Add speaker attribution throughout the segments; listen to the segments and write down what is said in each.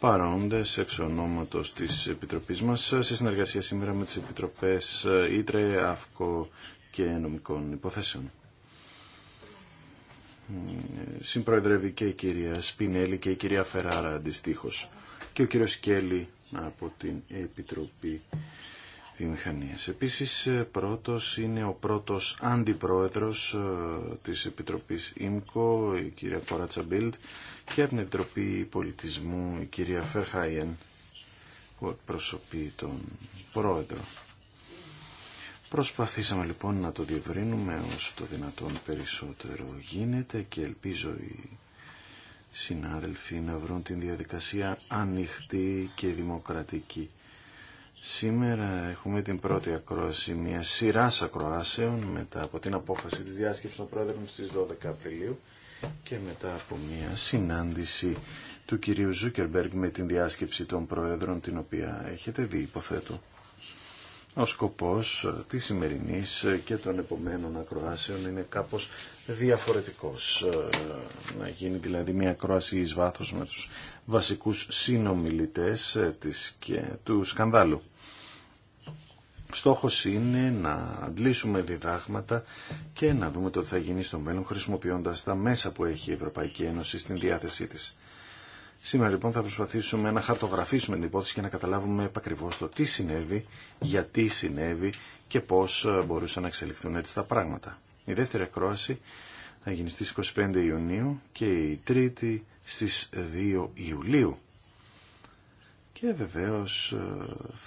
Speaker 1: παρόντες εξ ονόματος της Επιτροπής μας σε συνεργασία σήμερα με τις Επιτροπές Ήτρε, ΑΦΚΟ και Νομικών Υποθέσεων. Συμπροεδρεύει και η κυρία Σπινέλη και η κυρία Φεράρα αντιστοίχω και ο κύριος Κέλλη από την Επιτροπή βιομηχανίας. Επίσης ε, πρώτος είναι ο πρώτος αντιπρόεδρος ε, της Επιτροπής ΙΜΚΟ, η κυρία Κοράτσα Μπίλτ, και από την Επιτροπή Πολιτισμού η κυρία Φερχάιεν, που εκπροσωπεί τον πρόεδρο. Προσπαθήσαμε λοιπόν να το διευρύνουμε όσο το δυνατόν περισσότερο γίνεται και ελπίζω οι συνάδελφοι να βρουν την διαδικασία ανοιχτή και δημοκρατική Σήμερα έχουμε την πρώτη ακρόαση μια σειρά ακροάσεων μετά από την απόφαση της διάσκεψης των πρόεδρων στις 12 Απριλίου και μετά από μια συνάντηση του κυρίου Ζούκερμπεργκ με την διάσκεψη των πρόεδρων την οποία έχετε δει υποθέτω. Ο σκοπός της σημερινής και των επομένων ακροάσεων είναι κάπως διαφορετικός. Να γίνει δηλαδή μια ακρόαση εις βάθος με τους βασικούς συνομιλητές της και του σκανδάλου. Στόχος είναι να αντλήσουμε διδάγματα και να δούμε το τι θα γίνει στο μέλλον χρησιμοποιώντας τα μέσα που έχει η Ευρωπαϊκή Ένωση στην διάθεσή της. Σήμερα λοιπόν θα προσπαθήσουμε να χαρτογραφήσουμε την υπόθεση και να καταλάβουμε ακριβώ το τι συνέβη, γιατί συνέβη και πώ ε, μπορούσαν να εξελιχθούν έτσι τα πράγματα. Η δεύτερη ακρόαση θα γίνει στι 25 Ιουνίου και η τρίτη στις 2 Ιουλίου. Και βεβαίω ε,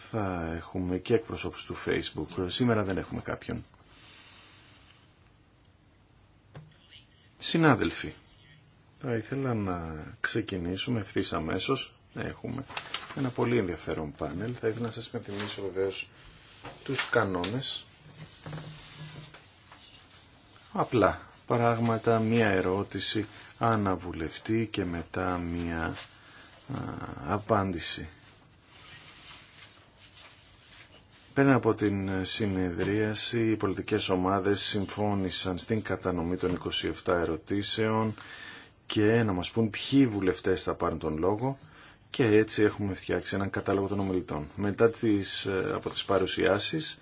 Speaker 1: θα έχουμε και εκπροσώπους του Facebook. Σήμερα δεν έχουμε κάποιον. Συνάδελφοι. Θα ήθελα να ξεκινήσουμε ευθύ αμέσω. Έχουμε ένα πολύ ενδιαφέρον πάνελ. Θα ήθελα να σα υπενθυμίσω βεβαίω τους κανόνε. Απλά πράγματα, μία ερώτηση, αναβουλευτή και μετά μία απάντηση. Πέρα από την συνεδρίαση, οι πολιτικές ομάδες συμφώνησαν στην κατανομή των 27 ερωτήσεων και να μας πούν ποιοι βουλευτές θα πάρουν τον λόγο και έτσι έχουμε φτιάξει έναν κατάλογο των ομιλητών. Μετά τις, ε, από τις παρουσιάσεις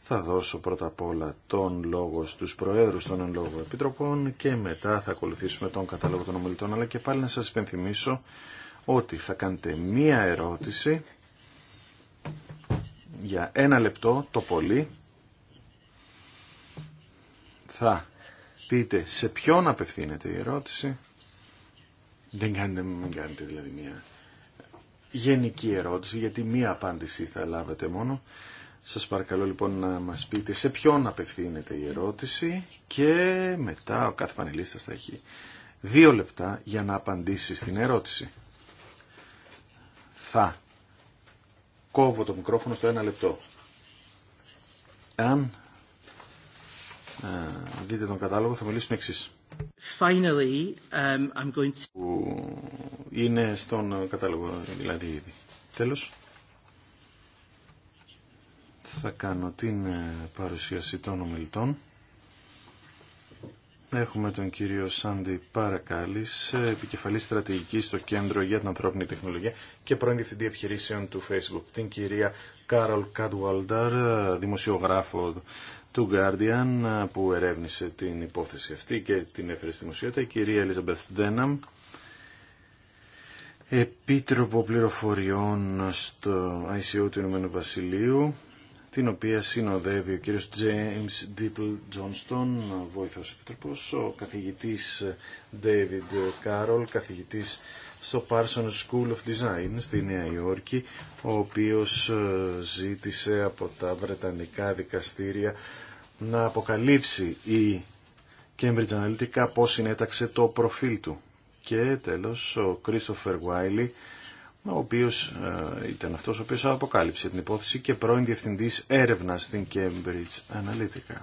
Speaker 1: θα δώσω πρώτα απ' όλα τον λόγο στους Προέδρους των Εν Επιτροπών και μετά θα ακολουθήσουμε τον κατάλογο των ομιλητών. Αλλά και πάλι να σας υπενθυμίσω ότι θα κάνετε μία ερώτηση για ένα λεπτό το πολύ. Θα πείτε σε ποιον απευθύνεται η ερώτηση δεν κάνετε, μην κάνετε δηλαδή μια γενική ερώτηση, γιατί μία απάντηση θα λάβετε μόνο. Σας παρακαλώ λοιπόν να μας πείτε σε ποιον απευθύνεται η ερώτηση και μετά ο κάθε πανελίστας θα έχει δύο λεπτά για να απαντήσει στην ερώτηση. Θα κόβω το μικρόφωνο στο ένα λεπτό. Αν δείτε τον κατάλογο θα μιλήσουμε εξής. Finally, um, I'm going to... είναι στον κατάλογο, δηλαδή Τέλος, θα κάνω την ε, παρουσίαση των ομιλητών. Έχουμε τον κύριο Σάντι Παρακάλης, ε, επικεφαλή Στρατηγική στο Κέντρο για την Ανθρώπινη Τεχνολογία και πρώην διευθυντή επιχειρήσεων του Facebook. Την κυρία Κάρολ Καντουαλντάρ, ε, δημοσιογράφο του Guardian που ερεύνησε την υπόθεση αυτή και την έφερε στη δημοσιότητα, η κυρία Elizabeth Denham, Επίτροπο Πληροφοριών στο ICO του Ηνωμένου Βασιλείου, την οποία συνοδεύει ο κύριος James Dipple Johnston, βόηθος επιτροπός, ο καθηγητής David Carroll, καθηγητής στο Parsons School of Design στη Νέα Υόρκη, ο οποίος ε, ζήτησε από τα Βρετανικά δικαστήρια να αποκαλύψει η Cambridge Analytica πώς συνέταξε το προφίλ του. Και τέλος ο Christopher Wiley, ο οποίος ε, ήταν αυτός ο οποίος αποκάλυψε την υπόθεση και πρώην διευθυντής έρευνας στην Cambridge Analytica.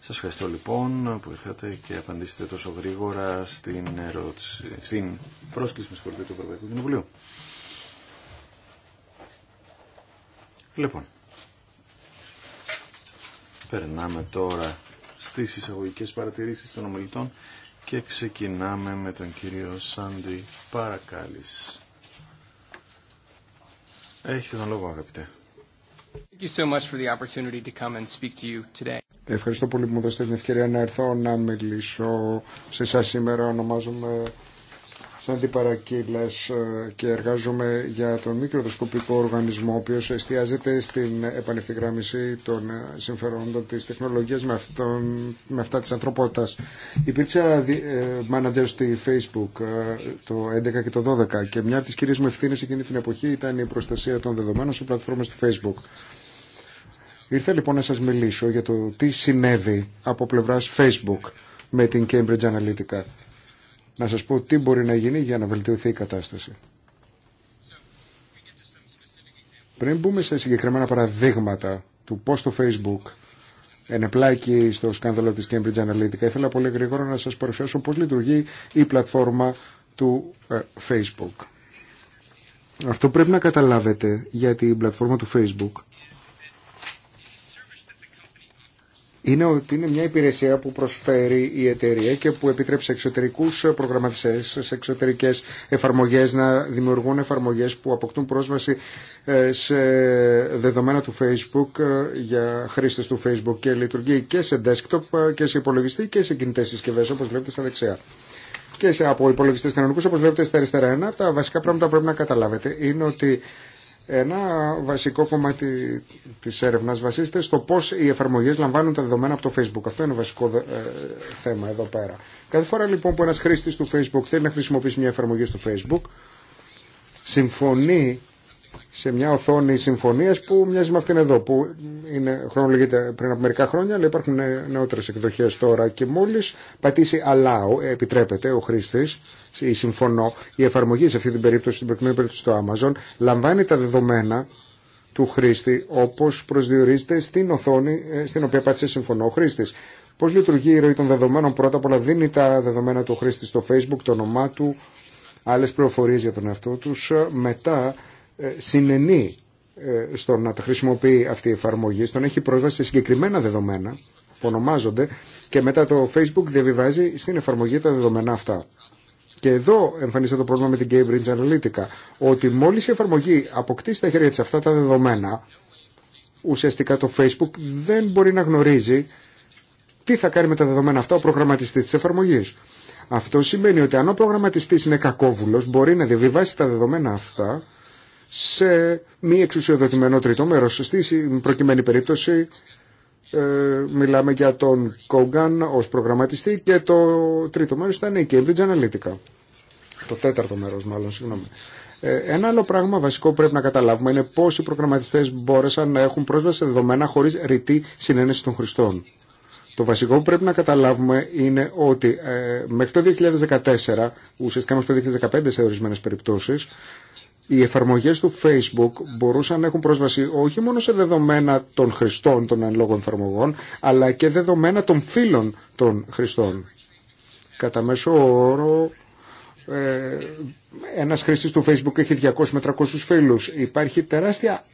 Speaker 1: Σας ευχαριστώ λοιπόν που ήρθατε και απαντήσετε τόσο γρήγορα στην, ερώτηση, στην πρόσκληση του Ευρωπαϊκού Κοινοβουλίου. Λοιπόν. Περνάμε τώρα στις εισαγωγικές παρατηρήσεις των ομιλητών και ξεκινάμε με τον κύριο Σάντι
Speaker 2: Παρακάλης.
Speaker 1: Έχετε τον λόγο αγαπητέ.
Speaker 3: Ευχαριστώ πολύ που μου δώσετε την ευκαιρία να έρθω να μιλήσω σε εσά σήμερα. Ονομάζομαι σαν αντιπαρακύλες ε, και εργάζομαι για τον μικροδοσκοπικό οργανισμό ο οποίος εστιάζεται στην επανευθυγράμμιση των ε, συμφερόντων της τεχνολογίας με, αυτόν, με αυτά της ανθρωπότητας. Υπήρξα ε, manager στη Facebook το 2011 και το 2012 και μια από τις κυρίες μου ευθύνες εκείνη την εποχή ήταν η προστασία των δεδομένων σε πλατφόρμες του Facebook. Ήρθα λοιπόν να σας μιλήσω για το τι συνέβη από πλευράς Facebook με την Cambridge Analytica να σας πω τι μπορεί να γίνει για να βελτιωθεί η κατάσταση. Πριν μπούμε σε συγκεκριμένα παραδείγματα του πώς το Facebook ενεπλάκει στο σκάνδαλο της Cambridge Analytica, ήθελα πολύ γρήγορα να σας παρουσιάσω πώς λειτουργεί η πλατφόρμα του ε, Facebook. Αυτό πρέπει να καταλάβετε γιατί η πλατφόρμα του Facebook είναι ότι είναι μια υπηρεσία που προσφέρει η εταιρεία και που επιτρέπει σε εξωτερικούς προγραμματιστές, σε εξωτερικές εφαρμογές να δημιουργούν εφαρμογές που αποκτούν πρόσβαση ε, σε δεδομένα του Facebook ε, για χρήστες του Facebook και λειτουργεί και σε desktop ε, και σε υπολογιστή και σε κινητές συσκευές όπως βλέπετε στα δεξιά. Και σε, από υπολογιστέ κανονικού, όπω βλέπετε στα αριστερά, ένα από τα βασικά πράγματα που πρέπει να καταλάβετε είναι ότι ένα βασικό κομμάτι της έρευνας βασίζεται στο πώς οι εφαρμογές λαμβάνουν τα δεδομένα από το Facebook. Αυτό είναι βασικό ε, θέμα εδώ πέρα. Κάθε φορά λοιπόν που ένας χρήστης του Facebook θέλει να χρησιμοποιήσει μια εφαρμογή στο Facebook, συμφωνεί σε μια οθόνη συμφωνίας που μοιάζει με αυτήν εδώ, που είναι, χρονολογείται πριν από μερικά χρόνια, αλλά υπάρχουν νεότερες εκδοχές τώρα και μόλις πατήσει allow, επιτρέπεται ο χρήστης, ή συμφωνώ, η εφαρμογή σε αυτή την περίπτωση, στην προκειμένη περίπτωση στο Amazon, λαμβάνει τα δεδομένα του χρήστη όπω προσδιορίζεται στην οθόνη ε, στην οποία πάτησε συμφωνώ ο χρήστη. Πώ λειτουργεί η ροή των δεδομένων πρώτα απ' όλα δίνει τα δεδομένα του χρήστη στο facebook, το όνομά του, άλλε πληροφορίε για τον εαυτό του, ε, μετά ε, συνενεί στο να τα χρησιμοποιεί αυτή η εφαρμογή, στον έχει πρόσβαση σε συγκεκριμένα δεδομένα που ονομάζονται και μετά το Facebook διαβιβάζει στην εφαρμογή τα δεδομένα αυτά. Και εδώ εμφανίζεται το πρόβλημα με την Cambridge Analytica, ότι μόλις η εφαρμογή αποκτήσει στα χέρια της αυτά τα δεδομένα, ουσιαστικά το Facebook δεν μπορεί να γνωρίζει τι θα κάνει με τα δεδομένα αυτά ο προγραμματιστής της εφαρμογής. Αυτό σημαίνει ότι αν ο προγραμματιστής είναι κακόβουλος, μπορεί να διαβιβάσει τα δεδομένα αυτά σε μη εξουσιοδοτημένο τρίτο μέρος. Στη προκειμένη περίπτωση ε, μιλάμε για τον Κόγκαν ως προγραμματιστή και το τρίτο μέρος ήταν η Cambridge Analytica. Το τέταρτο μέρος μάλλον, συγγνώμη. Ε, ένα άλλο πράγμα βασικό πρέπει να καταλάβουμε είναι πώς οι προγραμματιστές μπόρεσαν να έχουν πρόσβαση σε δεδομένα χωρίς ρητή συνένεση των χρηστών. Το βασικό που πρέπει να καταλάβουμε είναι ότι ε, μέχρι το 2014, ουσιαστικά μέχρι το 2015 σε ορισμένες περιπτώσεις, οι εφαρμογές του Facebook μπορούσαν να έχουν πρόσβαση όχι μόνο σε δεδομένα των χρηστών των ανλόγων εφαρμογών, αλλά και δεδομένα των φίλων των χρηστών. Κατά μέσο όρο, ε, ένας χρήστης του Facebook έχει 200 με 300 φίλους. Υπάρχει τεράστια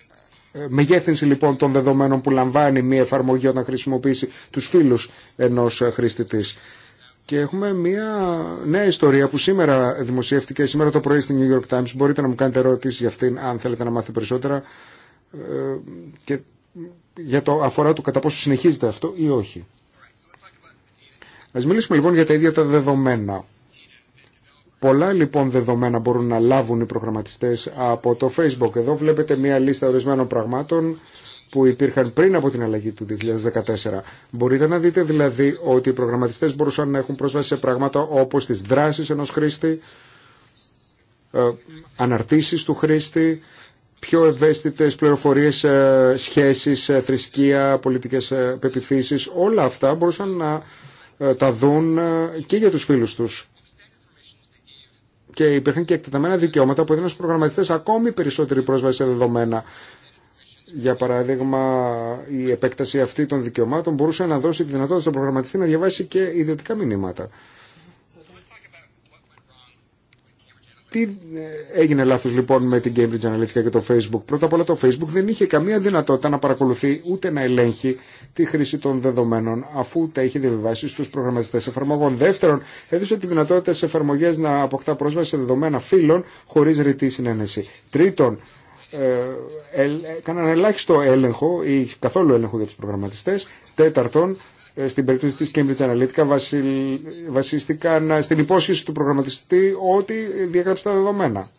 Speaker 3: ε, μεγέθυνση λοιπόν των δεδομένων που λαμβάνει μια εφαρμογή όταν χρησιμοποιήσει τους φίλους ενός ε, χρήστη της. Και έχουμε μια νέα ιστορία που σήμερα δημοσιεύτηκε, σήμερα το πρωί στην New York Times. Μπορείτε να μου κάνετε ερώτηση για αυτήν, αν θέλετε να μάθετε περισσότερα. Ε, και για το αφορά του κατά πόσο συνεχίζεται αυτό ή όχι. Ας μιλήσουμε λοιπόν για τα ίδια τα δεδομένα. Πολλά λοιπόν δεδομένα μπορούν να λάβουν οι προγραμματιστές από το Facebook. Εδώ βλέπετε μια λίστα ορισμένων πραγμάτων που υπήρχαν πριν από την αλλαγή του 2014. Μπορείτε να δείτε δηλαδή ότι οι προγραμματιστές μπορούσαν να έχουν πρόσβαση σε πράγματα όπως τις δράσεις ενός χρήστη, ε, αναρτήσεις του χρήστη, πιο ευαίσθητες πληροφορίες, ε, σχέσεις, ε, θρησκεία, πολιτικές πεπιθήσεις. Όλα αυτά μπορούσαν να τα δουν και για τους φίλους τους. Και υπήρχαν και εκτεταμένα δικαιώματα που έδιναν στους προγραμματιστές ακόμη περισσότερη πρόσβαση σε δεδομένα για παράδειγμα, η επέκταση αυτή των δικαιωμάτων μπορούσε να δώσει τη δυνατότητα στον προγραμματιστή να διαβάσει και ιδιωτικά μηνύματα. Τι ε, έγινε λάθος λοιπόν με την Cambridge Analytica και το Facebook. Πρώτα απ' όλα το Facebook δεν είχε καμία δυνατότητα να παρακολουθεί ούτε να ελέγχει τη χρήση των δεδομένων αφού τα είχε διαβιβάσει στους προγραμματιστές εφαρμογών. Δεύτερον, έδωσε τη δυνατότητα σε εφαρμογές να αποκτά πρόσβαση σε δεδομένα φύλων χωρίς ρητή συνένεση. Τρίτον, ε, ε, έκαναν ελάχιστο έλεγχο ή καθόλου έλεγχο για τους προγραμματιστές. Τέταρτον, ε, στην περίπτωση της Cambridge Analytica βασίστηκαν στην υπόσχεση του προγραμματιστή ότι διαγράψει τα δεδομένα.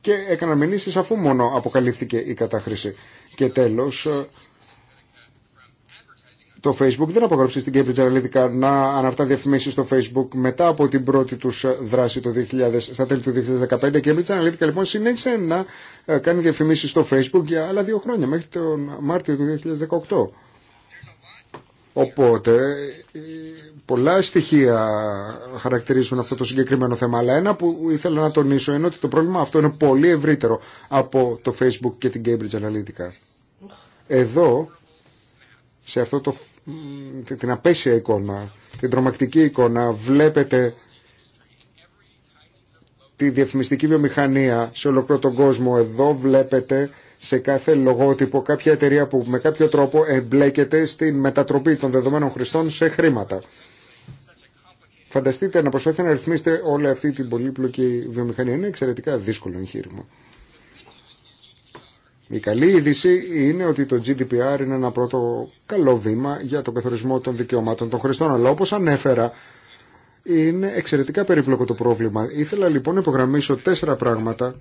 Speaker 3: Και έκαναν μηνύσεις αφού μόνο αποκαλύφθηκε η κατάχρηση. Και τέλος, το Facebook δεν απογράψει στην Cambridge Analytica να αναρτά διαφημίσει στο Facebook μετά από την πρώτη του ε, δράση το 2000, στα τέλη του 2015. Η Cambridge Analytica λοιπόν συνέχισε να ε, κάνει διαφημίσει στο Facebook για άλλα δύο χρόνια, μέχρι τον Μάρτιο του 2018. Οπότε ε, πολλά στοιχεία χαρακτηρίζουν αυτό το συγκεκριμένο θέμα αλλά ένα που ήθελα να τονίσω είναι ότι το πρόβλημα αυτό είναι πολύ ευρύτερο από το Facebook και την Cambridge Analytica. Εδώ σε αυτό το την απέσια εικόνα, την τρομακτική εικόνα. Βλέπετε τη διαφημιστική βιομηχανία σε ολόκληρο τον κόσμο. Εδώ βλέπετε σε κάθε λογότυπο κάποια εταιρεία που με κάποιο τρόπο εμπλέκεται στην μετατροπή των δεδομένων χρηστών σε χρήματα. Φανταστείτε να προσπαθείτε να ρυθμίσετε όλη αυτή την πολύπλοκη βιομηχανία. Είναι εξαιρετικά δύσκολο εγχείρημα. Η καλή είδηση είναι ότι το GDPR είναι ένα πρώτο καλό βήμα για τον καθορισμό των δικαιωμάτων των χρηστών. Αλλά όπως ανέφερα, είναι εξαιρετικά περίπλοκο το πρόβλημα. Ήθελα λοιπόν να υπογραμμίσω τέσσερα πράγματα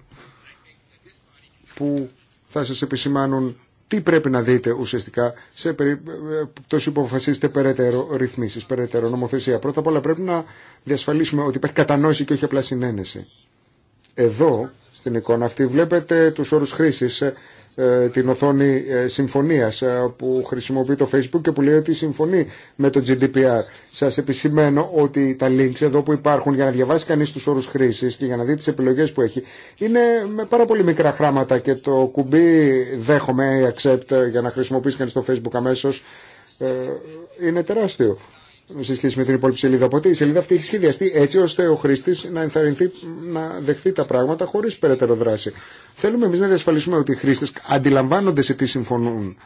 Speaker 3: που θα σας επισημάνουν τι πρέπει να δείτε ουσιαστικά σε περίπτωση που αποφασίσετε περαιτέρω ρυθμίσει, περαιτέρω νομοθεσία. Πρώτα απ' όλα πρέπει να διασφαλίσουμε ότι υπάρχει κατανόηση και όχι απλά συνένεση. Εδώ στην εικόνα αυτή. Βλέπετε τους όρους χρήσης, ε, ε, την οθόνη ε, συμφωνίας που χρησιμοποιεί το Facebook και που λέει ότι συμφωνεί με το GDPR. Σας επισημαίνω ότι τα links εδώ που υπάρχουν για να διαβάσει κανείς τους όρους χρήσης και για να δει τις επιλογές που έχει είναι με πάρα πολύ μικρά χράματα και το κουμπί δέχομαι accept για να χρησιμοποιήσει κανείς το Facebook αμέσως είναι τεράστιο σε σχέση με την υπόλοιπη σελίδα. Οπότε η σελίδα αυτή έχει σχεδιαστεί έτσι ώστε ο χρήστη να ενθαρρυνθεί να δεχθεί τα πράγματα χωρί περαιτέρω δράση. Θέλουμε εμεί να διασφαλίσουμε ότι οι χρήστε αντιλαμβάνονται σε τι συμφωνούν.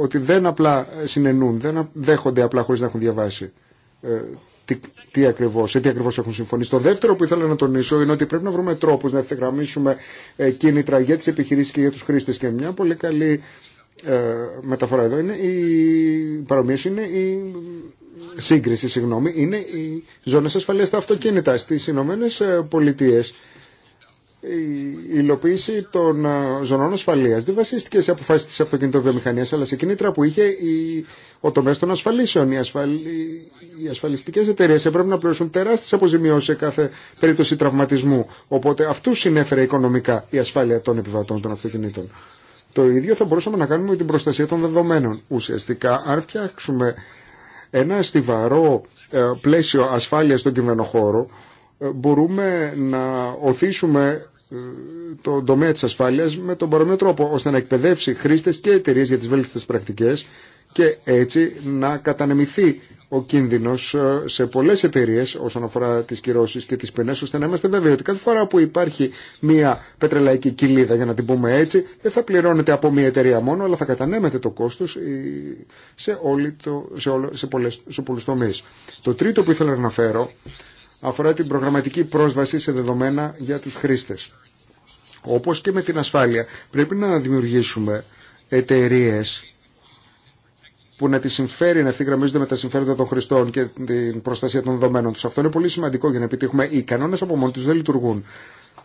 Speaker 3: Ότι δεν απλά συνενούν, δεν δέχονται απλά χωρί να έχουν διαβάσει ε, τι, τι ακριβώ, σε τι ακριβώ έχουν συμφωνήσει. Το δεύτερο που ήθελα να τονίσω είναι ότι πρέπει να βρούμε τρόπου να ευθυγραμμίσουμε ε, κίνητρα για τι επιχειρήσει και για του χρήστε. Και μια πολύ καλή ε, μεταφορά εδώ είναι η παρομοίωση είναι η σύγκριση συγγνώμη, είναι οι ζώνες ασφαλείας στα αυτοκίνητα. Στις Ηνωμένε Πολιτείε η υλοποίηση των ε, ζωνών ασφαλείας δεν βασίστηκε σε αποφάσεις της αυτοκινητοβιομηχανίας αλλά σε κίνητρα που είχε η... ο τομέας των ασφαλίσεων. Οι, ασφαλι... οι ασφαλιστικές εταιρείες έπρεπε να πληρώσουν τεράστιες αποζημιώσεις σε κάθε περίπτωση τραυματισμού. Οπότε αυτού συνέφερε οικονομικά η ασφάλεια των επιβατών των αυτοκινήτων. Το ίδιο θα μπορούσαμε να κάνουμε με την προστασία των δεδομένων. Ουσιαστικά, αν φτιάξουμε ένα στιβαρό ε, πλαίσιο ασφάλειας στον κυβερνοχώρο ε, μπορούμε να οθήσουμε ε, το τομέα της ασφάλειας με τον παρόμοιο τρόπο ώστε να εκπαιδεύσει χρήστες και εταιρείε για τις βέλτιστες πρακτικές και έτσι να κατανεμηθεί ο κίνδυνο ε, σε πολλέ εταιρείε όσον αφορά τι κυρώσει και τι ποινέ, ώστε να είμαστε βέβαιοι ότι κάθε φορά που υπάρχει μια πετρελαϊκή κοιλίδα, για να την πούμε έτσι, δεν θα πληρώνεται από μια εταιρεία μόνο, αλλά θα κατανέμεται το κόστο ε, σε, σε, σε, σε πολλού τομεί. Το τρίτο που ήθελα να αναφέρω αφορά την προγραμματική πρόσβαση σε δεδομένα για του χρήστε. Όπω και με την ασφάλεια, πρέπει να δημιουργήσουμε εταιρείε που να τη συμφέρει να ευθυγραμμίζονται με τα συμφέροντα των χρηστών και την προστασία των δεδομένων του. Αυτό είναι πολύ σημαντικό για να επιτύχουμε. Οι κανόνε από μόνοι του δεν λειτουργούν.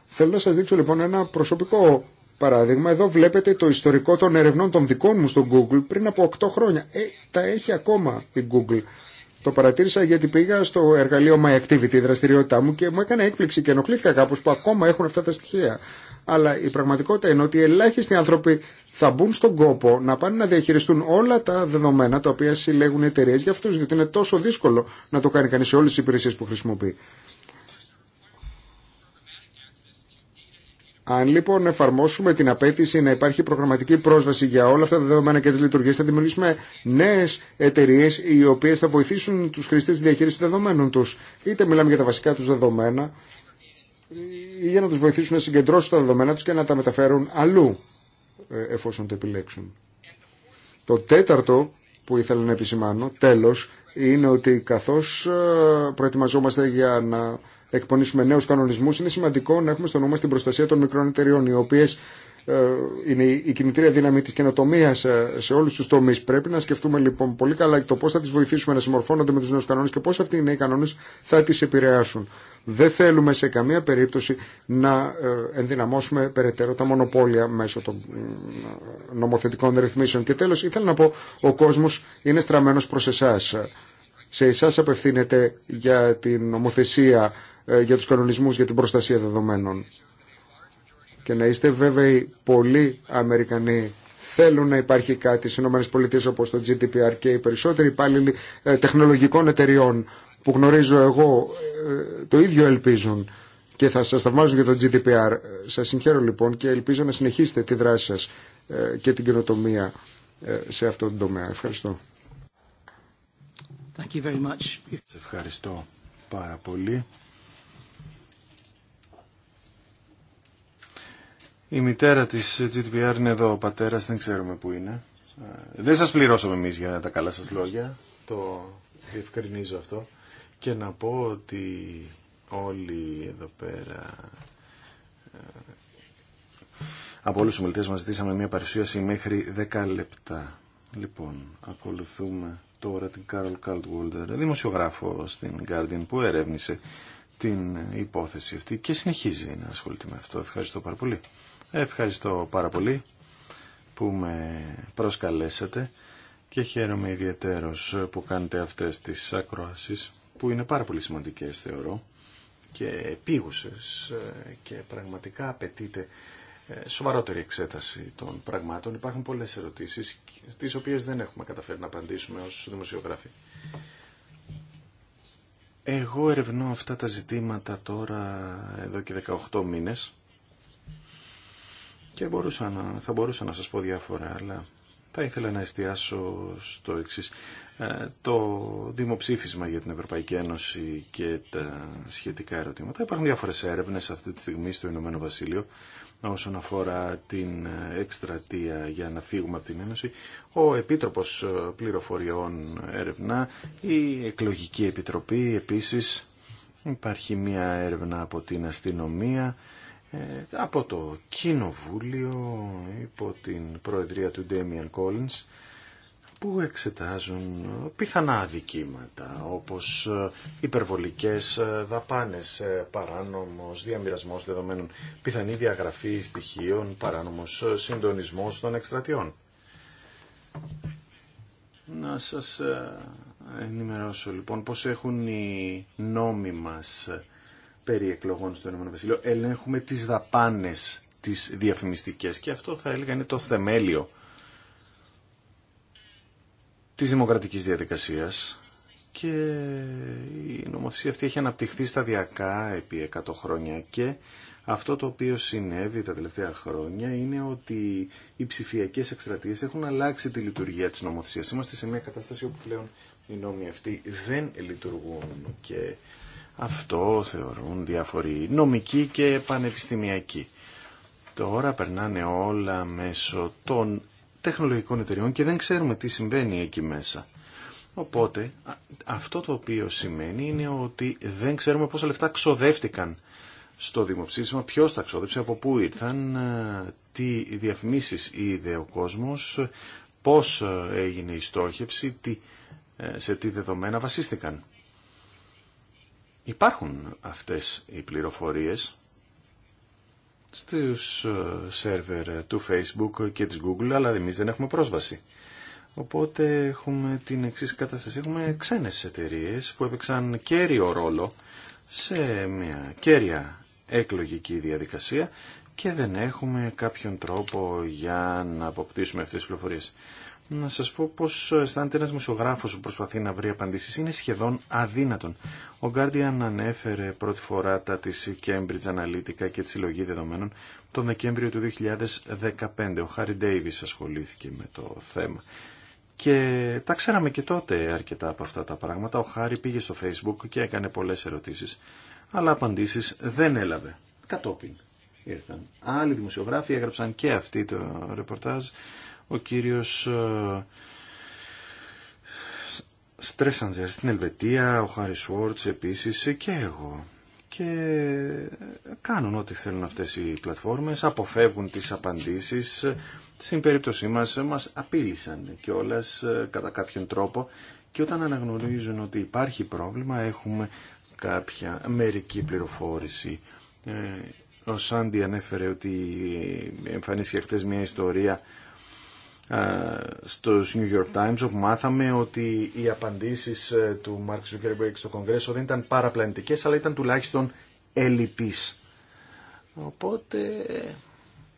Speaker 3: Θέλω να σα δείξω λοιπόν ένα προσωπικό παράδειγμα. Εδώ βλέπετε το ιστορικό των ερευνών των δικών μου στο Google πριν από 8 χρόνια. Ε, τα έχει ακόμα η Google. Το παρατήρησα γιατί πήγα στο εργαλείο My Activity, η δραστηριότητά μου, και μου έκανε έκπληξη και ενοχλήθηκα κάπω που ακόμα έχουν αυτά τα στοιχεία αλλά η πραγματικότητα είναι ότι ελάχιστοι άνθρωποι θα μπουν στον κόπο να πάνε να διαχειριστούν όλα τα δεδομένα τα οποία συλλέγουν οι εταιρείε για αυτού, γιατί είναι τόσο δύσκολο να το κάνει κανεί σε όλε τι υπηρεσίε που χρησιμοποιεί. Αν λοιπόν εφαρμόσουμε την απέτηση να υπάρχει προγραμματική πρόσβαση για όλα αυτά τα δεδομένα και τι λειτουργίε, θα δημιουργήσουμε νέε εταιρείε οι οποίε θα βοηθήσουν του χρήστε στη διαχείριση δεδομένων του. Είτε μιλάμε για τα βασικά του δεδομένα, ή για να τους βοηθήσουν να συγκεντρώσουν τα δεδομένα τους και να τα μεταφέρουν αλλού ε, εφόσον το επιλέξουν. Το τέταρτο που ήθελα να επισημάνω, τέλος, είναι ότι καθώς ε, προετοιμαζόμαστε για να εκπονήσουμε νέους κανονισμούς, είναι σημαντικό να έχουμε στο νου την προστασία των μικρών εταιριών, οι οποίες ε, είναι η κινητήρια δύναμη της καινοτομία ε, σε όλους τους τομείς. Πρέπει να σκεφτούμε λοιπόν πολύ καλά το πώς θα τις βοηθήσουμε να συμμορφώνονται με τους νέους κανόνες και πώς αυτοί οι νέοι κανόνες θα τις επηρεάσουν. Δεν θέλουμε σε καμία περίπτωση να ε, ενδυναμώσουμε περαιτέρω τα μονοπόλια μέσω των νομοθετικών ρυθμίσεων. Και τέλος ήθελα να πω ο κόσμος είναι στραμμένος προς εσάς. Σε εσάς απευθύνεται για την νομοθεσία, για τους κανονισμούς, για την προστασία δεδομένων. Και να είστε βέβαιοι, πολλοί Αμερικανοί θέλουν να υπάρχει κάτι στι ΗΠΑ όπω το GDPR και οι περισσότεροι υπάλληλοι ε, τεχνολογικών εταιριών που γνωρίζω εγώ ε, το ίδιο ελπίζουν και θα σας θαυμάζουν για το GDPR. Σας συγχαίρω λοιπόν και ελπίζω να συνεχίσετε τη δράση σας ε, και την καινοτομία σε αυτόν τον τομέα. Ευχαριστώ.
Speaker 1: Thank ευχαριστώ πάρα πολύ. Η μητέρα της GDPR είναι εδώ, ο πατέρα, δεν ξέρουμε που είναι. Ε, δεν σας πληρώσαμε εμεί για τα καλά σας λόγια, το διευκρινίζω αυτό. Και να πω ότι όλοι εδώ πέρα ε, από όλου τους μιλητέ μας ζητήσαμε μια παρουσίαση μέχρι 10 λεπτά. Λοιπόν, ακολουθούμε τώρα την Κάρολ Καλτγούλντερ, δημοσιογράφο στην Guardian που ερεύνησε την υπόθεση αυτή και συνεχίζει να ασχολείται με αυτό. Ευχαριστώ πάρα πολύ. Ευχαριστώ πάρα πολύ που με προσκαλέσατε και χαίρομαι ιδιαίτερος που κάνετε αυτές τις ακροάσεις που είναι πάρα πολύ σημαντικές θεωρώ και επίγουσες ε, και πραγματικά απαιτείται ε, σοβαρότερη εξέταση των πραγμάτων. Υπάρχουν πολλές ερωτήσεις τις οποίες δεν έχουμε καταφέρει να απαντήσουμε ως δημοσιογράφοι. Εγώ ερευνώ αυτά τα ζητήματα τώρα εδώ και 18 μήνες και μπορούσα να, θα μπορούσα να σας πω διάφορα, αλλά θα ήθελα να εστιάσω στο εξής. Ε, το δημοψήφισμα για την Ευρωπαϊκή Ένωση και τα σχετικά ερωτήματα. Υπάρχουν διάφορες έρευνες αυτή τη στιγμή στο Ηνωμένο Βασίλειο όσον αφορά την εκστρατεία για να φύγουμε από την Ένωση. Ο Επίτροπος Πληροφοριών Έρευνα, η Εκλογική Επιτροπή επίσης. Υπάρχει μία έρευνα από την αστυνομία ε, από το Κοινοβούλιο υπό την προεδρία του Ντέμιαν Κόλλινς που εξετάζουν πιθανά αδικήματα όπως ε, υπερβολικές ε, δαπάνες, παράνομος διαμοιρασμός δεδομένων, πιθανή διαγραφή στοιχείων, παράνομος συντονισμός των εκστρατιών. Να σας ενημερώσω λοιπόν πώς έχουν οι νόμοι μας περί εκλογών στο Ηνωμένο Βασίλειο, ελέγχουμε τις δαπάνες τις διαφημιστικές και αυτό θα έλεγα είναι το θεμέλιο τη δημοκρατική διαδικασία. και η νομοθεσία αυτή έχει αναπτυχθεί σταδιακά επί 100 χρόνια και αυτό το οποίο συνέβη τα τελευταία χρόνια είναι ότι οι ψηφιακές εκστρατείες έχουν αλλάξει τη λειτουργία της νομοθεσίας. Είμαστε σε μια κατάσταση όπου πλέον οι νόμοι αυτοί δεν λειτουργούν και αυτό θεωρούν διάφοροι νομικοί και πανεπιστημιακοί. Τώρα περνάνε όλα μέσω των τεχνολογικών εταιριών και δεν ξέρουμε τι συμβαίνει εκεί μέσα. Οπότε αυτό το οποίο σημαίνει είναι ότι δεν ξέρουμε πόσα λεφτά ξοδεύτηκαν στο δημοψήφισμα, ποιος τα ξόδεψε, από πού ήρθαν, ε, τι διαφημίσεις είδε ο κόσμος, πώς ε, έγινε η στόχευση, τι, ε, σε τι δεδομένα βασίστηκαν. Υπάρχουν αυτές οι πληροφορίες στους ε, σερβερ του Facebook και της Google, αλλά εμείς δεν έχουμε πρόσβαση. Οπότε έχουμε την εξή κατάσταση. Έχουμε ξένες εταιρείε που έπαιξαν κέριο ρόλο σε μια κέρια εκλογική διαδικασία και δεν έχουμε κάποιον τρόπο για να αποκτήσουμε αυτές τις πληροφορίες να σα πω πω αισθάνεται ένα δημοσιογράφο που προσπαθεί να βρει απαντήσει Είναι σχεδόν αδύνατον. Ο Guardian ανέφερε πρώτη φορά τα τη Cambridge Analytica και τη συλλογή δεδομένων τον Δεκέμβριο του 2015. Ο Χάρι Ντέιβι ασχολήθηκε με το θέμα. Και τα ξέραμε και τότε αρκετά από αυτά τα πράγματα. Ο Χάρη πήγε στο facebook και έκανε πολλέ ερωτήσει, αλλά απαντήσει δεν έλαβε. Κατόπιν ήρθαν. Άλλοι δημοσιογράφοι έγραψαν και αυτοί το ρεπορτάζ ο κύριος ε, Στρέσαντζερ στην Ελβετία, ο Χάρι Σουόρτς επίσης ε, και εγώ. Και κάνουν ό,τι θέλουν αυτές οι πλατφόρμες, αποφεύγουν τις απαντήσεις. Στην περίπτωσή μας μας απείλησαν κιόλας ε, κατά κάποιον τρόπο και όταν αναγνωρίζουν ότι υπάρχει πρόβλημα έχουμε κάποια μερική πληροφόρηση. Ο Σάντι ανέφερε ότι εμφανίστηκε χτες μια ιστορία στους New York Times όπου μάθαμε ότι οι απαντήσεις ε, του Μάρκ Ζουκερμπέκ στο Κογκρέσο δεν ήταν παραπλανητικές αλλά ήταν τουλάχιστον ελλειπείς. Οπότε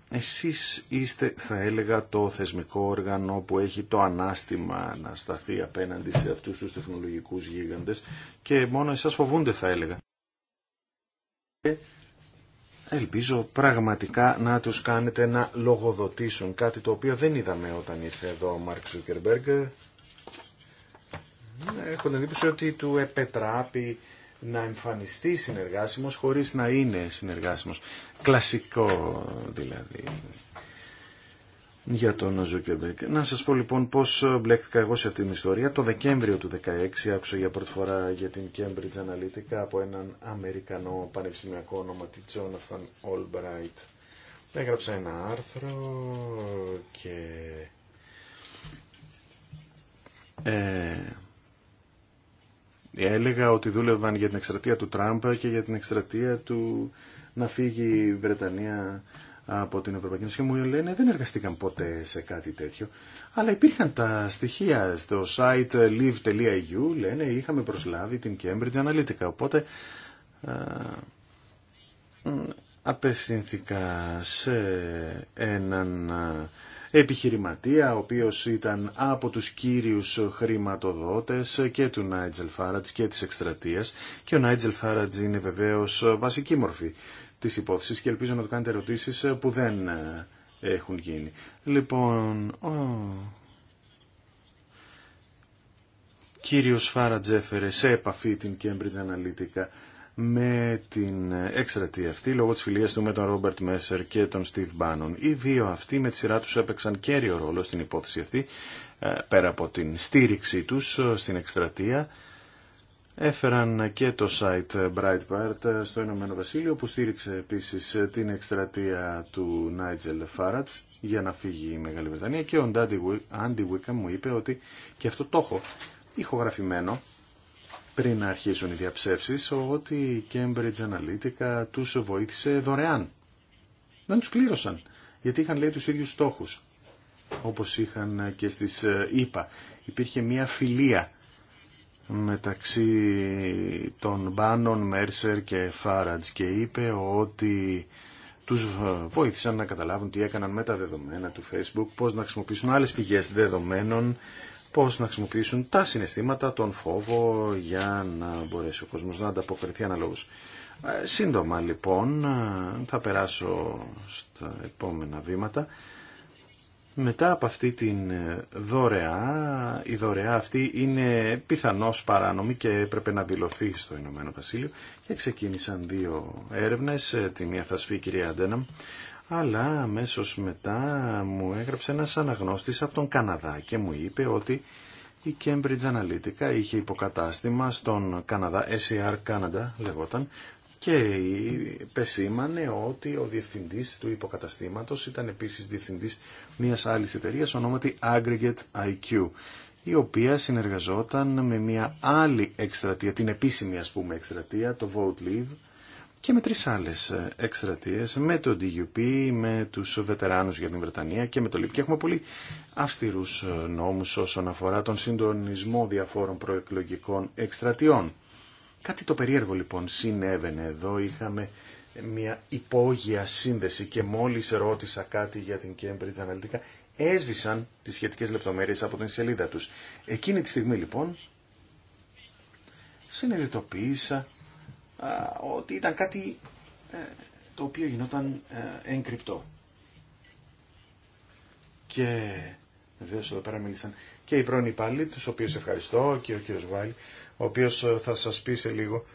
Speaker 1: εσείς είστε θα έλεγα το θεσμικό όργανο που έχει το ανάστημα να σταθεί απέναντι σε αυτούς τους τεχνολογικούς γίγαντες και μόνο εσάς φοβούνται θα έλεγα. Ε, ελπίζω πραγματικά να τους κάνετε να λογοδοτήσουν κάτι το οποίο δεν είδαμε όταν ήρθε εδώ ο Μάρκ Σούκερμπεργκ. Έχω την εντύπωση ότι του επετράπει να εμφανιστεί συνεργάσιμος χωρίς να είναι συνεργάσιμος. Κλασικό δηλαδή για τον Ζούκεμπεκ. Να σας πω λοιπόν πώς μπλέκτηκα εγώ σε αυτήν την ιστορία. Το Δεκέμβριο του 2016 άκουσα για πρώτη φορά για την Cambridge Analytica από έναν Αμερικανό πανεπιστημιακό όνομα τη Jonathan Albright. Έγραψα ένα άρθρο και... Ε, έλεγα ότι δούλευαν για την εκστρατεία του Τραμπ και για την εκστρατεία του να φύγει η Βρετανία από την Ευρωπαϊκή Ένωση και μου λένε δεν εργαστήκαν ποτέ σε κάτι τέτοιο. Αλλά υπήρχαν τα στοιχεία στο site live.eu λένε είχαμε προσλάβει την Cambridge Analytica. Οπότε απευθυνθήκα σε έναν επιχειρηματία ο οποίος ήταν από τους κύριους χρηματοδότες και του Νάιτζελ Φάρατζ και της εκστρατείας και ο Νάιτζελ Φάρατζ είναι βεβαίως βασική μορφή τη υπόθεση και ελπίζω να του κάνετε ερωτήσει ε, που δεν ε, έχουν γίνει. Λοιπόν, ο κύριος Φάρα Τζέφερε σε επαφή την Cambridge Analytica με την έξτρατη ε, αυτή λόγω της φιλίας του με τον Ρόμπερτ Μέσερ και τον Στίβ Μπάνον. Οι δύο αυτοί με τη σειρά τους έπαιξαν κέριο ρόλο στην υπόθεση αυτή πέρα από την στήριξή τους στην εκστρατεία έφεραν και το site Breitbart στο Ηνωμένο Βασίλειο που στήριξε επίσης την εκστρατεία του Νάιτζελ Φάρατ για να φύγει η Μεγάλη Βρετανία και ο Ντάντι Βουίκα μου είπε ότι και αυτό το έχω ηχογραφημένο πριν να αρχίσουν οι διαψεύσεις ότι η Cambridge Analytica τους βοήθησε δωρεάν. Δεν τους κλήρωσαν γιατί είχαν λέει τους ίδιου στόχους όπως είχαν και στις ΗΠΑ. Ε, Υπήρχε μια φιλία μεταξύ των Μπάνων, Μέρσερ και Φάραντς και είπε ότι τους βοήθησαν να καταλάβουν τι έκαναν με τα δεδομένα του Facebook, πώς να χρησιμοποιήσουν άλλες πηγές δεδομένων, πώς να χρησιμοποιήσουν τα συναισθήματα, τον φόβο για να μπορέσει ο κόσμος να ανταποκριθεί αναλόγως. Ε, σύντομα λοιπόν ε, θα περάσω στα επόμενα βήματα. Μετά από αυτή την ε, δωρεά, η δωρεά αυτή είναι πιθανώς παράνομη και έπρεπε να δηλωθεί στο Ηνωμένο Βασίλειο και ξεκίνησαν δύο έρευνες, ε, τη μία θα σφεί η κυρία Αντέναμ, αλλά αμέσως μετά μου έγραψε ένας αναγνώστης από τον Καναδά και μου είπε ότι η Cambridge Analytica είχε υποκατάστημα στον Καναδά, SAR Canada λεγόταν, και πεσήμανε ότι ο διευθυντής του υποκαταστήματος ήταν επίσης διευθυντής μιας άλλη εταιρεία ονόματι Aggregate IQ η οποία συνεργαζόταν με μια άλλη εκστρατεία, την επίσημη ας πούμε εκστρατεία, το Vote Leave και με τρεις άλλες ε, εκστρατείε, με το DUP, με τους Βετεράνου για την Βρετανία και με το ΛΥΠ. Και έχουμε πολύ αυστηρού ε, νόμους όσον αφορά τον συντονισμό διαφόρων προεκλογικών εκστρατιών. Κάτι το περίεργο λοιπόν συνέβαινε εδώ, είχαμε μια υπόγεια σύνδεση και μόλις ρώτησα κάτι για την Cambridge Analytica έσβησαν τις σχετικές λεπτομέρειες από την σελίδα τους. Εκείνη τη στιγμή λοιπόν συνειδητοποίησα ότι ήταν κάτι ε, το οποίο γινόταν ε, εγκρυπτό. Και βεβαίω εδώ πέρα μίλησαν και οι πρώην υπάλληλοι, τους οποίους ευχαριστώ και ο κύριος Βάλλη, ο οποίος ε, θα σας πει σε λίγο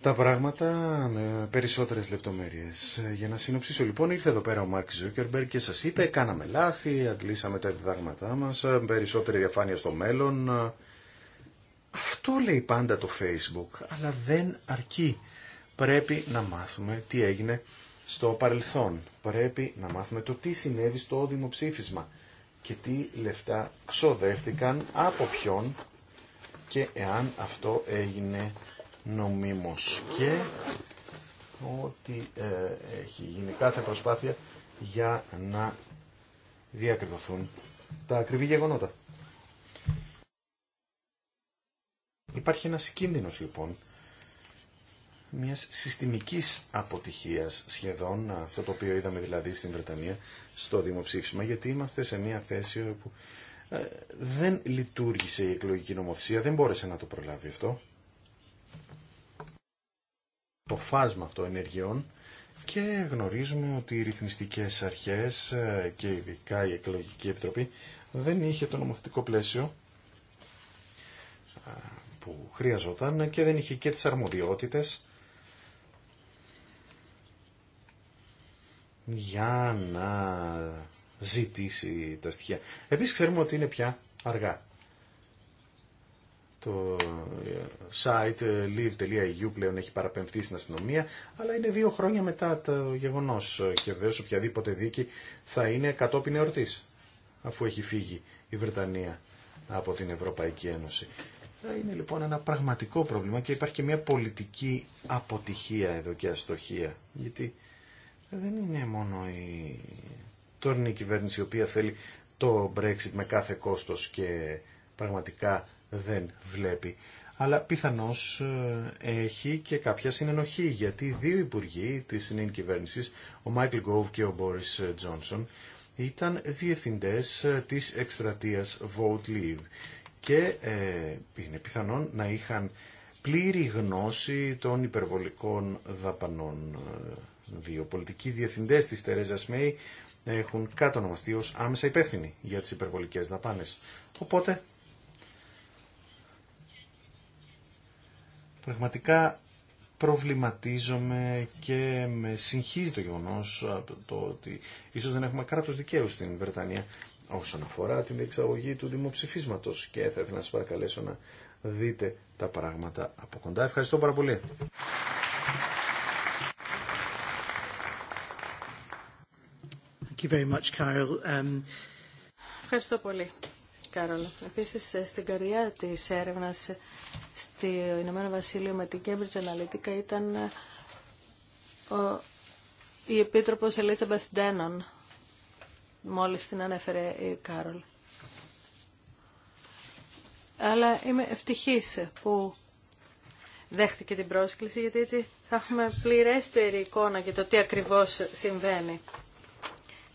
Speaker 1: τα πράγματα με περισσότερες λεπτομέρειες. Για να συνοψίσω λοιπόν, ήρθε εδώ πέρα ο Μάρκ Ζούκερμπερ και σας είπε, κάναμε λάθη, αντλήσαμε τα διδάγματά μας, περισσότερη διαφάνεια στο μέλλον. Αυτό λέει πάντα το Facebook,
Speaker 4: αλλά δεν
Speaker 1: αρκεί. Πρέπει να μάθουμε τι έγινε στο παρελθόν. Πρέπει να μάθουμε το τι συνέβη στο δημοψήφισμα και τι λεφτά ξοδεύτηκαν από ποιον και εάν αυτό έγινε νομίμως και ότι ε, έχει γίνει κάθε προσπάθεια για να διακριβωθούν τα ακριβή γεγονότα. Υπάρχει ένας κίνδυνος λοιπόν μιας συστημικής αποτυχίας σχεδόν, αυτό το οποίο είδαμε δηλαδή στην Βρετανία, στο δημοψήφισμα, γιατί είμαστε σε μια θέση όπου ε, δεν λειτουργήσε η εκλογική νομοθεσία, δεν μπόρεσε να το προλάβει αυτό το φάσμα αυτό ενεργειών και γνωρίζουμε ότι οι ρυθμιστικές αρχές ε, και ειδικά η Εκλογική Επιτροπή δεν είχε το νομοθετικό πλαίσιο ε, που χρειαζόταν και δεν είχε και τις αρμοδιότητες για να ζητήσει τα στοιχεία. Επίσης ξέρουμε ότι είναι πια αργά το ε, site ε, live.eu πλέον έχει παραπεμφθεί στην αστυνομία, αλλά είναι δύο χρόνια μετά το γεγονό ε, και βέβαια οποιαδήποτε δίκη θα είναι κατόπιν εορτή, αφού έχει φύγει η Βρετανία από την Ευρωπαϊκή Ένωση. Είναι λοιπόν ένα πραγματικό πρόβλημα και υπάρχει και μια πολιτική αποτυχία εδώ και αστοχία, γιατί δεν είναι μόνο η η κυβέρνηση η οποία θέλει το Brexit με κάθε κόστος και πραγματικά δεν βλέπει. Αλλά πιθανώς ε, έχει και κάποια συνενοχή, γιατί δύο υπουργοί της νυν κυβέρνησης, ο Μάικλ Γκόβ και ο Μπόρις Τζόνσον, ήταν διευθυντές ε, της εκστρατείας Vote Leave και ε, είναι πιθανόν να είχαν πλήρη γνώση των υπερβολικών δαπανών. Ε, δύο πολιτικοί διευθυντές της Τερέζας Μέη έχουν κατονομαστεί ως άμεσα υπεύθυνοι για τις υπερβολικές δαπάνες. Οπότε Πραγματικά προβληματίζομαι και με συγχύζει το γεγονός το ότι ίσως δεν έχουμε κράτος δικαίου στην Βρετανία όσον αφορά την εξαγωγή του δημοψηφίσματος και θα ήθελα να σας παρακαλέσω να δείτε τα πράγματα από κοντά. Ευχαριστώ πάρα πολύ.
Speaker 5: Thank you very much, Um...
Speaker 6: Ευχαριστώ πολύ. Κάρολα. Επίσης, ε, στην καρδιά τη έρευνα ε, στο Ηνωμένο Βασίλειο με την Cambridge Analytica ήταν ε, ο, η Επίτροπος Elizabeth Dennon, μόλις την ανέφερε η Κάρολ. Αλλά είμαι ευτυχής που δέχτηκε την πρόσκληση, γιατί έτσι θα έχουμε πληρέστερη εικόνα για το τι ακριβώς συμβαίνει.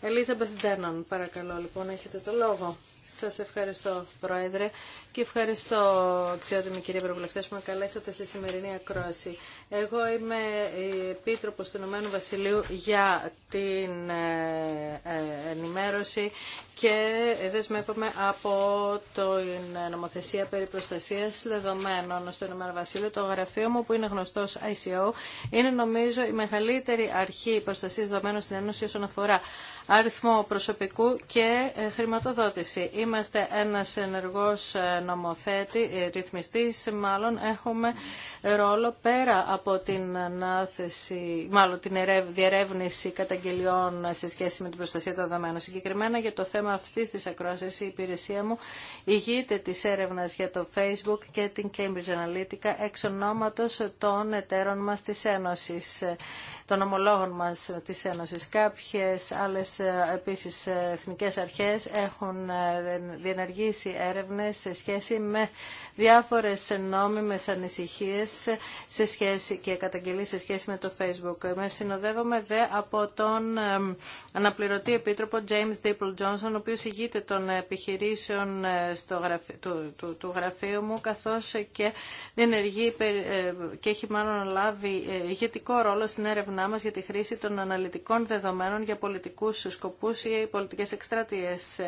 Speaker 6: Ελίζαμπεθ Ντένον, παρακαλώ λοιπόν, έχετε το λόγο. Σας ευχαριστώ, Πρόεδρε, και ευχαριστώ, αξιότιμη κυρία Προβλεφτές, που με καλέσατε στη σημερινή ακρόαση. Εγώ είμαι επίτροπος του Ηνωμένου Βασιλείου για την ε, ε, ενημέρωση και δεσμεύομαι από την νομοθεσία περί προστασίας δεδομένων στο Ηνωμένο Βασίλειο. Το γραφείο μου, που είναι γνωστός ICO, είναι νομίζω η μεγαλύτερη αρχή προστασίας δεδομένων στην Ένωση όσον αφορά αριθμό προσωπικού και ε, χρηματοδότηση. Είμαστε ένας ενεργός ε, νομοθέτη, ε, ρυθμιστής, μάλλον έχουμε ρόλο πέρα από την ανάθεση, μάλλον την διερεύνηση καταγγελιών σε σχέση με την προστασία των δεδομένων. Συγκεκριμένα για το θέμα αυτής της ακρόασης η υπηρεσία μου ηγείται της έρευνας για το Facebook και την Cambridge Analytica εξ ονόματος των εταίρων μας της Ένωσης των ομολόγων μας της Ένωσης. Κάποιες άλλες επίσης ε, εθνικές αρχές έχουν ε, διενεργήσει έρευνες σε σχέση με διάφορες νόμιμες ανησυχίες σε σχέση και καταγγελίες σε σχέση με το Facebook. Με συνοδεύομαι δε από τον ε, αναπληρωτή επίτροπο James Dipple Johnson, ο οποίος ηγείται των επιχειρήσεων στο γραφείο, του, του, γραφείου μου, καθώς και διενεργεί και έχει μάλλον λάβει ηγετικό ρόλο στην έρευνά μας για τη χρήση των αναλυτικών δεδομένων για πολιτικούς τους σκοπούς ή οι πολιτικές εκστρατείες.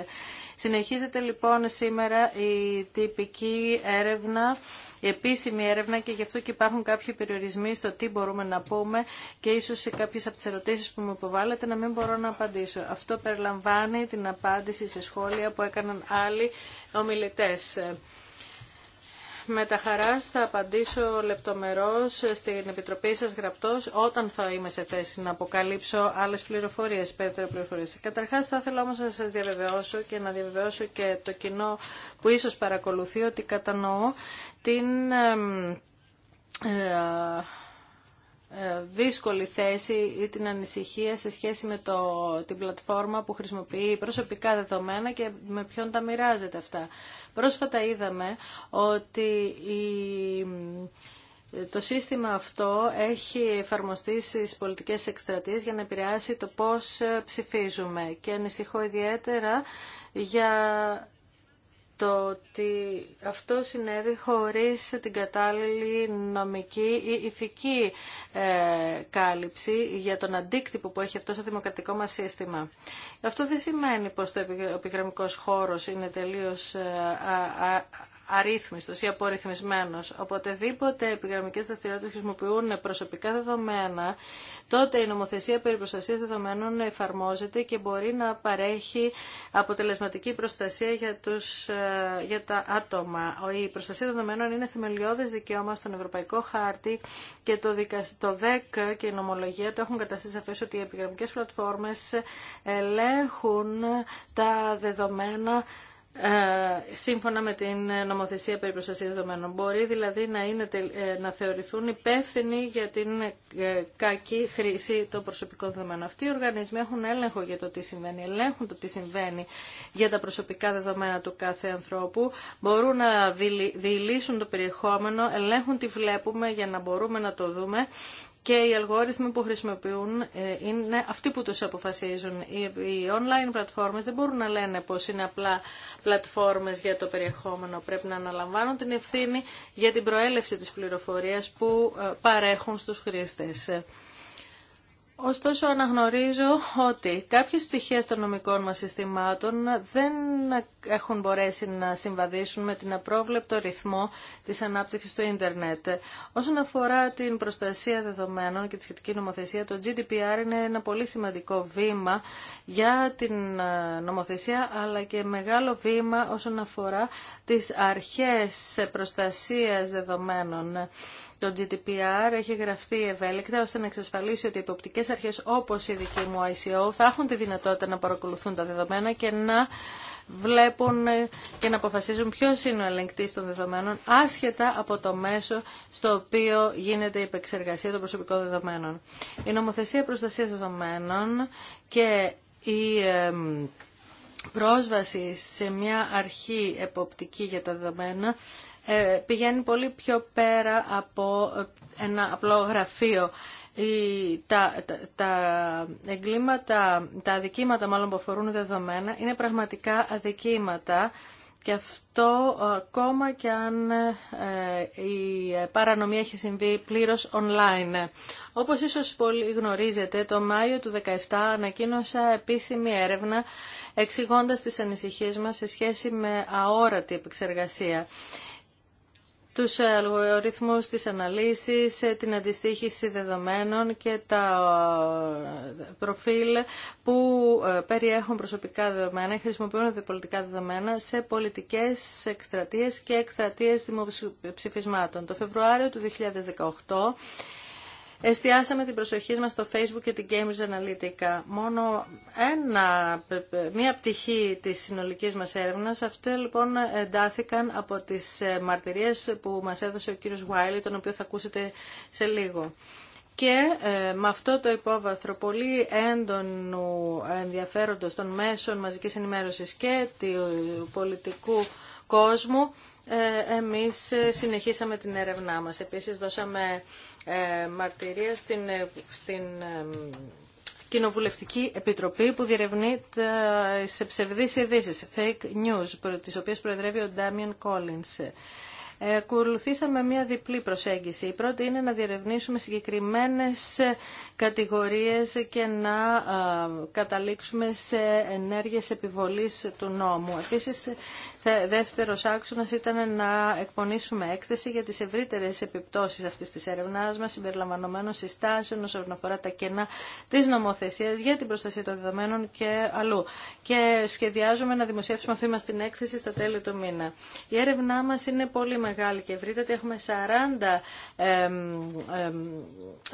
Speaker 6: Συνεχίζεται λοιπόν σήμερα η τυπική έρευνα η επίσημη έρευνα και γι' αυτό και υπάρχουν κάποιοι περιορισμοί στο τι μπορούμε να πούμε και ίσως σε κάποιες από τις ερωτήσεις που μου υποβάλλετε να μην μπορώ να απαντήσω. Αυτό περιλαμβάνει την απάντηση σε σχόλια που έκαναν άλλοι ομιλητές. Με τα χαράς θα απαντήσω λεπτομερώς στην Επιτροπή σας γραπτός όταν θα είμαι σε θέση να αποκαλύψω άλλες πληροφορίες, περαιτέρω πληροφορίες. Καταρχάς θα ήθελα όμως να σας διαβεβαιώσω και να διαβεβαιώσω και το κοινό που ίσως παρακολουθεί ότι κατανοώ την ε, ε, δύσκολη θέση ή την ανησυχία σε σχέση με το, την πλατφόρμα που χρησιμοποιεί προσωπικά δεδομένα και με ποιον τα μοιράζεται αυτά. Πρόσφατα είδαμε ότι το σύστημα αυτό έχει εφαρμοστεί στις πολιτικές εκστρατείες για να επηρεάσει το πώς ψηφίζουμε και ανησυχώ ιδιαίτερα για το ότι αυτό συνέβη χωρίς την κατάλληλη νομική ή ηθική ε, κάλυψη για τον αντίκτυπο που έχει αυτό στο δημοκρατικό μας σύστημα. Αυτό δεν σημαίνει πως το επιγραμμικός χώρος είναι τελείως ε, αρρύθμιστος ή απορριθμισμένος. Οποτεδήποτε επιγραμμικές δραστηριότητες χρησιμοποιούν προσωπικά δεδομένα, τότε η νομοθεσία περί προστασίας δεδομένων εφαρμόζεται και μπορεί να παρέχει αποτελεσματική προστασία για, τους, ε, για τα άτομα. Η προστασία δεδομένων είναι θεμελιώδες δικαίωμα στον Ευρωπαϊκό Χάρτη και το, το ΔΕΚ και η νομολογία το έχουν καταστήσει σαφές ότι οι επιγραμμικές πλατφόρμες ελέγχουν τα δεδομένα ε, σύμφωνα με την νομοθεσία περί προστασία δεδομένων. Μπορεί δηλαδή να, είναι, ε, να θεωρηθούν υπεύθυνοι για την ε, κακή χρήση των προσωπικών δεδομένων. Αυτοί οι οργανισμοί έχουν έλεγχο για το τι συμβαίνει, ελέγχουν το τι συμβαίνει για τα προσωπικά δεδομένα του κάθε ανθρώπου, μπορούν να διλύσουν το περιεχόμενο, ελέγχουν τι βλέπουμε για να μπορούμε να το δούμε και οι αλγόριθμοι που χρησιμοποιούν ε, είναι αυτοί που τους αποφασίζουν. Οι online πλατφόρμες δεν μπορούν να λένε πως είναι απλά πλατφόρμες για το περιεχόμενο. Πρέπει να αναλαμβάνουν την ευθύνη για την προέλευση της πληροφορίας που ε, παρέχουν στους χρήστες. Ωστόσο αναγνωρίζω ότι κάποιες στοιχεία των νομικών μας συστημάτων δεν έχουν μπορέσει να συμβαδίσουν με την απρόβλεπτο ρυθμό της ανάπτυξης του ίντερνετ. Όσον αφορά την προστασία δεδομένων και τη σχετική νομοθεσία, το GDPR είναι ένα πολύ σημαντικό βήμα για την ε, νομοθεσία, αλλά και μεγάλο βήμα όσον αφορά τις αρχές προστασίας δεδομένων. Το GDPR έχει γραφτεί ευέλικτα ώστε να εξασφαλίσει ότι οι υποπτικές αρχές όπως η δική μου ICO θα έχουν τη δυνατότητα να παρακολουθούν τα δεδομένα και να βλέπουν ε, και να αποφασίζουν ποιος είναι ο ελεγκτής των δεδομένων άσχετα από το μέσο στο οποίο γίνεται η επεξεργασία των προσωπικών δεδομένων. Η νομοθεσία προστασίας δεδομένων και η πρόσβαση σε μια αρχή εποπτική για τα δεδομένα ε, πηγαίνει πολύ πιο πέρα από ένα απλό γραφείο. Τα, τα, τα εγκλήματα, τα αδικήματα μάλλον που αφορούν δεδομένα είναι πραγματικά αδικήματα και αυτό ε, ακόμα και αν ε, η παρανομία έχει συμβεί πλήρως online. Όπως ίσως πολύ γνωρίζετε, το Μάιο του 2017 ανακοίνωσα επίσημη έρευνα εξηγώντας τις ανησυχίες μας σε σχέση με αόρατη επεξεργασία τους αλγοριθμούς, της αναλύσης, ε, την αντιστοίχηση δεδομένων και τα ε, προφίλ που ε, περιέχουν προσωπικά δεδομένα, χρησιμοποιούν πολιτικά δεδομένα σε πολιτικές εκστρατείες και εκστρατείες δημοψηφισμάτων. Το Φεβρουάριο του 2018 εστιάσαμε την προσοχή μας στο Facebook και την Cambridge Analytica. Μόνο μία πτυχή της συνολικής μας έρευνας, αυτή λοιπόν εντάθηκαν από τις ε, μαρτυρίες που μας έδωσε ο κύριος Βάιλι, τον οποίο θα ακούσετε σε λίγο. Και ε, με αυτό το υπόβαθρο πολύ έντονου ενδιαφέροντος των μέσων μαζικής ενημέρωσης και του πολιτικού κόσμου, ε, εμείς ε, συνεχίσαμε την έρευνά μας. Επίσης δώσαμε ε, μαρτυρία στην, ε, στην ε, Κοινοβουλευτική Επιτροπή που διερευνεί σε ψευδείς ειδήσει, fake news, τις οποίες προεδρεύει ο Ντάμιον Κόλλινς ακολουθήσαμε μια διπλή προσέγγιση. Η πρώτη είναι να διερευνήσουμε συγκεκριμένες κατηγορίες και να καταλήξουμε σε ενέργειες επιβολής του νόμου. Επίσης, δεύτερος άξονας ήταν να εκπονήσουμε έκθεση για τις ευρύτερες επιπτώσεις αυτής της έρευνάς μας, συμπεριλαμβανομένων συστάσεων όσον αφορά τα κενά της νομοθεσίας για την προστασία των δεδομένων και αλλού. Και σχεδιάζουμε να δημοσιεύσουμε αυτή μας την έκθεση στα τέλη του μήνα. Η έρευνά μας είναι πολύ μεγάλη μεγάλη και ευρύτατη. Έχουμε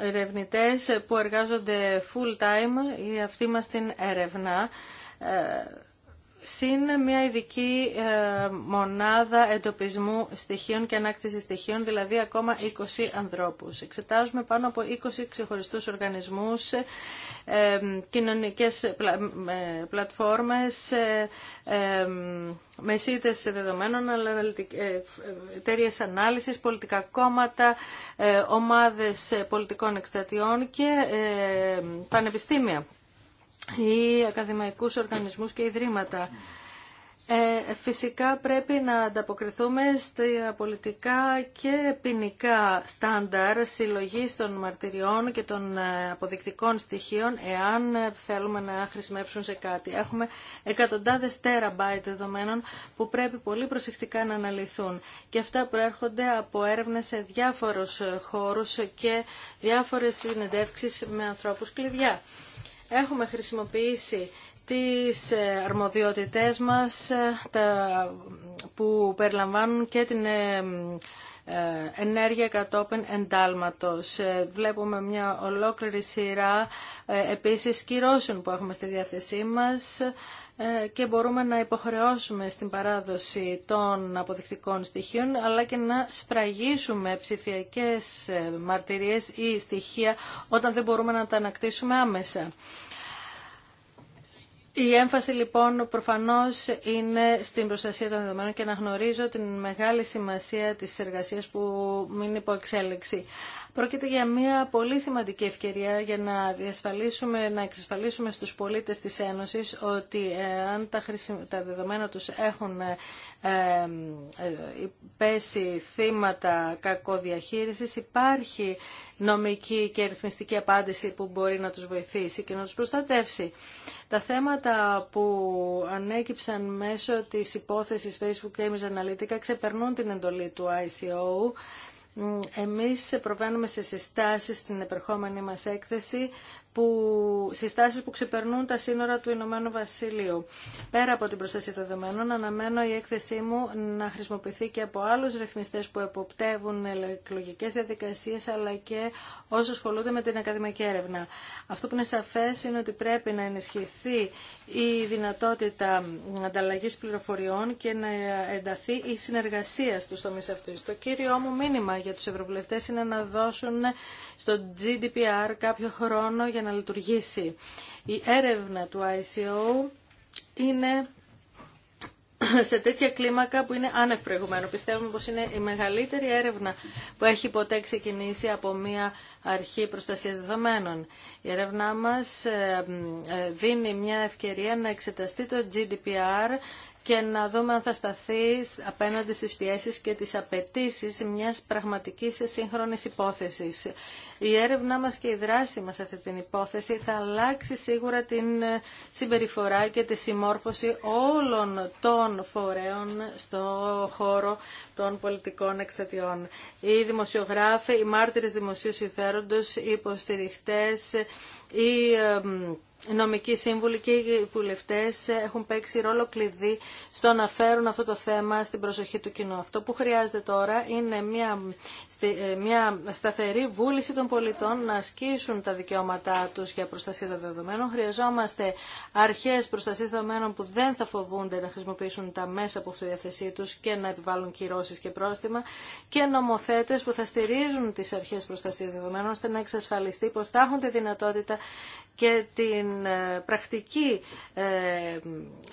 Speaker 6: 40 ερευνητέ που εργάζονται full time η αυτή μα την έρευνα. Ε, συν μια ειδική ε, μονάδα εντοπισμού στοιχείων και ανάκτηση στοιχείων, δηλαδή ακόμα 20 ανθρώπους. Εξετάζουμε πάνω από 20 ξεχωριστούς οργανισμούς, ε, κοινωνικές ε, πλατφόρμες, μεσίτες δεδομένων, εταιρείες ανάλυσης, πολιτικά κόμματα, ομάδες πολιτικών εκστατιών και πανεπιστήμια ή ακαδημαϊκούς οργανισμούς και ιδρύματα. Ε, φυσικά πρέπει να ανταποκριθούμε στα πολιτικά και ποινικά στάνταρ συλλογής των μαρτυριών και των ε, αποδεικτικών στοιχείων εάν ε, θέλουμε να χρησιμεύσουν σε κάτι. Έχουμε εκατοντάδες τεραμπάιτ δεδομένων που πρέπει πολύ προσεκτικά να αναλυθούν και αυτά προέρχονται από έρευνες σε διάφορους ε, χώρους και διάφορες συνεντεύξεις με ανθρώπους κλειδιά. Έχουμε χρησιμοποιήσει τις ε, αρμοδιότητές μας ε, τα, που περιλαμβάνουν και την ε, ενέργεια κατόπιν εντάλματος. Βλέπουμε μια ολόκληρη σειρά επίσης κυρώσεων που έχουμε στη διάθεσή μας ε, και μπορούμε να υποχρεώσουμε στην παράδοση των αποδεικτικών στοιχείων αλλά και να σφραγίσουμε ψηφιακές ε, μαρτυρίες ή στοιχεία όταν δεν μπορούμε να τα ανακτήσουμε άμεσα. Η έμφαση λοιπόν προφανώς είναι στην προστασία των δεδομένων και να γνωρίζω την μεγάλη σημασία της εργασίας που υπό εξέλιξη. Πρόκειται για μια πολύ σημαντική ευκαιρία για να διασφαλίσουμε, να εξασφαλίσουμε στους πολίτες της Ένωσης ότι ε, αν τα, τα δεδομένα τους έχουν ε, ε, πέσει θύματα κακοδιαχείρισης υπάρχει νομική και ρυθμιστική απάντηση που μπορεί να τους βοηθήσει και να τους προστατεύσει. Τα θέματα που ανέκυψαν μέσω της υπόθεσης Facebook Games Analytica ξεπερνούν την εντολή του ICO εμείς προβαίνουμε σε συστάσεις στην επερχόμενη μας έκθεση που, συστάσεις που ξεπερνούν τα σύνορα του Ηνωμένου Βασιλείου. Πέρα από την προστασία των δεδομένων, αναμένω η έκθεσή μου να χρησιμοποιηθεί και από άλλους ρυθμιστές που εποπτεύουν εκλογικέ διαδικασίες, αλλά και όσοι ασχολούνται με την ακαδημαϊκή έρευνα. Αυτό που είναι σαφές είναι ότι πρέπει να ενισχυθεί η δυνατότητα ανταλλαγής πληροφοριών και να ενταθεί η συνεργασία στους τομείς αυτούς. Το κύριο μου μήνυμα για τους ευρωβουλευτές είναι να δώσουν στο GDPR κάποιο χρόνο για να να λειτουργήσει. Η έρευνα του ICO είναι σε τέτοια κλίμακα που είναι άνευ προηγουμένου. Πιστεύουμε πως είναι η μεγαλύτερη έρευνα που έχει ποτέ ξεκινήσει από μια αρχή προστασίας δεδομένων. Η έρευνά μας ε, ε, δίνει μια ευκαιρία να εξεταστεί το GDPR και να δούμε αν θα σταθεί απέναντι στις πιέσεις και τις απαιτήσεις μιας πραγματικής σύγχρονης υπόθεσης. Η έρευνά μας και η δράση μας σε αυτή την υπόθεση θα αλλάξει σίγουρα την ε, συμπεριφορά και τη συμμόρφωση όλων των φορέων στο χώρο των πολιτικών εξατειών. Οι δημοσιογράφοι, οι μάρτυρες δημοσίου συμφέροντος, οι υποστηριχτές, οι ε, οι νομικοί σύμβουλοι και οι βουλευτέ έχουν παίξει ρόλο κλειδί στο να φέρουν αυτό το θέμα στην προσοχή του κοινού. Αυτό που χρειάζεται τώρα είναι μια, ε, μια σταθερή βούληση των πολιτών να ασκήσουν τα δικαιώματά τους για προστασία των δεδομένων. Χρειαζόμαστε αρχές προστασίας δεδομένων που δεν θα φοβούνται να χρησιμοποιήσουν τα μέσα που στη διαθεσή τους και να επιβάλλουν κυρώσεις και πρόστιμα και νομοθέτες που θα στηρίζουν τις αρχές προστασίας δεδομένων ώστε να εξασφαλιστεί πω θα έχουν τη δυνατότητα και την ε, πρακτική ε,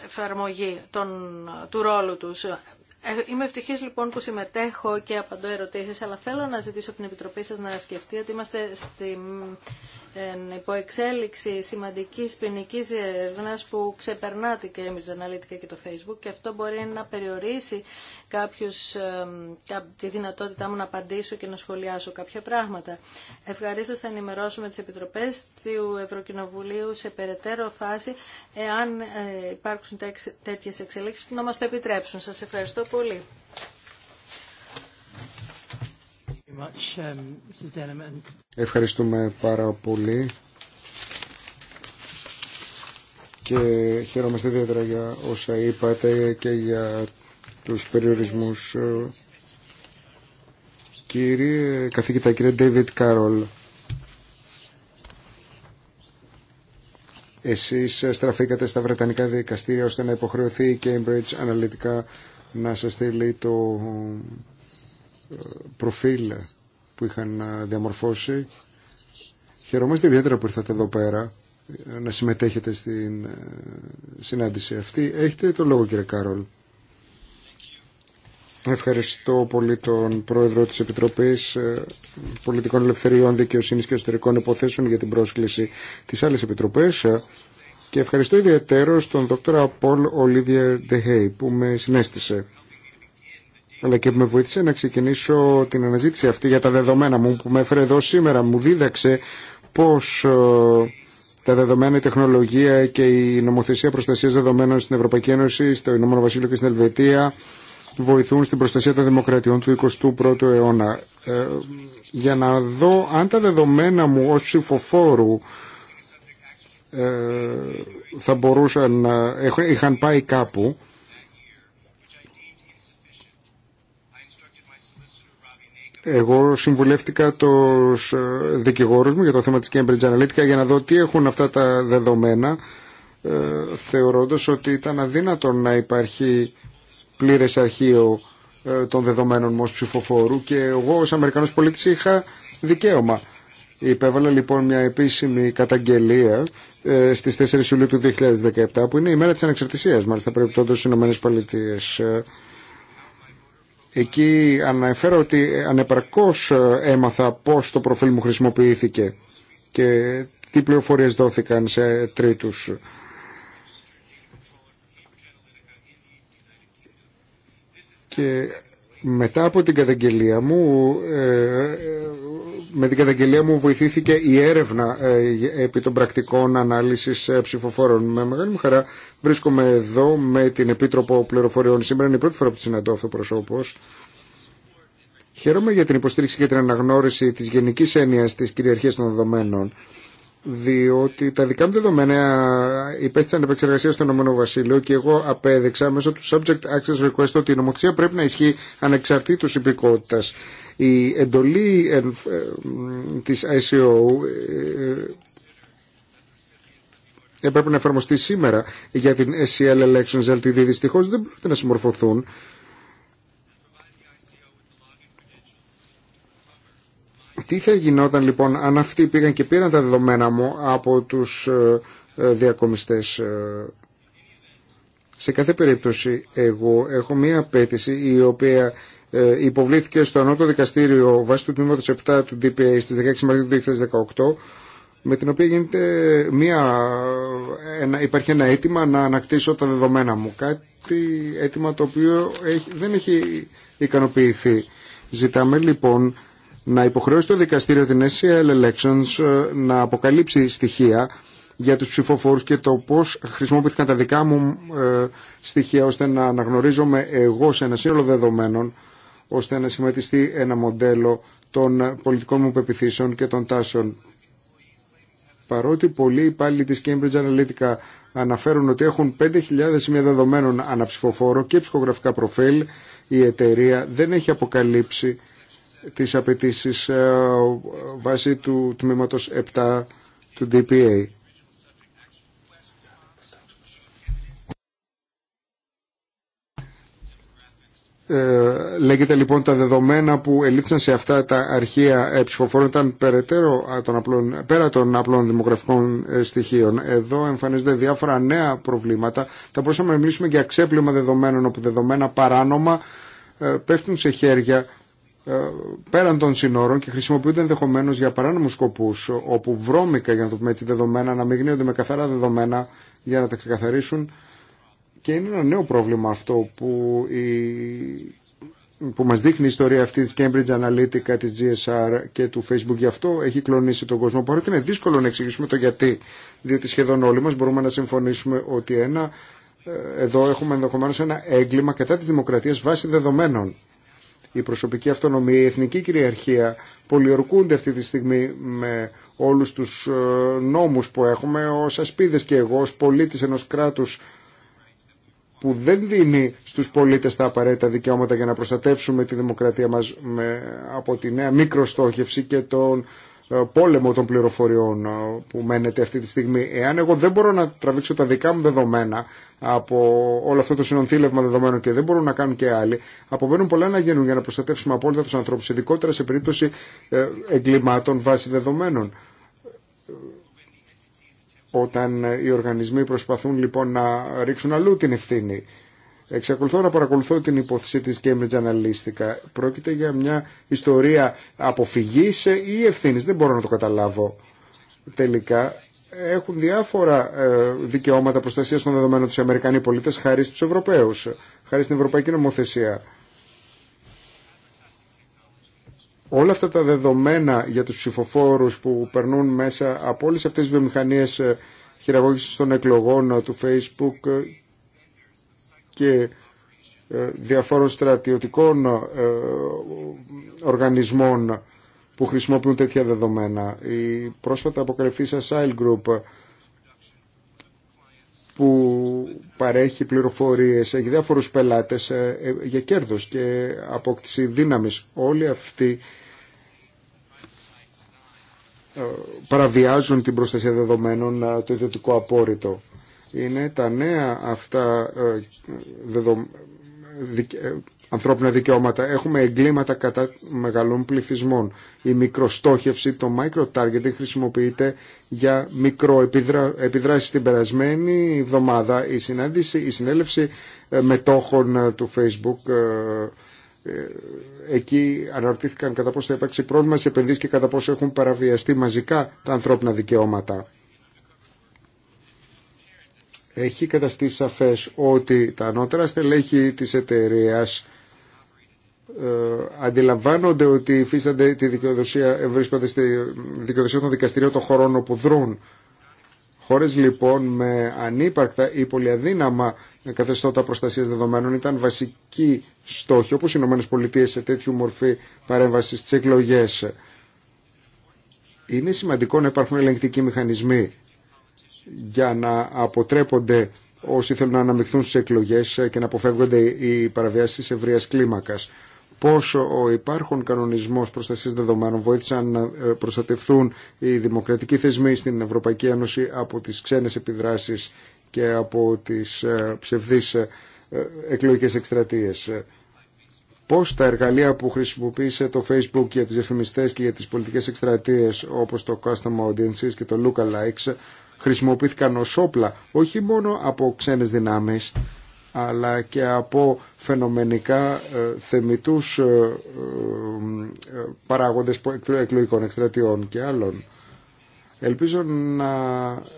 Speaker 6: εφαρμογή των, του ρόλου τους ε, είμαι ευτυχή λοιπόν που συμμετέχω και απαντώ ερωτήσει, αλλά θέλω να ζητήσω την Επιτροπή σα να σκεφτεί ότι είμαστε στην υποεξέλιξη σημαντική ποινική έρευνα που ξεπερνά την Cambridge Analytica και το Facebook και αυτό μπορεί να περιορίσει κάποιους, τη δυνατότητά μου να απαντήσω και να σχολιάσω κάποια πράγματα. Ευχαρίστω θα ενημερώσουμε τι επιτροπέ του Ευρωκοινοβουλίου σε περαιτέρω φάση εάν ε, υπάρξουν τέτοιε εξελίξει που να μα το επιτρέψουν. Σα ευχαριστώ πολύ.
Speaker 3: Ευχαριστούμε πάρα πολύ και χαίρομαστε ιδιαίτερα για όσα είπατε και για τους περιορισμούς. Κύριε καθηγητά, κύριε David Κάρολ, εσείς στραφήκατε στα Βρετανικά δικαστήρια ώστε να υποχρεωθεί η Cambridge Analytica να σας στείλει το ε, προφίλ που είχαν ε, διαμορφώσει. Χαιρόμαστε ιδιαίτερα που ήρθατε εδώ πέρα ε, να συμμετέχετε στην συνάντηση αυτή. Έχετε το λόγο κύριε Κάρολ. Ευχαριστώ πολύ τον Πρόεδρο της Επιτροπής Πολιτικών Ελευθεριών Δικαιοσύνης και Ιστορικών Υποθέσεων για την πρόσκληση της άλλης Επιτροπής και ευχαριστώ ιδιαίτερο τον Δ. Πολ Ολίβιερ Ντεχέι που με συνέστησε αλλά και με βοήθησε να ξεκινήσω την αναζήτηση αυτή για τα δεδομένα μου που με έφερε εδώ σήμερα. Μου δίδαξε πώς ε, τα δεδομένα, η τεχνολογία και η νομοθεσία προστασίας δεδομένων στην Ευρωπαϊκή Ένωση, στο Ηνωμένο Βασίλειο και στην Ελβετία βοηθούν στην προστασία των δημοκρατιών του 21ου αιώνα. Ε, για να δω αν τα δεδομένα μου ως ψηφοφόρου ε, θα μπορούσαν, είχαν πάει κάπου Εγώ συμβουλεύτηκα τους ε, δικηγόρους μου για το θέμα της Cambridge Analytica για να δω τι έχουν αυτά τα δεδομένα ε, θεωρώντας ότι ήταν αδύνατο να υπάρχει πλήρες αρχείο των δεδομένων μου ως ψηφοφόρου και εγώ ως Αμερικανός πολίτης είχα δικαίωμα Υπέβαλα λοιπόν μια επίσημη καταγγελία ε, στις 4 Ιουλίου του 2017 που είναι η μέρα της ανεξαρτησίας μάλιστα περιπτώντας στις Πολιτείες. Ε, εκεί αναφέρω ότι ανεπαρκώς ε, έμαθα πώς το προφίλ μου χρησιμοποιήθηκε και τι πληροφορίες δόθηκαν σε τρίτους. Και μετά από την καταγγελία μου, ε, ε, με την καταγγελία μου βοηθήθηκε η έρευνα ε, επί των πρακτικών ανάλυσης ψηφοφόρων. Με μεγάλη μου χαρά βρίσκομαι εδώ με την Επίτροπο Πληροφοριών. Σήμερα είναι η πρώτη φορά που τη συναντώ αυτό προσώπος. Χαίρομαι για την υποστήριξη και την αναγνώριση της γενικής έννοιας της κυριαρχίας των δεδομένων διότι τα δικά μου δεδομένα υπέστησαν επεξεργασία στον Ηνωμένο Βασίλειο και εγώ απέδειξα μέσω του Subject Access Request ότι η νομοθεσία πρέπει να ισχύει ανεξαρτήτως υπηκότητας. Η εντολή ε, ε, της ICO ε, έπρεπε να εφαρμοστεί σήμερα για την SEL Elections, αλλά δυστυχώς δεν μπορούν να συμμορφωθούν Τι θα γινόταν λοιπόν αν αυτοί πήγαν και πήραν τα δεδομένα μου από τους ε, ε, διακομιστές. Ε. Σε κάθε περίπτωση εγώ έχω μία απέτηση η οποία υποβλήθηκε στο Ανώτο Δικαστήριο βάσει του τμήματος 7 του DPA στις 16 Μαρτίου 2018 με την οποία γίνεται μία, υπάρχει ένα αίτημα να ανακτήσω τα δεδομένα μου. Κάτι αίτημα το οποίο έχει, δεν έχει ικανοποιηθεί. Ζητάμε λοιπόν να υποχρεώσει το δικαστήριο την SCL Elections ε, να αποκαλύψει στοιχεία για τους ψηφοφόρους και το πώς χρησιμοποιήθηκαν τα δικά μου ε, στοιχεία ώστε να αναγνωρίζομαι εγώ σε ένα σύνολο δεδομένων ώστε να συμμετιστεί ένα μοντέλο των πολιτικών μου πεπιθήσεων και των τάσεων. Παρότι πολλοί υπάλληλοι της Cambridge Analytica αναφέρουν ότι έχουν 5.000 σημεία δεδομένων αναψηφοφόρο και ψυχογραφικά προφίλ, η εταιρεία δεν έχει αποκαλύψει τις απαιτήσει ε, βάσει του τμήματος 7 του DPA. Ε, λέγεται λοιπόν τα δεδομένα που ελήφθησαν σε αυτά τα αρχεία ε, ψηφοφόρων ήταν περαιτέρω των απλών, πέρα των απλών δημογραφικών ε, στοιχείων. Εδώ εμφανίζονται διάφορα νέα προβλήματα. Θα μπορούσαμε να μιλήσουμε για ξέπλυμα δεδομένων όπου δεδομένα παράνομα ε, πέφτουν σε χέρια ε, πέραν των συνόρων και χρησιμοποιούνται ενδεχομένω για παράνομου σκοπού, όπου βρώμικα, για να το πούμε έτσι, δεδομένα να με καθαρά δεδομένα για να τα ξεκαθαρίσουν. Και είναι ένα νέο πρόβλημα αυτό που, η... που μας δείχνει η ιστορία αυτή της Cambridge Analytica, της GSR και του Facebook. Γι' αυτό έχει κλονίσει τον κόσμο. Παρότι είναι δύσκολο να εξηγήσουμε το γιατί, διότι σχεδόν όλοι μας μπορούμε να συμφωνήσουμε ότι ένα, ε, εδώ έχουμε ενδεχομένω ένα έγκλημα κατά της δημοκρατίας βάσει δεδομένων. Η προσωπική αυτονομία, η εθνική κυριαρχία πολιορκούνται αυτή τη στιγμή με όλους τους ε, νόμους που έχουμε ως ασπίδες και εγώ ως πολίτης ενός κράτους που δεν δίνει στους πολίτες τα απαραίτητα δικαιώματα για να προστατεύσουμε τη δημοκρατία μας με, από τη νέα μικροστόχευση και τον ε, πόλεμο των πληροφοριών ε, που μένεται αυτή τη στιγμή. Εάν εγώ δεν μπορώ να τραβήξω τα δικά μου δεδομένα από όλο αυτό το συνονθήλευμα δεδομένων και δεν μπορούν να κάνουν και άλλοι, απομένουν πολλά να γίνουν για να προστατεύσουμε απόλυτα του ανθρώπου, ειδικότερα σε περίπτωση ε, εγκλημάτων βάσει δεδομένων. Όταν οι οργανισμοί προσπαθούν λοιπόν να ρίξουν αλλού την ευθύνη Εξακολουθώ να παρακολουθώ την υπόθεση της Cambridge Analytica. Πρόκειται για μια ιστορία αποφυγής ή ευθύνης. Δεν μπορώ να το καταλάβω τελικά. Έχουν διάφορα ε, δικαιώματα προστασίας των δεδομένων τους Αμερικανοί πολίτες χάρη στους Ευρωπαίους, χάρη στην Ευρωπαϊκή Νομοθεσία. Όλα αυτά τα δεδομένα για τους ψηφοφόρους που περνούν μέσα από όλες αυτές τις βιομηχανίες ε, χειραγώγησης των εκλογών ε, του Facebook και ε, διαφόρων στρατιωτικών ε, οργανισμών που χρησιμοποιούν τέτοια δεδομένα. Η πρόσφατα αποκαλυφθήσα Sile Group που παρέχει πληροφορίες για διάφορους πελάτες ε, για κέρδος και απόκτηση δύναμης. Όλοι αυτοί παραβιάζουν την προστασία δεδομένων το ιδιωτικό απόρριτο είναι τα νέα αυτά ε, δεδο... Ε, ανθρώπινα δικαιώματα. Έχουμε εγκλήματα κατά μεγαλών πληθυσμών. Η μικροστόχευση, το micro-targeting χρησιμοποιείται για μικροεπιδράσεις την περασμένη εβδομάδα. Η συνάντηση, η συνέλευση ε, μετόχων του Facebook εκεί αναρωτήθηκαν κατά πόσο θα υπάρξει πρόβλημα σε επενδύσεις και κατά πόσο έχουν παραβιαστεί μαζικά τα ανθρώπινα δικαιώματα έχει καταστήσει σαφές ότι τα ανώτερα στελέχη της εταιρείας ε, αντιλαμβάνονται ότι υφίστανται τη δικαιοδοσία, βρίσκονται στη δικαιοδοσία των δικαστηρίων των χωρών όπου δρούν. Χώρες λοιπόν με ανύπαρκτα ή πολύ αδύναμα καθεστώτα προστασίας δεδομένων ήταν βασική στόχη όπως οι ΗΠΑ σε τέτοιου μορφή παρέμβαση στις εκλογές. Είναι σημαντικό να υπάρχουν ελεγκτικοί μηχανισμοί για να αποτρέπονται όσοι θέλουν να αναμειχθούν στις εκλογές ε, και να αποφεύγονται οι παραβιάσεις ευρείας κλίμακας. Πόσο ο υπάρχον κανονισμός προστασίας δεδομένων βοήθησαν να ε, προστατευθούν οι δημοκρατικοί θεσμοί στην Ευρωπαϊκή Ένωση από τις ξένες επιδράσεις και από τις ε, ψευδείς εκλογικές εκστρατείες. Πώς τα εργαλεία που χρησιμοποίησε το Facebook για τους διαφημιστές και για τις πολιτικές εκστρατείες όπως το Custom Audiences και το Lookalikes χρησιμοποιήθηκαν ως όπλα όχι μόνο από ξένες δυνάμεις αλλά και από φαινομενικά ε, θεμητούς ε, ε, παράγοντες εκλογικών εκστρατιών και άλλων. Ελπίζω να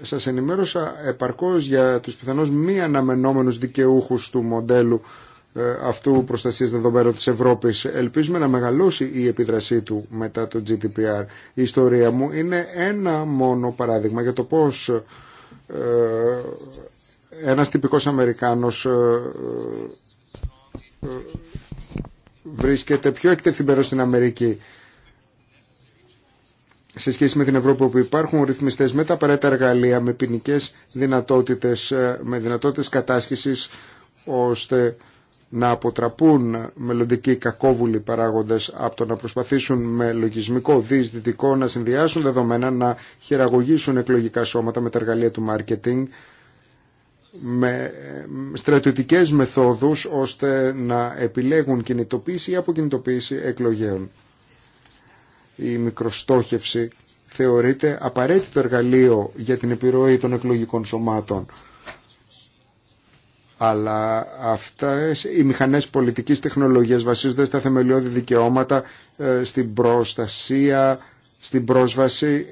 Speaker 3: σας ενημέρωσα επαρκώς για τους πιθανώς μη αναμενόμενους δικαιούχους του μοντέλου ε, αυτού προστασία δεδομένων της Ευρώπης. Ελπίζουμε να μεγαλώσει η επίδρασή του μετά το GDPR. Η ιστορία μου είναι ένα μόνο παράδειγμα για το πώς ε, ένας τυπικός Αμερικάνος ε, ε, βρίσκεται πιο εκτεθειμένο στην Αμερική σε σχέση με την Ευρώπη όπου υπάρχουν ρυθμιστές με τα απαραίτητα εργαλεία, με ποινικέ δυνατότητες, με δυνατότητες κατάσχεσης ώστε να αποτραπούν μελλοντικοί κακόβουλοι παράγοντες από το να προσπαθήσουν με λογισμικό διεισδυτικό να συνδυάσουν δεδομένα, να χειραγωγήσουν εκλογικά σώματα με τα εργαλεία του μάρκετινγκ, με στρατιωτικές μεθόδους ώστε να επιλέγουν κινητοποίηση ή αποκινητοποίηση εκλογέων. Η μικροστόχευση θεωρείται απαραίτητο εργαλείο για την επιρροή των εκλογικών σωμάτων αλλά αυτές οι μηχανές πολιτικής τεχνολογίας βασίζονται στα θεμελιώδη δικαιώματα, ε, στην προστασία, στην πρόσβαση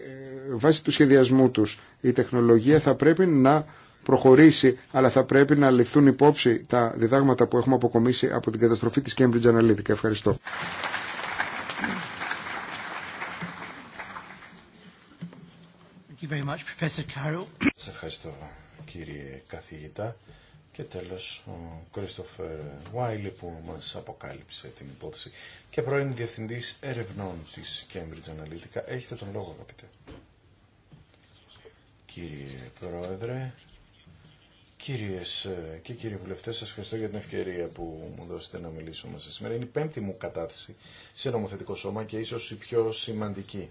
Speaker 3: ε, βάσει του σχεδιασμού τους. Η τεχνολογία θα πρέπει να προχωρήσει, αλλά θα πρέπει να ληφθούν υπόψη τα διδάγματα που έχουμε αποκομίσει από την καταστροφή της Cambridge Analytica. Ευχαριστώ.
Speaker 1: Σας ευχαριστώ κύριε καθηγητά. Και τέλος ο Κρίστοφερ Βάιλι που μας αποκάλυψε την υπόθεση και πρώην Διευθυντής Ερευνών της Cambridge Analytica. Έχετε τον λόγο αγαπητέ. Κύριε Πρόεδρε, κύριες ε, και κύριοι βουλευτές, σας ευχαριστώ για την ευκαιρία που μου δώσετε να μιλήσω μαζί σήμερα. Είναι η πέμπτη μου κατάθεση σε νομοθετικό σώμα και ίσως η πιο σημαντική.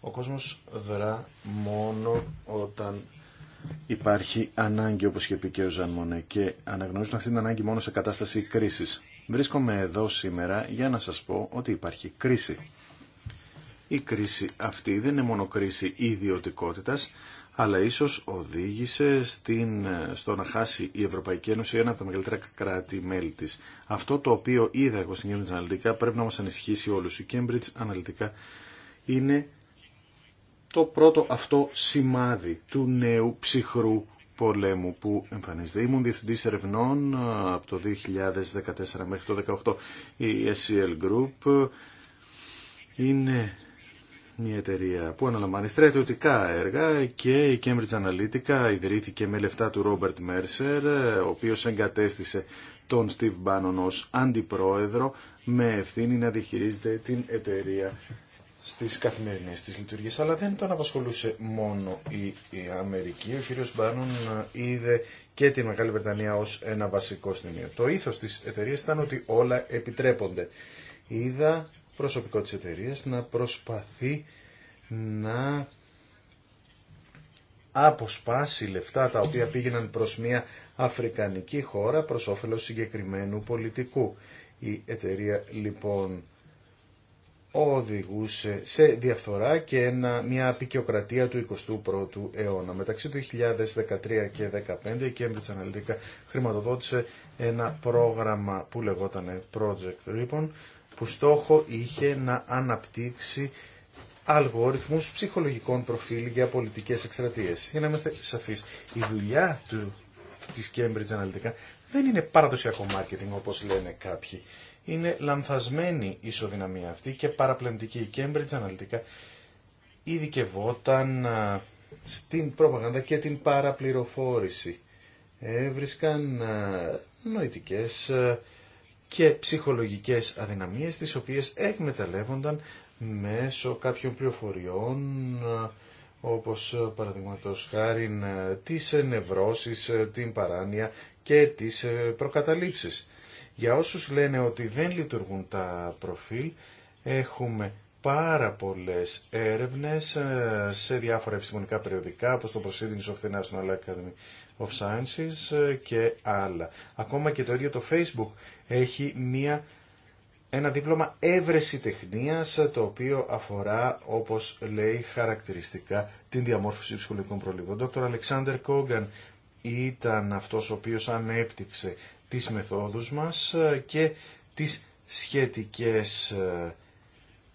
Speaker 1: Ο κόσμος δρά μόνο όταν υπάρχει ανάγκη, όπως είχε και ο Ζαν Μονέ, και αναγνωρίζουν αυτή την ανάγκη μόνο σε κατάσταση κρίσης. Βρίσκομαι εδώ σήμερα για να σας πω ότι υπάρχει κρίση. Η κρίση αυτή δεν είναι μόνο κρίση ιδιωτικότητας, αλλά ίσως οδήγησε στην, στο να χάσει η Ευρωπαϊκή Ένωση ένα από τα μεγαλύτερα κράτη-μέλη της. Αυτό το οποίο είδα εγώ στην Cambridge αναλυτικά πρέπει να μας ανησυχήσει όλους. Η Cambridge Analytica είναι το πρώτο αυτό σημάδι του νέου ψυχρού πολέμου που εμφανίζεται. Ήμουν διευθυντή ερευνών ε, από το 2014 μέχρι το 2018. Η SEL Group είναι μια εταιρεία που αναλαμβάνει στρατιωτικά έργα και η Cambridge Analytica ιδρύθηκε με λεφτά του Ρόμπερτ Mercer ε, ο οποίος εγκατέστησε τον Steve Bannon ως αντιπρόεδρο με ευθύνη να διχειρίζεται την εταιρεία στις καθημερινές τη λειτουργίες, αλλά δεν τον απασχολούσε μόνο η, η Αμερική. Ο κ. Μπάνον ε, είδε και τη Μεγάλη Βρετανία ως ένα βασικό σημείο. Το ήθος τη εταιρεία ήταν ότι όλα επιτρέπονται. Είδα προσωπικό της εταιρεία να προσπαθεί να αποσπάσει λεφτά τα οποία πήγαιναν προς μια αφρικανική χώρα προς όφελος συγκεκριμένου πολιτικού. Η εταιρεία λοιπόν οδηγούσε σε διαφθορά και ένα, μια απεικιοκρατία του 21ου αιώνα. Μεταξύ του 2013 και 2015 η Cambridge Analytica χρηματοδότησε ένα πρόγραμμα που λεγόταν Project Ripon που στόχο είχε να αναπτύξει αλγόριθμους ψυχολογικών προφίλ για πολιτικές εκστρατείες. Για να είμαστε σαφείς, η δουλειά του, της Cambridge Analytica δεν είναι παραδοσιακό marketing όπως λένε κάποιοι είναι λανθασμένη η ισοδυναμία αυτή και παραπλανητική. Η Cambridge αναλυτικά ειδικευόταν στην προπαγάνδα και την παραπληροφόρηση. Έβρισκαν νοητικές και ψυχολογικές αδυναμίες τις οποίες εκμεταλλεύονταν μέσω κάποιων πληροφοριών όπως παραδείγματο χάρη τις νευρώσεις, την παράνοια και τις ε, προκαταλήψεις. Για όσους λένε ότι δεν λειτουργούν τα προφίλ, έχουμε πάρα πολλές έρευνες ε, σε διάφορα επιστημονικά περιοδικά, όπως το Proceedings of the National Academy of Sciences ε, και άλλα. Ακόμα και το ίδιο το Facebook έχει μία ένα δίπλωμα έβρεση τεχνίας ε, το οποίο αφορά όπως λέει χαρακτηριστικά την διαμόρφωση ψυχολογικών προλήγων. Ο Dr. Alexander Κόγκαν ήταν αυτός ο οποίος ανέπτυξε τις μεθόδους μας ε, και τις σχετικές ε,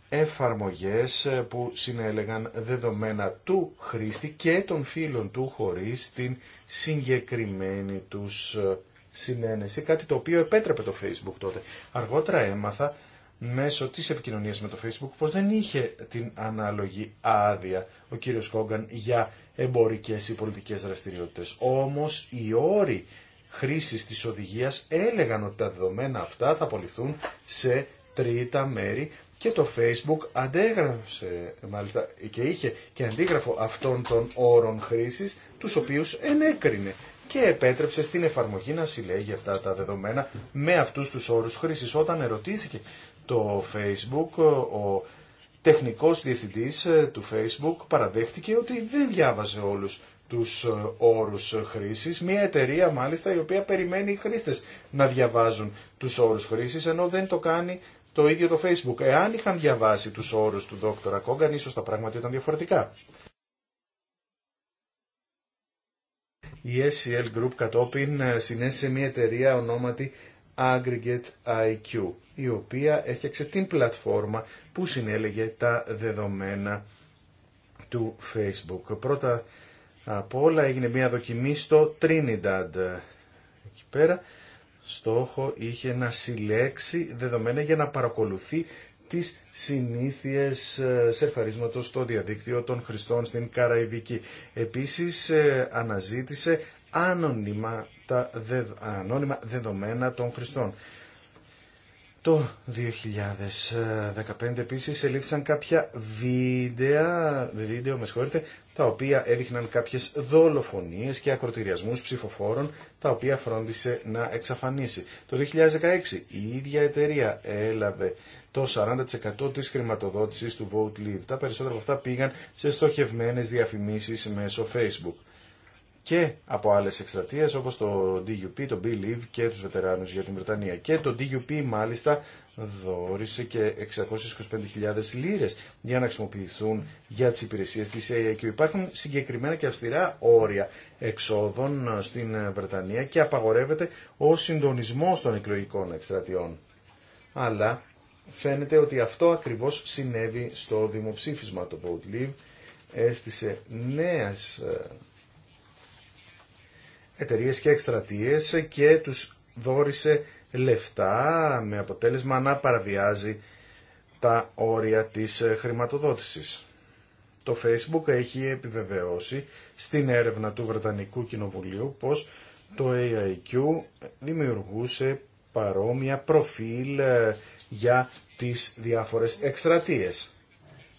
Speaker 1: εφαρμογές ε, που συνέλεγαν δεδομένα του χρήστη και των φίλων του χωρίς την συγκεκριμένη τους συνένεση, κάτι το οποίο επέτρεπε το Facebook τότε. Αργότερα έμαθα μέσω της επικοινωνίας με το Facebook πως δεν είχε την ανάλογη άδεια ο κύριος Κόγκαν για εμπορικές ή πολιτικές δραστηριότητες. Όμως οι όροι χρήσης της οδηγίας έλεγαν ότι τα δεδομένα αυτά θα απολυθούν σε τρίτα μέρη και το Facebook αντέγραψε μάλιστα και είχε και αντίγραφο αυτών των όρων χρήσης τους οποίους ενέκρινε και επέτρεψε στην εφαρμογή να συλλέγει αυτά τα δεδομένα με αυτούς τους όρους χρήσης. Όταν ερωτήθηκε το Facebook, ο τεχνικός διευθυντής ε, του Facebook παραδέχτηκε ότι δεν διάβαζε όλους τους ε, όρους χρήσης. Μια εταιρεία μάλιστα η οποία περιμένει οι χρήστες να διαβάζουν τους όρους χρήσης ενώ δεν το κάνει το ίδιο το Facebook. Εάν είχαν διαβάσει τους όρους του Δόκτωρα Κόγκαν ίσως τα πράγματα ήταν διαφορετικά. Η SCL Group κατόπιν ε, συνέστησε μια εταιρεία ονόματι Aggregate IQ, η οποία έφτιαξε την πλατφόρμα που συνέλεγε τα δεδομένα του Facebook. Πρώτα από όλα. Έγινε μια δοκιμή στο Trinidad εκεί πέρα. Στόχο είχε να συλλέξει δεδομένα για να παρακολουθεί τις συνήθειες ε, σερφαρίσματος στο διαδίκτυο των Χριστών στην Καραϊβική. Επίσης ε, αναζήτησε άνωνυμα τα δεδομένα των Χριστών το 2015 επίσης ελήφθησαν κάποια βίντεο, βίντεο με συγχωρείτε, τα οποία έδειχναν κάποιες δολοφονίες και ακροτηριασμούς ψηφοφόρων, τα οποία φρόντισε να εξαφανίσει. Το 2016 η ίδια εταιρεία έλαβε το 40% της χρηματοδότησης του Vote Leave. Τα περισσότερα από αυτά πήγαν σε στοχευμένες διαφημίσεις μέσω Facebook και από άλλε εκστρατείε, όπως το DUP, το Believe και του Βετεράνου για την Βρετανία. Και το DUP μάλιστα δόρισε και 625.000 λίρες για να χρησιμοποιηθούν για τις υπηρεσίες της Και Υπάρχουν συγκεκριμένα και αυστηρά όρια εξόδων στην Βρετανία και απαγορεύεται ο συντονισμό των εκλογικών εκστρατιών. Αλλά φαίνεται ότι αυτό ακριβώ συνέβη στο δημοψήφισμα. Το Vote Leave έστησε νέες ε, εταιρείε και εκστρατείε και τους δόρισε λεφτά με αποτέλεσμα να παραβιάζει τα όρια της χρηματοδότησης. Το Facebook έχει επιβεβαιώσει στην έρευνα του Βρετανικού Κοινοβουλίου πως το AIQ δημιουργούσε παρόμοια προφίλ ε, για τις διάφορες εκστρατείες.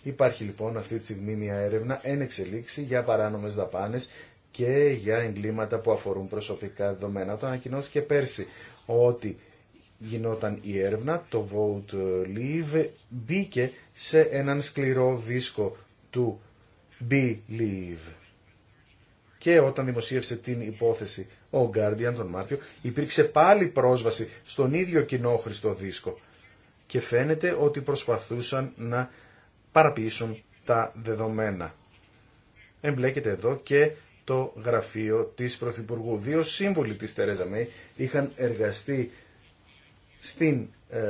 Speaker 1: Υπάρχει λοιπόν αυτή τη στιγμή μια έρευνα εν εξελίξη για παράνομες δαπάνες και για εγκλήματα που αφορούν προσωπικά δεδομένα. το ανακοινώθηκε πέρσι ότι γινόταν η έρευνα, το Vote Leave μπήκε σε έναν σκληρό δίσκο του Believe. Και όταν δημοσίευσε την υπόθεση ο Guardian τον Μάρτιο, υπήρξε πάλι πρόσβαση στον ίδιο κοινόχρηστο δίσκο. Και φαίνεται ότι προσπαθούσαν να παραποιήσουν τα δεδομένα. Εμπλέκεται εδώ και το γραφείο της Πρωθυπουργού. Δύο σύμβουλοι της Τερέζα Μέη είχαν εργαστεί στην ε,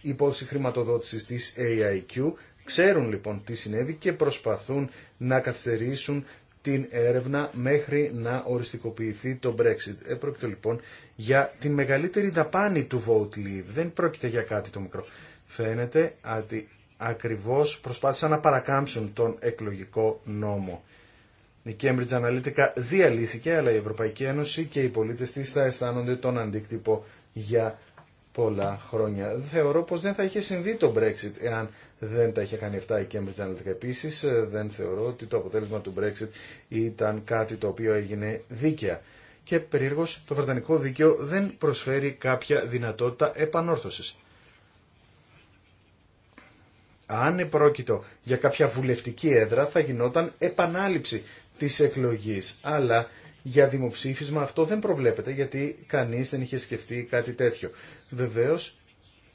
Speaker 1: υπόθεση χρηματοδότησης της AIQ, ξέρουν λοιπόν τι συνέβη και προσπαθούν να καθυστερήσουν την έρευνα μέχρι να οριστικοποιηθεί το Brexit. Επρόκειτο λοιπόν για την μεγαλύτερη δαπάνη του vote leave. Δεν πρόκειται για κάτι το μικρό. Φαίνεται ότι ακριβώς προσπάθησαν να παρακάμψουν τον εκλογικό νόμο. Η Cambridge Analytica διαλύθηκε, αλλά η Ευρωπαϊκή Ένωση και οι πολίτες της θα αισθάνονται τον αντίκτυπο για πολλά χρόνια. Θεωρώ πως δεν θα είχε συμβεί το Brexit εάν δεν τα είχε κάνει αυτά η Cambridge Analytica. Επίσης ε, δεν θεωρώ ότι το αποτέλεσμα του Brexit ήταν κάτι το οποίο έγινε δίκαια. Και περίεργως το Βρετανικό δίκαιο δεν προσφέρει κάποια δυνατότητα επανόρθωσης. Αν επρόκειτο για κάποια βουλευτική έδρα θα γινόταν επανάληψη της εκλογής. Αλλά για δημοψήφισμα αυτό δεν προβλέπεται γιατί κανείς δεν είχε σκεφτεί κάτι τέτοιο. Βεβαίως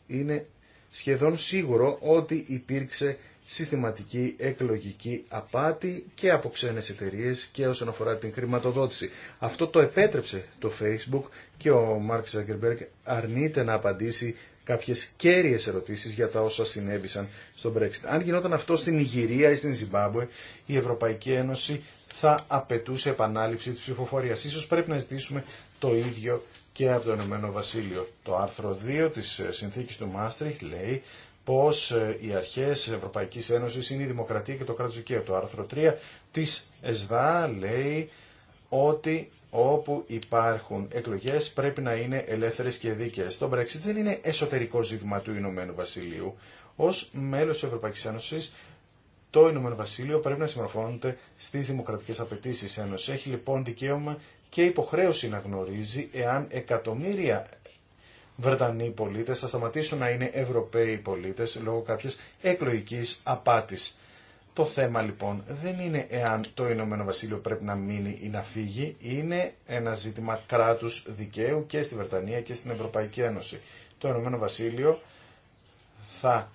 Speaker 1: είναι σχεδόν σίγουρο ότι υπήρξε συστηματική εκλογική απάτη και από ξένες εταιρείε και όσον αφορά την χρηματοδότηση. Αυτό το επέτρεψε το Facebook και ο Μάρκ Ζαγκερμπέργκ αρνείται να απαντήσει κάποιες κέρυες ερωτήσεις για τα όσα συνέβησαν στο Brexit. Αν γινόταν αυτό στην Ιγυρία ή στην Ζιμπάμπουε, η Ευρωπαϊκή Ένωση θα απαιτούσε επανάληψη της ψηφοφορίας. Ίσως πρέπει να ζητήσουμε το ίδιο και από το Ηνωμένο Βασίλειο. Το άρθρο 2 της ε, συνθήκης του Μάστριχ λέει πως ε, οι αρχές Ευρωπαϊκής Ένωσης είναι η δημοκρατία και το κράτος δικαίου. Το άρθρο 3 της ΕΣΔΑ λέει ότι όπου υπάρχουν εκλογές πρέπει να είναι ελεύθερες και δίκαιες. Το Brexit δεν είναι εσωτερικό ζήτημα του Ηνωμένου Βασιλείου. Ως μέλος της Ευρωπαϊκής Ένωσης το Ηνωμένο Βασίλειο πρέπει να συμμορφώνεται στι δημοκρατικέ απαιτήσει Ένωση. Έχει λοιπόν δικαίωμα και υποχρέωση να γνωρίζει εάν εκατομμύρια Βρετανοί πολίτε θα σταματήσουν να είναι Ευρωπαίοι πολίτε λόγω κάποια εκλογική απάτη. Το θέμα λοιπόν δεν είναι εάν το Ηνωμένο Βασίλειο πρέπει να μείνει ή να φύγει, είναι ένα ζήτημα κράτου δικαίου και στη Βρετανία και στην Ευρωπαϊκή Ένωση. Το Ηνωμένο Βασίλειο θα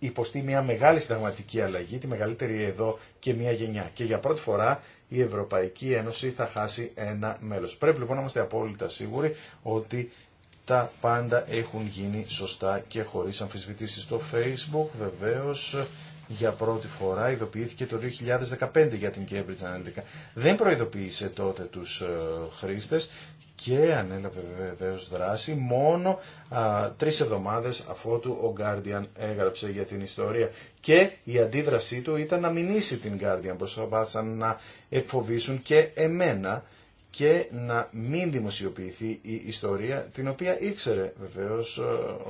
Speaker 1: υποστεί μια μεγάλη συνταγματική αλλαγή, τη μεγαλύτερη εδώ και μια γενιά. Και για πρώτη φορά η Ευρωπαϊκή Ένωση θα χάσει ένα μέλος. Πρέπει λοιπόν να είμαστε απόλυτα σίγουροι ότι τα πάντα έχουν γίνει σωστά και χωρίς αμφισβητήσεις. Στο Facebook βεβαίως για πρώτη φορά ειδοποιήθηκε το 2015 για την Cambridge Analytica. Δεν προειδοποίησε τότε τους ε, χρήστες και ανέλαβε βεβαίω δράση μόνο α, τρεις εβδομάδες αφότου ο Guardian έγραψε για την ιστορία. Και η αντίδρασή του ήταν να μηνύσει την Guardian, προσπάθησαν να εκφοβήσουν και εμένα και να μην δημοσιοποιηθεί η ιστορία την οποία ήξερε βεβαίω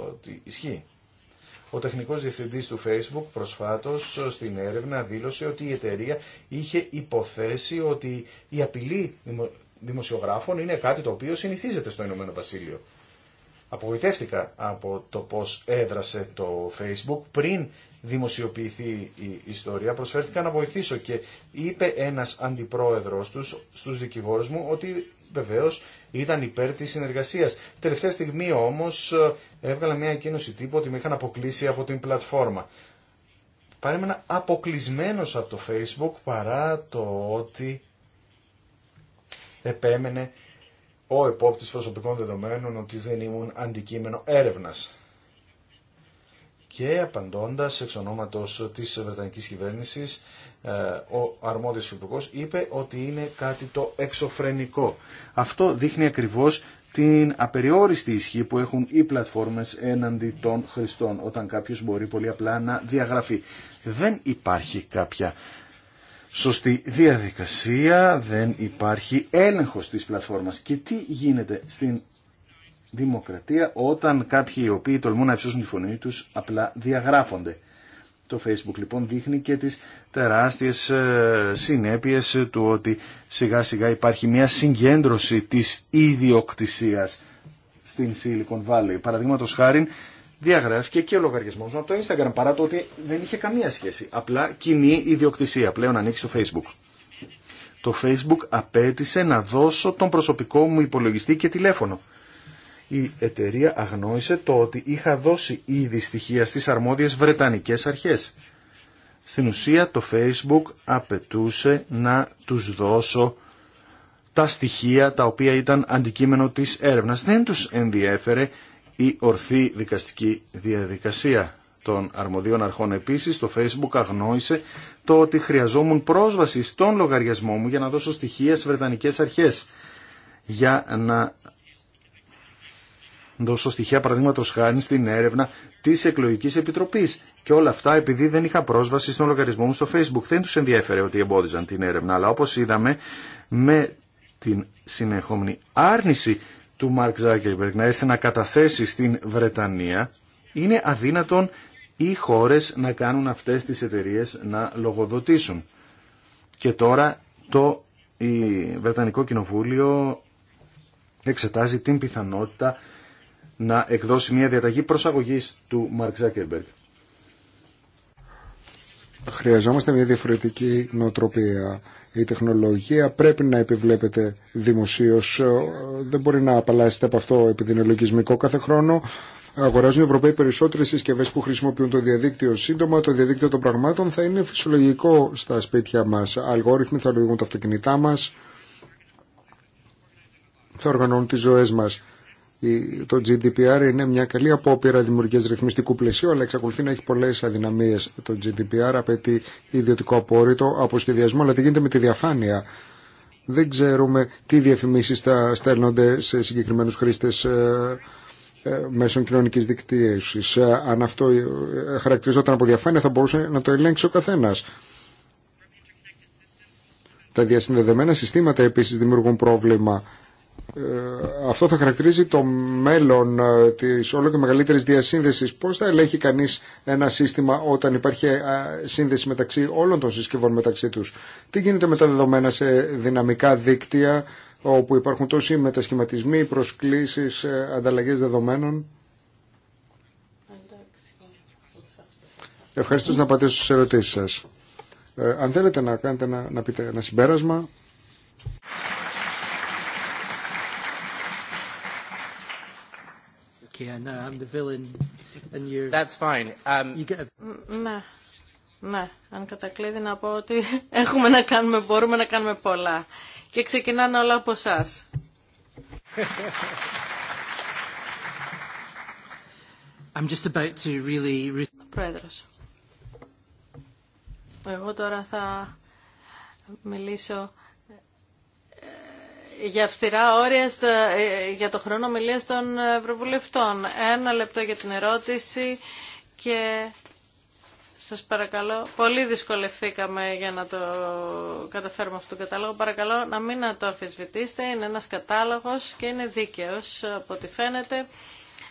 Speaker 1: ότι ισχύει. Ο τεχνικός διευθυντής του Facebook προσφάτως στην έρευνα δήλωσε ότι η εταιρεία είχε υποθέσει ότι η απειλή δημοσιογράφων είναι κάτι το οποίο συνηθίζεται στο Ηνωμένο Βασίλειο. Απογοητεύτηκα από το πώς έδρασε το Facebook πριν δημοσιοποιηθεί η ιστορία. Προσφέρθηκα να βοηθήσω και είπε ένας αντιπρόεδρος τους, στους δικηγόρους μου, ότι βεβαίως ήταν υπέρ της συνεργασίας. Τελευταία στιγμή όμως ε, έβγαλα μια εκείνωση τύπου ότι με είχαν αποκλείσει από την πλατφόρμα. Παρέμενα αποκλεισμένος από το Facebook παρά το ότι επέμενε ο επόπτης προσωπικών δεδομένων ότι δεν ήμουν αντικείμενο έρευνας. Και απαντώντας εξ ονόματος της Βρετανικής κυβέρνησης, ε, ο αρμόδιος υπουργός είπε ότι είναι κάτι το εξωφρενικό. Αυτό δείχνει ακριβώς την απεριόριστη ισχύ που έχουν οι πλατφόρμες έναντι των χρηστών, όταν κάποιος μπορεί πολύ απλά να διαγραφεί. Δεν υπάρχει κάποια σωστή διαδικασία, δεν υπάρχει έλεγχος της πλατφόρμας. Και τι γίνεται στην δημοκρατία όταν κάποιοι οι οποίοι τολμούν να υψώσουν τη φωνή τους απλά διαγράφονται. Το Facebook λοιπόν δείχνει και τις τεράστιες ε, συνέπειες του ότι σιγά σιγά υπάρχει μια συγκέντρωση της ιδιοκτησίας στην Silicon Valley. Παραδείγματος χάρη διαγράφηκε και ο λογαριασμό μου από το Instagram παρά το ότι δεν είχε καμία σχέση. Απλά κοινή ιδιοκτησία πλέον ανοίξει στο Facebook. Το Facebook απέτησε να δώσω τον προσωπικό μου υπολογιστή και τηλέφωνο. Η εταιρεία αγνόησε το ότι είχα δώσει ήδη στοιχεία στις αρμόδιες Βρετανικές αρχές. Στην ουσία το Facebook απαιτούσε να τους δώσω τα στοιχεία τα οποία ήταν αντικείμενο της έρευνας. Δεν τους ενδιέφερε η ορθή δικαστική διαδικασία των αρμοδίων αρχών. Επίσης, στο Facebook αγνόησε το ότι χρειαζόμουν πρόσβαση στον λογαριασμό μου για να δώσω στοιχεία στις Βρετανικές αρχές. Για να δώσω στοιχεία παραδείγματο χάρη στην έρευνα τη εκλογική επιτροπή. Και όλα αυτά επειδή δεν είχα πρόσβαση στον λογαριασμό μου στο Facebook. Δεν του ενδιέφερε ότι εμπόδιζαν την έρευνα. Αλλά όπω είδαμε, με την συνεχόμενη άρνηση του Μαρκ να έρθει να καταθέσει στην Βρετανία, είναι αδύνατον οι χώρες να κάνουν αυτές τις εταιρείε να λογοδοτήσουν. Και τώρα το η Βρετανικό Κοινοβούλιο εξετάζει την πιθανότητα να εκδώσει μια διαταγή προσαγωγής του Μαρκ Ζάκερμπεργκ.
Speaker 3: Χρειαζόμαστε μια διαφορετική νοοτροπία. Η τεχνολογία πρέπει να επιβλέπεται δημοσίω. Δεν μπορεί να απαλλάσσεται από αυτό επειδή είναι λογισμικό κάθε χρόνο. Αγοράζουν οι Ευρωπαίοι περισσότερε συσκευέ που χρησιμοποιούν το διαδίκτυο. Σύντομα, το διαδίκτυο των πραγμάτων θα είναι φυσιολογικό στα σπίτια μα. Αλγόριθμοι θα οδηγούν τα αυτοκινητά μα, θα οργανώνουν τι ζωέ μα. Το GDPR είναι μια καλή απόπειρα δημιουργία ρυθμιστικού πλαισίου, αλλά εξακολουθεί να έχει πολλέ αδυναμίες. Το GDPR απαιτεί ιδιωτικό απόρριτο από σχεδιασμό, αλλά τι γίνεται με τη διαφάνεια. Δεν ξέρουμε τι διαφημίσει θα στέλνονται σε συγκεκριμένους χρήστες ε, ε, μέσων κοινωνική δικτύωσης. Ε, αν αυτό χαρακτηριζόταν από διαφάνεια θα μπορούσε να το ελέγξει ο καθένα. Τα διασυνδεδεμένα συστήματα επίση δημιουργούν πρόβλημα ε, αυτό θα χαρακτηρίζει το μέλλον ε, της όλο και μεγαλύτερης διασύνδεσης. Πώς θα ελέγχει κανείς ένα σύστημα όταν υπάρχει ε, σύνδεση μεταξύ όλων των συσκευών μεταξύ τους. Τι γίνεται με τα δεδομένα σε δυναμικά δίκτυα όπου υπάρχουν τόσοι μετασχηματισμοί, προσκλήσεις, ανταλλαγές δεδομένων. Ευχαριστώ να απαντήσω στις ερωτήσεις σας. αν θέλετε να, κάνετε να πείτε ένα συμπέρασμα...
Speaker 5: okay, I know, I'm the villain and you. That's fine. Um... You get a...
Speaker 6: Ναι, ναι, αν κατακλείδη να πω ότι έχουμε να κάνουμε, μπορούμε να κάνουμε πολλά. Και ξεκινάνε όλα από εσά.
Speaker 5: I'm just about to really...
Speaker 6: Πρόεδρος. Εγώ τώρα θα μιλήσω για αυστηρά όρια ε, για το χρόνο μιλία των Ευρωβουλευτών. Ένα λεπτό για την ερώτηση και σας παρακαλώ, πολύ δυσκολευθήκαμε για να το καταφέρουμε αυτόν τον κατάλογο. Παρακαλώ να μην το αφισβητήσετε, είναι ένας κατάλογος και είναι δίκαιος από ό,τι φαίνεται.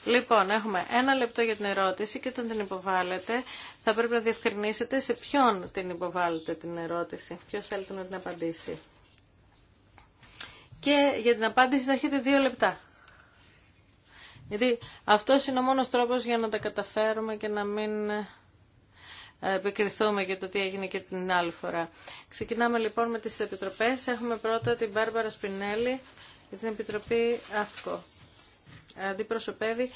Speaker 6: Λοιπόν, έχουμε ένα λεπτό για την ερώτηση και όταν την υποβάλλετε θα πρέπει να διευκρινίσετε σε ποιον την υποβάλλετε την ερώτηση. Ποιος θέλετε να την απαντήσει και για την απάντηση θα έχετε δύο λεπτά. Γιατί αυτό είναι ο μόνος τρόπος για να τα καταφέρουμε και να μην ε, επικριθούμε για το τι έγινε και την άλλη φορά. Ξεκινάμε λοιπόν με τις επιτροπές. Έχουμε πρώτα την Μπάρμπαρα Σπινέλη για την Επιτροπή ΑΦΚΟ. Αντιπροσωπεύει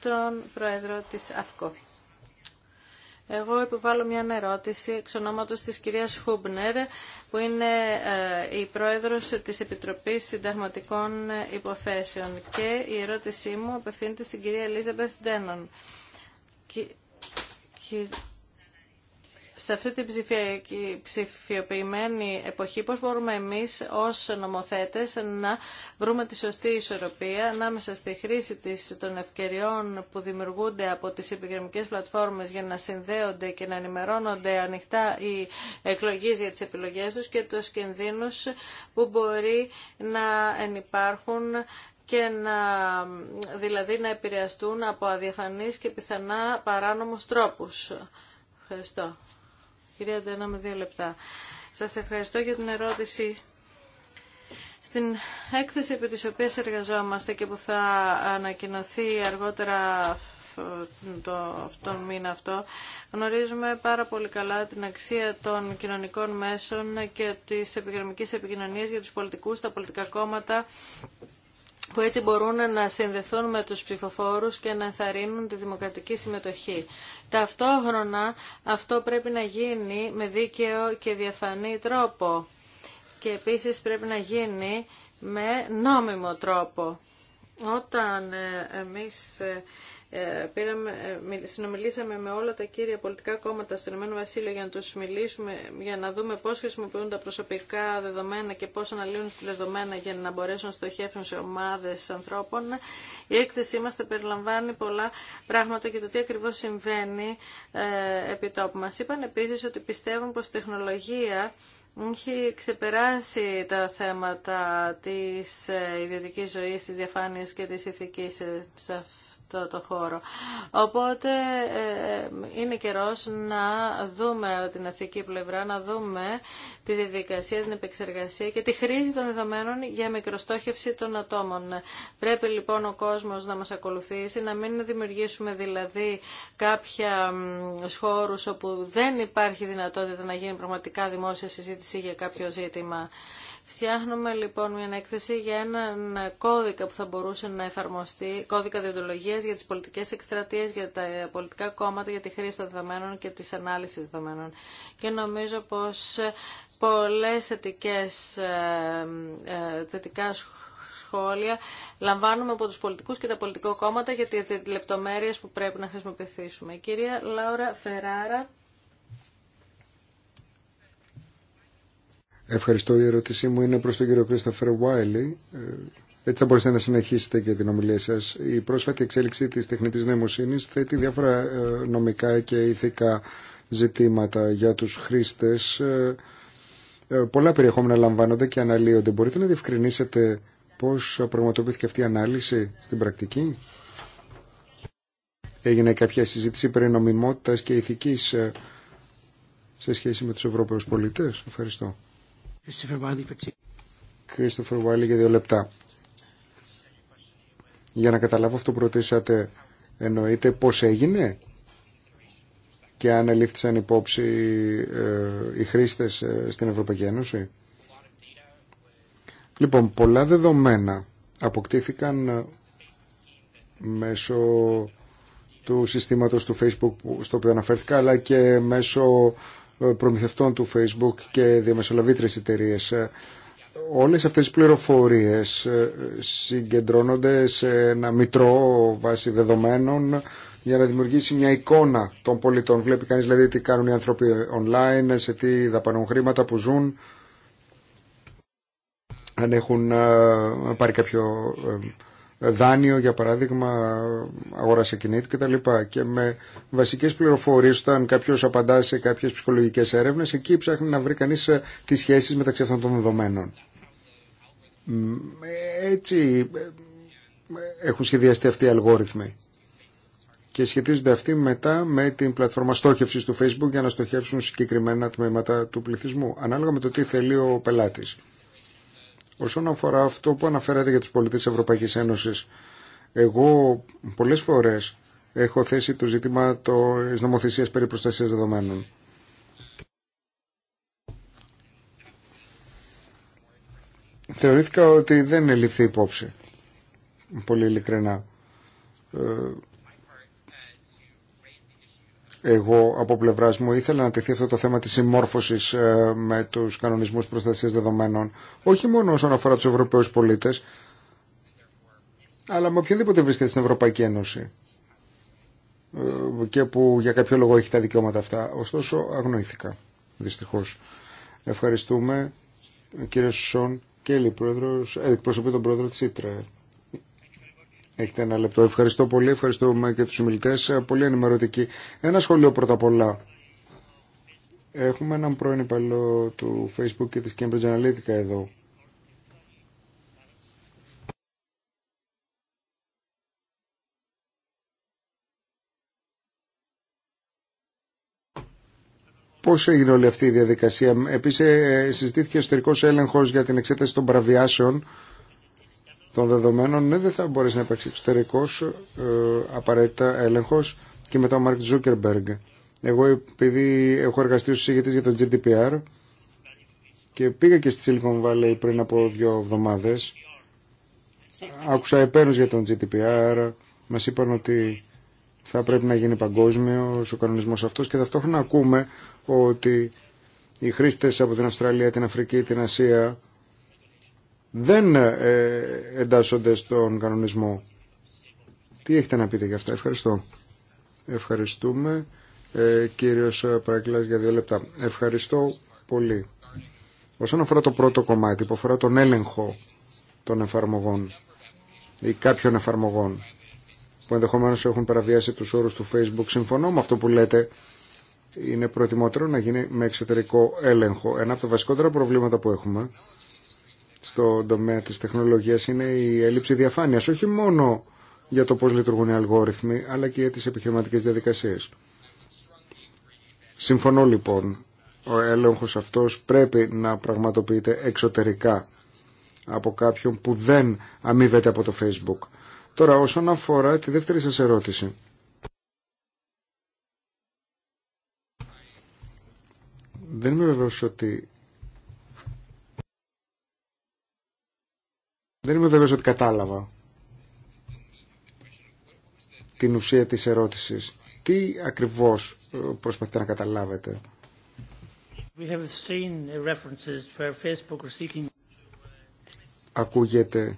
Speaker 6: τον Πρόεδρο της ΑΦΚΟ. Εγώ επιβάλλω μια ερώτηση εξ ονόματος της κυρίας Χούμπνερ, που είναι ε, η πρόεδρος της Επιτροπής Συνταγματικών Υποθέσεων. Και η ερώτησή μου απευθύνεται στην κυρία Ελίζαμπεθ Ντένον σε αυτή την ψηφιοποιημένη εποχή πώς μπορούμε εμείς ως νομοθέτες να βρούμε τη σωστή ισορροπία ανάμεσα στη χρήση της, των ευκαιριών που δημιουργούνται από τις επιγραμμικές πλατφόρμες για να συνδέονται και να ενημερώνονται ανοιχτά οι εκλογές για τις επιλογές τους και τους κινδύνους που μπορεί να ενυπάρχουν και να, δηλαδή να επηρεαστούν από αδιαφανείς και πιθανά παράνομους τρόπους. Ευχαριστώ. Κυρία Ντένα, με δύο λεπτά. Σας ευχαριστώ για την ερώτηση. Στην έκθεση επί της οποίας εργαζόμαστε και που θα ανακοινωθεί αργότερα το, αυτόν μήνα αυτό, γνωρίζουμε πάρα πολύ καλά την αξία των κοινωνικών μέσων και της επιγραμμικής επικοινωνίας για τους πολιτικούς, τα πολιτικά κόμματα που έτσι μπορούν να συνδεθούν με τους ψηφοφόρους και να ενθαρρύνουν τη δημοκρατική συμμετοχή. Ταυτόχρονα αυτό πρέπει να γίνει με δίκαιο και διαφανή τρόπο και επίσης πρέπει να γίνει με νόμιμο τρόπο. Όταν ε, εμείς ε, ε, πήραμε, ε, συνομιλήσαμε με όλα τα κύρια πολιτικά κόμματα στο Ηνωμένο Βασίλειο για να τους μιλήσουμε, για να δούμε πώς χρησιμοποιούν τα προσωπικά δεδομένα και πώς αναλύουν τα δεδομένα για να μπορέσουν να στοχεύσουν σε ομάδες ανθρώπων. Η έκθεσή μας περιλαμβάνει πολλά πράγματα και το τι ακριβώς συμβαίνει ε, επί τόπου. Μας είπαν επίσης ότι πιστεύουν πως η τεχνολογία έχει ξεπεράσει τα θέματα της ιδιωτικής ζωής, της διαφάνειας και της ηθικής σε το χώρο. Οπότε ε, ε, είναι καιρός να δούμε την αθήκη πλευρά, να δούμε τη διαδικασία, την επεξεργασία και τη χρήση των δεδομένων για μικροστόχευση των ατόμων. Πρέπει λοιπόν ο κόσμος να μας ακολουθήσει, να μην δημιουργήσουμε δηλαδή κάποια χώρους όπου δεν υπάρχει δυνατότητα να γίνει πραγματικά δημόσια συζήτηση για κάποιο ζήτημα. Φτιάχνουμε λοιπόν μια έκθεση για έναν κώδικα που θα μπορούσε να εφαρμοστεί, κώδικα διοντολογίας για τις πολιτικές εκστρατείες, για τα πολιτικά κόμματα, για τη χρήση των δεδομένων και τις ανάλυσης δεδομένων. Και νομίζω πως πολλές θετικές, ε, ε, θετικά σχόλια λαμβάνουμε από τους πολιτικούς και τα πολιτικό κόμματα για τις λεπτομέρειες που πρέπει να χρησιμοποιήσουμε. κυρία Λάουρα Φεράρα.
Speaker 3: Ευχαριστώ. Η ερώτησή μου είναι προ τον κύριο Κρίστοφερ Βάιλι. Έτσι θα μπορέσετε να συνεχίσετε και την ομιλία σα, Η πρόσφατη εξέλιξη τη τεχνητή νοημοσύνη θέτει διάφορα ε, νομικά και ηθικά ζητήματα για του χρήστε. Ε, ε, πολλά περιεχόμενα λαμβάνονται και αναλύονται. Μπορείτε να διευκρινίσετε πώ πραγματοποιήθηκε αυτή η ανάλυση στην πρακτική. Έγινε κάποια συζήτηση περί νομιμότητας και ηθικής σε σχέση με τους Ευρωπαίους πολίτες. Ευχαριστώ. Κρίστοφερ Βάλι για δύο λεπτά. Για να καταλάβω αυτό που ρωτήσατε, εννοείται πώς έγινε και αν ελήφθησαν υπόψη ε, οι χρήστες ε, στην Ευρωπαϊκή Ένωση. Λοιπόν, πολλά δεδομένα αποκτήθηκαν ε, μέσω του συστήματος του Facebook στο οποίο αναφέρθηκα, αλλά και μέσω προμηθευτών του Facebook και διαμεσολαβήτρες εταιρείε. Όλες αυτές οι πληροφορίες ε, συγκεντρώνονται σε ένα μητρό βάση δεδομένων για να δημιουργήσει μια εικόνα των πολιτών. Βλέπει κανείς δηλαδή τι κάνουν οι άνθρωποι online, σε τι δαπανούν χρήματα που ζουν, αν έχουν ε, πάρει κάποιο ε, δάνειο για παράδειγμα αγορά τα κτλ. Και με βασικές πληροφορίες όταν κάποιος απαντά σε κάποιες ψυχολογικές έρευνες εκεί ψάχνει να βρει κανείς ε, τις σχέσεις μεταξύ αυτών των δεδομένων. Έτσι ε, έχουν σχεδιαστεί αυτοί οι αλγόριθμοι και σχετίζονται αυτοί μετά με την πλατφόρμα στόχευσης του Facebook για να στοχεύσουν συγκεκριμένα τμήματα του πληθυσμού ανάλογα με το τι θέλει ο πελάτης. Όσον αφορά αυτό που αναφέρατε για τους πολίτες της Ευρωπαϊκής Ένωσης, εγώ πολλές φορές έχω θέσει το ζήτημα της νομοθεσίας περί προστασίας δεδομένων. Θεωρήθηκα ότι δεν ελειφθεί υπόψη, πολύ ειλικρινά. Ε, εγώ από πλευρά μου ήθελα να τεθεί αυτό το θέμα τη συμμόρφωση ε, με του κανονισμού προστασία δεδομένων, όχι μόνο όσον αφορά του Ευρωπαίου πολίτε, αλλά με οποιονδήποτε βρίσκεται στην Ευρωπαϊκή Ένωση ε, και που για κάποιο λόγο έχει τα δικαιώματα αυτά. Ωστόσο, αγνοήθηκα, δυστυχώ. Ευχαριστούμε, κύριε Σον Κέλλη, πρόεδρος, εκπροσωπεί τον πρόεδρο τη Έχετε ένα λεπτό. Ευχαριστώ πολύ. Ευχαριστούμε και τους ομιλητές. Ε, πολύ ενημερωτική. Ένα σχολείο πρώτα απ' όλα. Έχουμε έναν πρώην υπαλλό του Facebook και της Cambridge Analytica εδώ. Πώς έγινε όλη αυτή η διαδικασία. Επίσης ε, συζητήθηκε εσωτερικός έλεγχος για την εξέταση των παραβιάσεων των δεδομένων, ναι, δεν θα μπορέσει να υπάρξει εξωτερικό ε, απαραίτητα έλεγχο και μετά ο Μάρκ Τζούκερμπεργκ. Εγώ επειδή έχω εργαστεί ως συζητητής για το GDPR και πήγα και στη Silicon Valley πριν από δύο εβδομάδες, άκουσα επένους για τον GDPR, μα είπαν ότι θα πρέπει να γίνει παγκόσμιο ο κανονισμός αυτός και ταυτόχρονα ακούμε ότι οι χρήστες από την Αυστραλία, την Αφρική, την Ασία δεν ε, εντάσσονται στον κανονισμό. Τι έχετε να πείτε για αυτά. Ευχαριστώ. Ευχαριστούμε. Ε, κύριος Παρακλάς για δύο λεπτά. Ευχαριστώ πολύ. Όσον αφορά το πρώτο κομμάτι που αφορά τον έλεγχο των εφαρμογών ή κάποιων εφαρμογών που ενδεχομένως έχουν παραβιάσει τους όρους του Facebook, συμφωνώ με αυτό που λέτε, είναι προτιμότερο να γίνει με εξωτερικό έλεγχο. Ένα από τα βασικότερα προβλήματα που έχουμε στον τομέα της τεχνολογίας είναι η έλλειψη διαφάνειας, όχι μόνο για το πώς λειτουργούν οι αλγόριθμοι, αλλά και για τις επιχειρηματικές διαδικασίες. Συμφωνώ λοιπόν, ο έλεγχος αυτός πρέπει να πραγματοποιείται εξωτερικά από κάποιον που δεν αμείβεται από το Facebook. Τώρα όσον αφορά τη δεύτερη σας ερώτηση. Δεν είμαι βέβαιος ότι Δεν είμαι βέβαιος ότι κατάλαβα την ουσία της ερώτησης. Τι ακριβώς ε, προσπαθείτε να καταλάβετε. Ακούγεται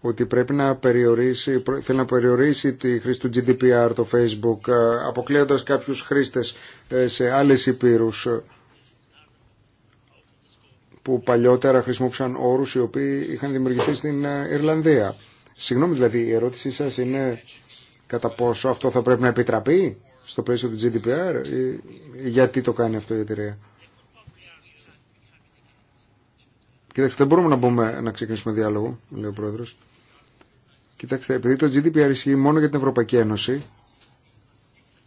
Speaker 3: ότι πρέπει να περιορίσει, θέλει να περιορίσει τη χρήση του GDPR το Facebook, ε, αποκλείοντας κάποιους χρήστες ε, σε άλλες υπήρους που παλιότερα χρησιμοποιούσαν όρου οι οποίοι είχαν δημιουργηθεί στην ε, Ιρλανδία. Συγγνώμη δηλαδή, η ερώτησή σας είναι κατά πόσο αυτό θα πρέπει να επιτραπεί στο πλαίσιο του GDPR ή γιατί το κάνει αυτό η εταιρεία. Κοιτάξτε, δεν μπορούμε να, μπούμε, να ξεκινήσουμε διάλογο, λέει ο Πρόεδρος. Κοιτάξτε, επειδή το GDPR ισχύει μόνο για την Ευρωπαϊκή Ένωση,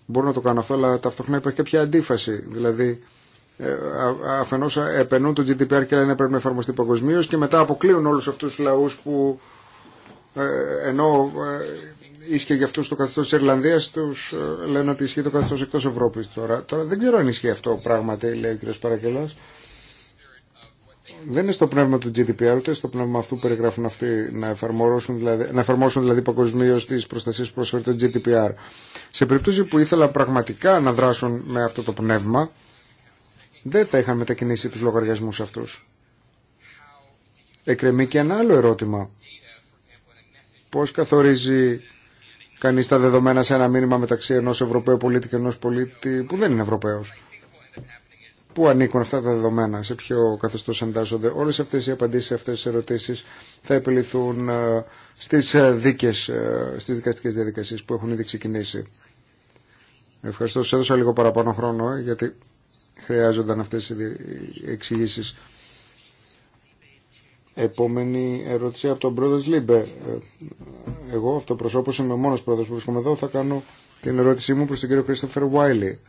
Speaker 3: μπορώ να το κάνω αυτό, αλλά ταυτόχρονα υπάρχει κάποια αντίφαση. Δηλαδή, ε, αφενό ε, επενούν το GDPR και λένε πρέπει να εφαρμοστεί παγκοσμίω και μετά αποκλείουν όλου αυτού του λαού που ε, ενώ ίσχυε για αυτού το καθεστώ τη Ιρλανδία, του λένε ότι ισχύει το καθεστώ εκτό Ευρώπη τώρα. Τώρα δεν ξέρω αν ισχύει αυτό πράγματι λέει ο κ. Παρακελάς. Δεν είναι στο πνεύμα του GDPR, ούτε στο πνεύμα αυτού που περιγράφουν αυτοί να εφαρμόσουν δηλαδή, να εφαρμόσουν δηλαδή παγκοσμίω τι προστασίε που προσφέρει το GDPR. Σε περίπτωση που ήθελα πραγματικά να δράσουν με αυτό το πνεύμα, δεν θα είχαν μετακινήσει τους λογαριασμούς αυτούς. Εκρεμεί και ένα άλλο ερώτημα. Πώς καθορίζει κανείς τα δεδομένα σε ένα μήνυμα μεταξύ ενός Ευρωπαίου πολίτη και ενός πολίτη που δεν είναι Ευρωπαίος. Πού ανήκουν αυτά τα δεδομένα, σε ποιο καθεστώς εντάσσονται. Όλες αυτές οι απαντήσεις σε αυτές τις ερωτήσεις θα επιληθούν ε, στις ε, δίκες, ε, στις δικαστικές διαδικασίες που έχουν ήδη ξεκινήσει. Ευχαριστώ. Σας έδωσα λίγο παραπάνω χρόνο γιατί χρειάζονταν αυτές οι εξηγήσεις. Επόμενη ερώτηση από τον πρόεδρο Λίμπε. Ε, εγώ αυτό αυτοπροσώπως είμαι μόνος πρόεδρος που βρίσκομαι εδώ. Θα κάνω την ερώτησή μου προς τον κύριο Κρίστοφερ Βάιλι.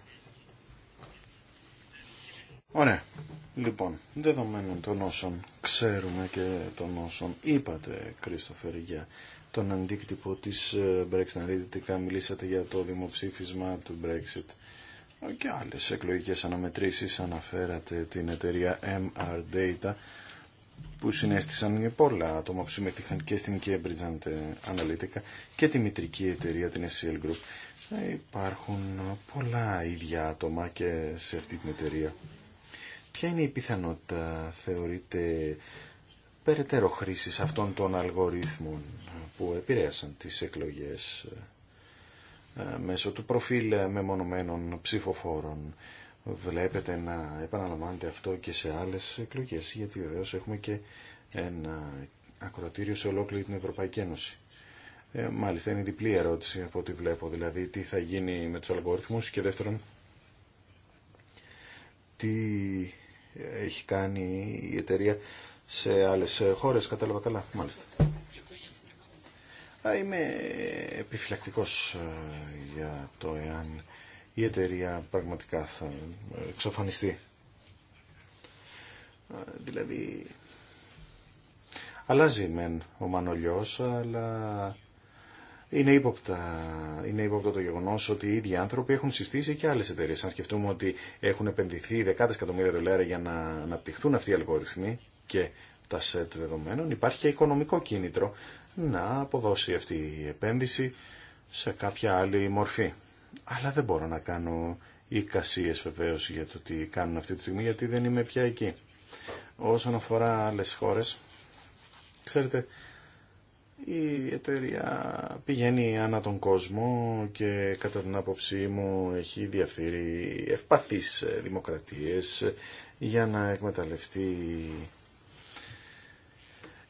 Speaker 1: Ωραία. Λοιπόν, δεδομένων των όσων ξέρουμε και των όσων είπατε, Κρίστοφερ, για τον αντίκτυπο της ε, Brexit, αναλυτικά μιλήσατε για το δημοψήφισμα του Brexit και άλλες εκλογικές αναμετρήσεις αναφέρατε την εταιρεία MR Data που συνέστησαν πολλά άτομα που συμμετείχαν και στην Cambridge Analytica και τη μητρική εταιρεία την SCL Group. Υπάρχουν πολλά ίδια άτομα και σε αυτή την εταιρεία. Ποια είναι η πιθανότητα, θεωρείτε, περαιτέρω χρήσης αυτών των αλγορίθμων που επηρέασαν τις εκλογές ε, μέσω του προφίλ μεμονωμένων ψηφοφόρων. Βλέπετε να επαναλαμβάνεται αυτό και σε άλλες εκλογές, γιατί βεβαίως έχουμε και ένα ακροατήριο σε ολόκληρη την Ευρωπαϊκή Ένωση. Ε, μάλιστα είναι διπλή ερώτηση από ό,τι βλέπω, δηλαδή τι θα γίνει με τους αλγοριθμούς και δεύτερον τι έχει κάνει η εταιρεία σε άλλες χώρες, κατάλαβα καλά, μάλιστα. Είμαι επιφυλακτικός ε, για το εάν η εταιρεία πραγματικά θα εξαφανιστεί. Δηλαδή, αλλάζει μεν ο Μανολιός, αλλά είναι ύποπτα, είναι ύποπτα το γεγονός ότι οι ίδιοι άνθρωποι έχουν συστήσει και άλλες εταιρείε. Αν σκεφτούμε ότι έχουν επενδυθεί δεκάδες εκατομμύρια δολάρια για να αναπτυχθούν αυτοί οι αλγόριθμοι και τα σετ δεδομένων, υπάρχει και οικονομικό κίνητρο να αποδώσει αυτή η επένδυση σε κάποια άλλη μορφή. Αλλά δεν μπορώ να κάνω εικασίες βεβαίω για το τι κάνουν αυτή τη στιγμή γιατί δεν είμαι πια εκεί. Όσον αφορά άλλες χώρες, ξέρετε, η εταιρεία πηγαίνει ανά τον κόσμο και κατά την άποψή μου έχει διαφύρει ευπαθείς δημοκρατίες για να εκμεταλλευτεί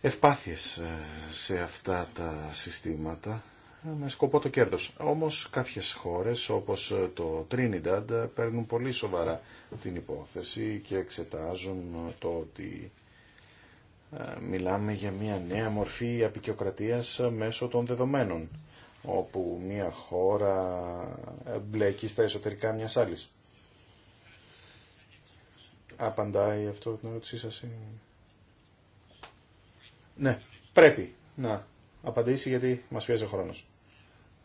Speaker 1: ευπάθειες ε, σε αυτά τα συστήματα ε, με σκοπό το κέρδος. Όμως κάποιες χώρες όπως ε, το Trinidad παίρνουν πολύ σοβαρά την υπόθεση και εξετάζουν το ότι μιλάμε για μια νέα μορφή απεικιοκρατίας μέσω των δεδομένων όπου μια χώρα μπλέκει στα εσωτερικά μιας άλλης. Απαντάει αυτό την ερώτησή σας. Ναι, πρέπει να απαντήσει γιατί μας πιέζει ο χρόνος.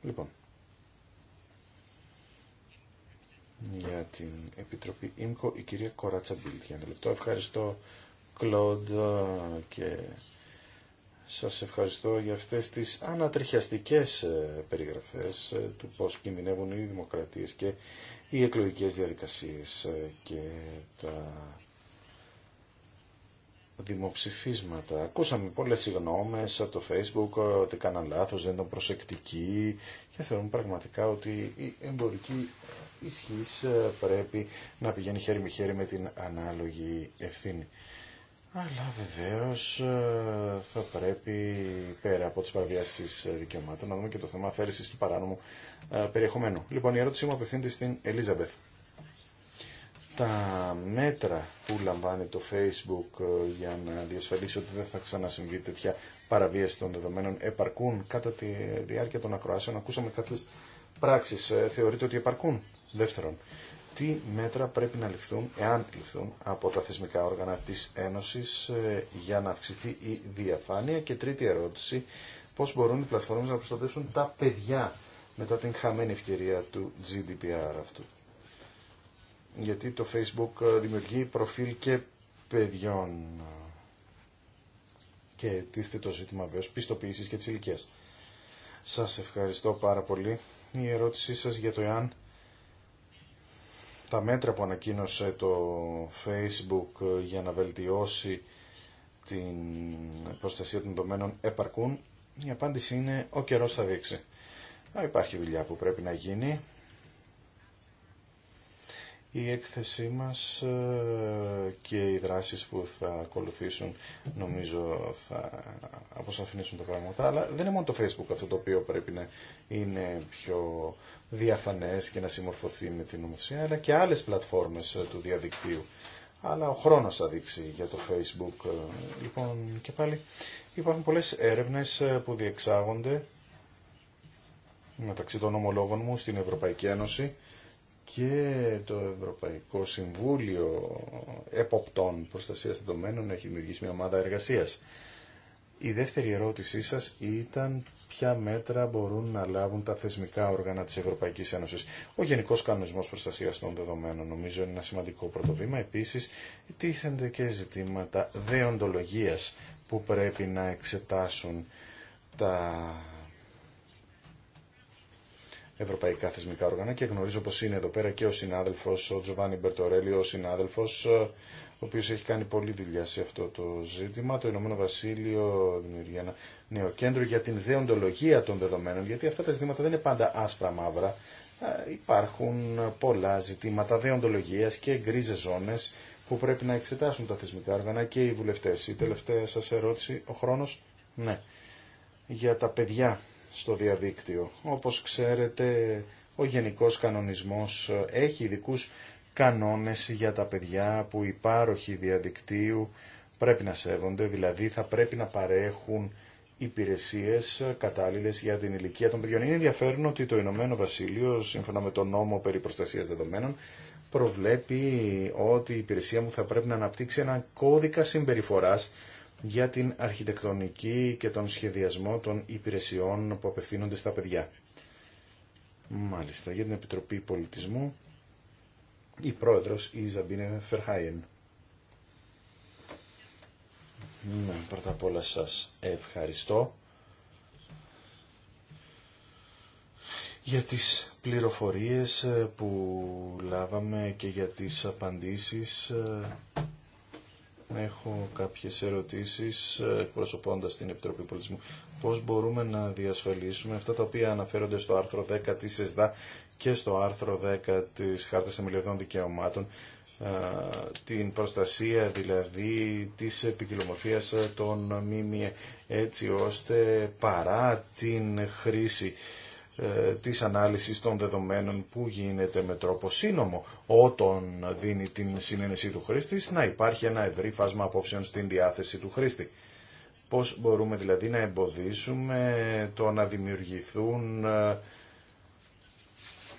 Speaker 1: Λοιπόν, για την Επιτροπή ΙΜΚΟ η κυρία Κοράτσα Μπίλτ. Για ένα λεπτό ευχαριστώ Κλοντ και σας ευχαριστώ για αυτές τις ανατριχιαστικές ε, περιγραφές ε, του πώς κινδυνεύουν οι δημοκρατίες και οι εκλογικές διαδικασίες ε, και τα δημοψηφίσματα. Ακούσαμε πολλές συγγνώμε από το facebook ότι κάναν λάθος, δεν ήταν προσεκτικοί και θεωρούμε πραγματικά ότι η εμπορική ισχύς ε, πρέπει να πηγαίνει χέρι με χέρι με την ανάλογη ευθύνη. Αλλά βεβαίως ε, θα πρέπει πέρα από τις παραβιάσεις δικαιωμάτων να δούμε και το θέμα αφαίρεσης του παράνομου ε, περιεχομένου. Λοιπόν, η ερώτησή μου απευθύνεται στην Ελίζαμπεθ τα μέτρα που λαμβάνει το Facebook ε, για να διασφαλίσει ότι δεν θα ξανασυμβεί τέτοια παραβίαση των δεδομένων επαρκούν κατά τη διάρκεια των ακροάσεων. Ακούσαμε κάποιε πράξει. Ε, θεωρείτε ότι επαρκούν. Δεύτερον, τι μέτρα πρέπει να ληφθούν, εάν ληφθούν, από τα θεσμικά όργανα τη Ένωση ε, για να αυξηθεί η διαφάνεια. Και τρίτη ερώτηση, Πώ μπορούν οι πλατφόρμες να προστατεύσουν τα παιδιά μετά την χαμένη ευκαιρία του GDPR αυτού γιατί το Facebook ε, δημιουργεί προφίλ και παιδιών και τίθεται το ζήτημα βέβαια πιστοποίησης και της ηλικίας. Σας ευχαριστώ πάρα πολύ. Η ερώτησή σας για το εάν τα μέτρα που ανακοίνωσε το Facebook ε, για να βελτιώσει την προστασία των δεδομένων επαρκούν, η απάντηση είναι ο καιρός θα δείξει. Υπάρχει δουλειά που πρέπει να γίνει η έκθεσή μας ε, και οι δράσεις που θα ακολουθήσουν νομίζω θα αποσαφηνίσουν τα πράγματα. Αλλά δεν είναι μόνο το Facebook αυτό το οποίο πρέπει να είναι πιο διαφανές και να συμμορφωθεί με την νομοθεσία, αλλά και άλλες πλατφόρμες ε, του διαδικτύου. Αλλά ο χρόνος θα δείξει για το Facebook. Ε, λοιπόν και πάλι υπάρχουν πολλές έρευνες που διεξάγονται μεταξύ των ομολόγων μου στην Ευρωπαϊκή Ένωση και το Ευρωπαϊκό Συμβούλιο Εποπτών Προστασίας Δεδομένων έχει δημιουργήσει μια ομάδα εργασίας. Η δεύτερη ερώτησή σας ήταν ποια μέτρα μπορούν να λάβουν τα θεσμικά όργανα της Ευρωπαϊκής Ένωσης. Ο Γενικός Κανονισμός Προστασίας των Δεδομένων νομίζω είναι ένα σημαντικό πρωτοβήμα. Επίσης, τίθενται και ζητήματα δεοντολογίας που πρέπει να εξετάσουν τα ευρωπαϊκά θεσμικά όργανα και γνωρίζω πως είναι εδώ πέρα και ο συνάδελφος, ο Τζοβάνι Μπερτορέλη, ο συνάδελφος, ο οποίος έχει κάνει πολλή δουλειά σε αυτό το ζήτημα. Το Ηνωμένο Βασίλειο δημιουργεί ένα νέο κέντρο για την δεοντολογία των δεδομένων, γιατί αυτά τα ζητήματα δεν είναι πάντα άσπρα μαύρα. Υπάρχουν πολλά ζητήματα δεοντολογίας και γκρίζε ζώνες που πρέπει να εξετάσουν τα θεσμικά όργανα και οι βουλευτές. Η τελευταία σας ερώτηση, ο χρόνος, ναι, για τα παιδιά στο διαδίκτυο. Όπως ξέρετε, ο Γενικός Κανονισμός έχει ειδικού κανόνες για τα παιδιά που οι πάροχοι διαδικτύου πρέπει να σέβονται, δηλαδή θα πρέπει να παρέχουν υπηρεσίες κατάλληλες για την ηλικία των παιδιών. Είναι ενδιαφέρον ότι το Ηνωμένο Βασίλειο, σύμφωνα με τον νόμο περί προστασίας δεδομένων, προβλέπει ότι η υπηρεσία μου θα πρέπει να αναπτύξει ένα κώδικα συμπεριφοράς για την αρχιτεκτονική και τον σχεδιασμό των υπηρεσιών που απευθύνονται στα παιδιά. Μάλιστα, για την Επιτροπή Πολιτισμού, η πρόεδρος η Ζαμπίνε Φερχάιεν. Ναι, πρώτα απ' όλα σας ευχαριστώ για τις πληροφορίες ε, που λάβαμε και για τις απαντήσεις ε, Έχω κάποιες ερωτήσεις ε, εκπροσωπώντας την Επιτροπή Πολιτισμού. Πώς μπορούμε να διασφαλίσουμε αυτά τα οποία αναφέρονται στο άρθρο 10 της ΕΣΔΑ και στο άρθρο 10 της Χάρτας Θεμελιωδών Δικαιωμάτων, ε, την προστασία δηλαδή της επικοινωνίας των ΜΜΕ, έτσι ώστε παρά την χρήση ε, της ανάλυσης των δεδομένων που γίνεται με τρόπο σύνομο όταν δίνει την συνένεση του χρήστη να υπάρχει ένα ευρύ φάσμα απόψεων στην διάθεση του χρήστη. Πώς μπορούμε δηλαδή να εμποδίσουμε το να δημιουργηθούν ε,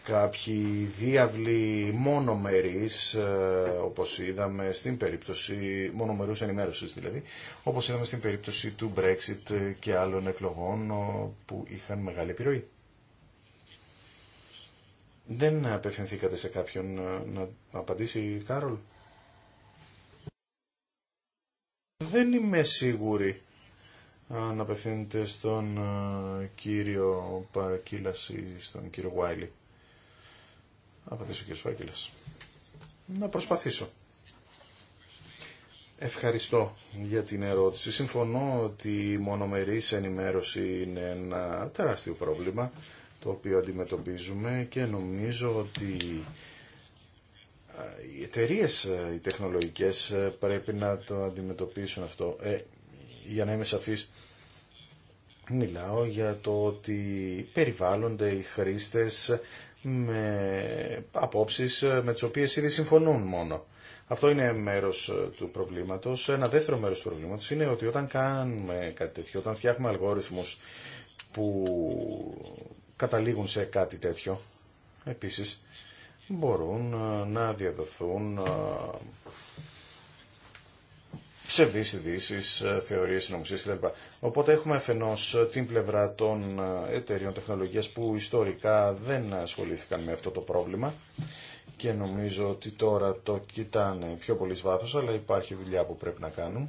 Speaker 1: κάποιοι διάβλοι μονομερείς, ε, όπως είδαμε στην περίπτωση, μονομερούς ενημέρωσης δηλαδή, όπως είδαμε στην περίπτωση του Brexit και άλλων εκλογών που είχαν μεγάλη επιρροή. Δεν απευθυνθήκατε σε κάποιον ε, να απαντήσει, Κάρολ. Δεν είμαι σίγουρη ε, αν απευθύνεται στον ε, κύριο Παρακύλας ή στον κύριο Γουάιλι. Απαντήσω κύριο Παρακύλας. Να προσπαθήσω. Ευχαριστώ για την ερώτηση. Συμφωνώ ότι η μονομερής ενημέρωση είναι ένα τεράστιο πρόβλημα το οποίο αντιμετωπίζουμε και νομίζω ότι οι εταιρείε οι τεχνολογικές πρέπει να το αντιμετωπίσουν αυτό. Ε, για να είμαι σαφής, μιλάω για το ότι περιβάλλονται οι χρήστες με απόψεις με τις οποίες ήδη συμφωνούν μόνο. Αυτό είναι μέρος του προβλήματος. Ένα δεύτερο μέρος του προβλήματος είναι ότι όταν κάνουμε κάτι τέτοιο, όταν φτιάχνουμε αλγόριθμους που καταλήγουν σε κάτι τέτοιο. Επίσης μπορούν ε, να διαδοθούν ε, σε ειδήσει, ε, θεωρίες, συνωμοσίες κλπ. Οπότε έχουμε αφενός την πλευρά των εταιρείων τεχνολογίας που ιστορικά δεν ασχολήθηκαν με αυτό το πρόβλημα και νομίζω ότι τώρα το κοιτάνε πιο πολύ βάθος, αλλά υπάρχει δουλειά που πρέπει να κάνουν.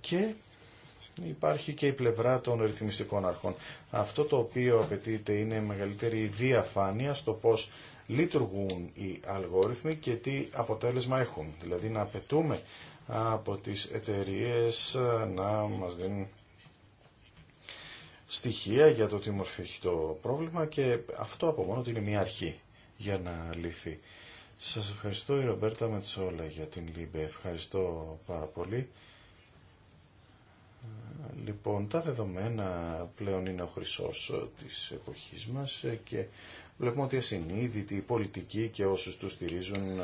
Speaker 1: Και υπάρχει και η πλευρά των ρυθμιστικών αρχών. Αυτό το οποίο απαιτείται είναι μεγαλύτερη διαφάνεια στο πώς λειτουργούν οι αλγόριθμοι και τι αποτέλεσμα έχουν. Δηλαδή να απαιτούμε από τις εταιρείες να μας δίνουν στοιχεία για το τι μορφή έχει το πρόβλημα και αυτό από μόνο ότι είναι μια αρχή για να λυθεί. Σας ευχαριστώ η Ρομπέρτα Μετσόλα για την ΛΥΜΠΕ. Ευχαριστώ πάρα πολύ. Λοιπόν, τα δεδομένα πλέον είναι ο χρυσός ε, της εποχής μας ε, και βλέπουμε ότι ασυνείδητοι, οι πολιτικοί και όσους τους στηρίζουν ε,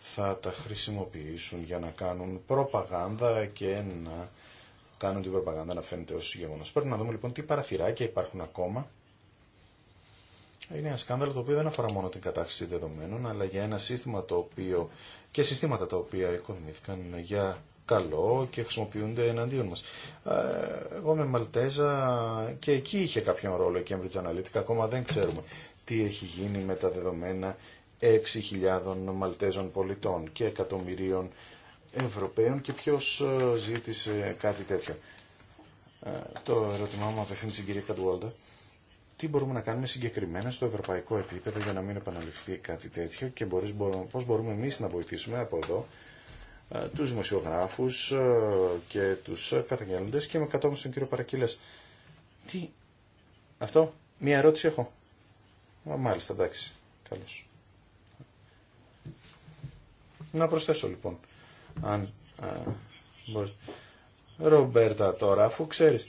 Speaker 1: θα τα χρησιμοποιήσουν για να κάνουν προπαγάνδα και να κάνουν την προπαγάνδα να φαίνεται ως γεγονός. Πρέπει να δούμε λοιπόν τι παραθυράκια υπάρχουν ακόμα. Είναι ένα σκάνδαλο το οποίο δεν αφορά μόνο την κατάχρηση δεδομένων, αλλά για ένα σύστημα το οποίο και συστήματα τα οποία οικοδομήθηκαν για καλό και χρησιμοποιούνται εναντίον μας. Ε, εγώ με Μαλτέζα και εκεί είχε κάποιον ρόλο η Cambridge Analytica, ακόμα δεν ξέρουμε τι έχει γίνει με τα δεδομένα 6.000 Μαλτέζων πολιτών και εκατομμυρίων Ευρωπαίων και ποιος ε, ζήτησε κάτι τέτοιο. Ε, το ερώτημά μου απευθύνει στην κυρία Καντουόλτα. Τι μπορούμε να κάνουμε συγκεκριμένα στο ευρωπαϊκό επίπεδο για να μην επαναληφθεί κάτι τέτοιο και πώς μπορούμε εμείς να βοηθήσουμε από εδώ ε, τους δημοσιογράφους ε, και τους καταγγέλλοντες και με κατόπιν στον κύριο Παρακύλες. Τι, αυτό, μία ερώτηση έχω. Μα μάλιστα, εντάξει, καλώς. Να προσθέσω λοιπόν, αν α, ε, μπορεί. Ρομπέρτα τώρα, αφού ξέρεις.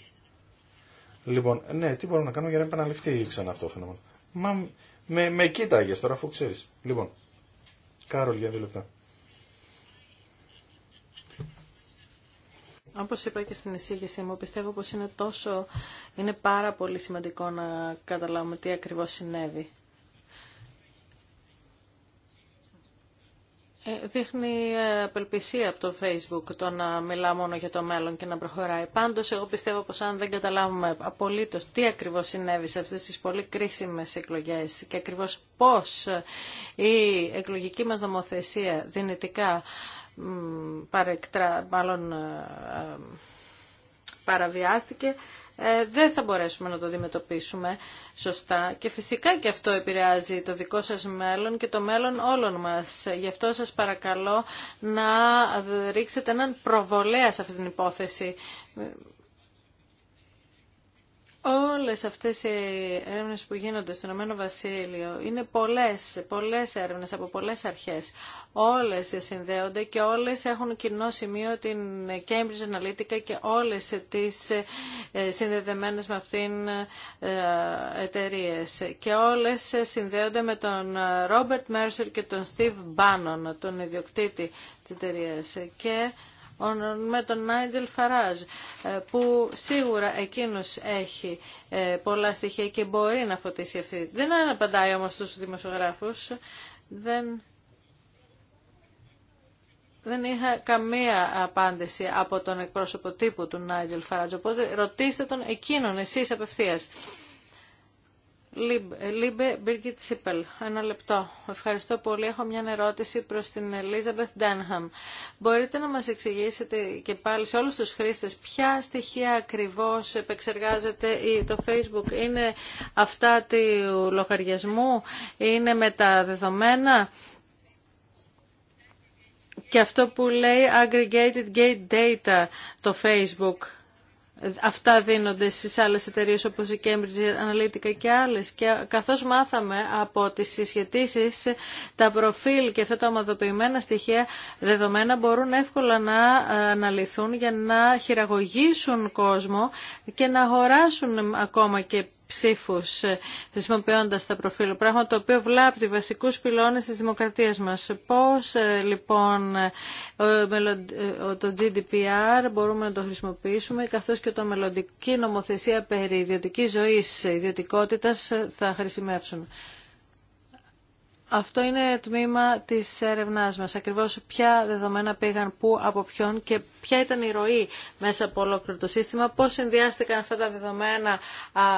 Speaker 1: Λοιπόν, ναι, τι μπορώ να κάνω για να επαναληφθεί ξανά αυτό το φαινόμενο. Μα με, με κοίταγες τώρα, αφού ξέρεις. Λοιπόν, Κάρολ για δύο λεπτά.
Speaker 6: Όπως είπα και στην εισήγησή μου, πιστεύω πως είναι τόσο, είναι πάρα πολύ σημαντικό να καταλάβουμε τι ακριβώς συνέβη. Ε, δείχνει ε, απελπισία από το Facebook το να μιλά μόνο για το μέλλον και να προχωράει. Πάντως εγώ πιστεύω πως αν δεν καταλάβουμε απολύτως τι ακριβώς συνέβη σε αυτές τις πολύ κρίσιμες εκλογές και ακριβώς πώς η εκλογική μας νομοθεσία δυνητικά παρεκτρά, μάλλον ε, παραβιάστηκε, ε, δεν θα μπορέσουμε να το αντιμετωπίσουμε σωστά και φυσικά και αυτό επηρεάζει το δικό σας μέλλον και το μέλλον όλων μας. Γι' αυτό σας παρακαλώ να ρίξετε έναν προβολέα σε αυτή την υπόθεση Όλες αυτές οι έρευνες που γίνονται στο Ηνωμένο Βασίλειο είναι πολλές, πολλές έρευνες από πολλές αρχές. Όλες συνδέονται και όλες έχουν κοινό σημείο την Cambridge Analytica και όλες τις ε, συνδεδεμένες με αυτήν ε, εταιρείε. Και όλες συνδέονται με τον Robert Mercer και τον Steve Bannon, τον ιδιοκτήτη της εταιρείας. Και με τον Νάιτζελ Φαράζ ε, που σίγουρα εκείνος έχει ε, πολλά στοιχεία και μπορεί να φωτίσει αυτή. Δεν απαντάει όμως στους δημοσιογράφους. Δεν... Δεν είχα καμία απάντηση από τον εκπρόσωπο τύπου του Νάιτζελ Φαράζ οπότε ρωτήστε τον εκείνον εσείς απευθείας. Ε, Λίμπε Μπίργκιτ Σίπελ. Ένα λεπτό. Ευχαριστώ πολύ. Έχω μια ερώτηση προ την Ελίζαμπεθ Ντένχαμ. Μπορείτε να μα εξηγήσετε και πάλι σε όλου του χρήστε ποια στοιχεία ακριβώ επεξεργάζεται το Facebook. Είναι αυτά του λογαριασμού, είναι με τα δεδομένα. Και αυτό που λέει aggregated gate data το Facebook αυτά δίνονται στις άλλες εταιρείες όπως η Cambridge Analytica και άλλες και καθώς μάθαμε από τις συσχετήσεις τα προφίλ και αυτά τα ομαδοποιημένα στοιχεία δεδομένα μπορούν εύκολα να ε, αναλυθούν για να χειραγωγήσουν κόσμο και να αγοράσουν ακόμα και ψήφου ε, χρησιμοποιώντας τα προφίλ, πράγμα το οποίο βλάπτει βασικού πυλώνε τη δημοκρατία μα. Πώ, ε, λοιπόν ε, το GDPR μπορούμε να το χρησιμοποιήσουμε καθώ και το μελλοντική νομοθεσία περί ιδιωτικής ζωής, ιδιωτικότητα, θα χρησιμεύσουν. Αυτό είναι τμήμα της έρευνάς μας. Ακριβώς ποια δεδομένα πήγαν πού, από ποιον και ποια ήταν η ροή μέσα από ολόκληρο το σύστημα, πώς συνδυάστηκαν αυτά τα δεδομένα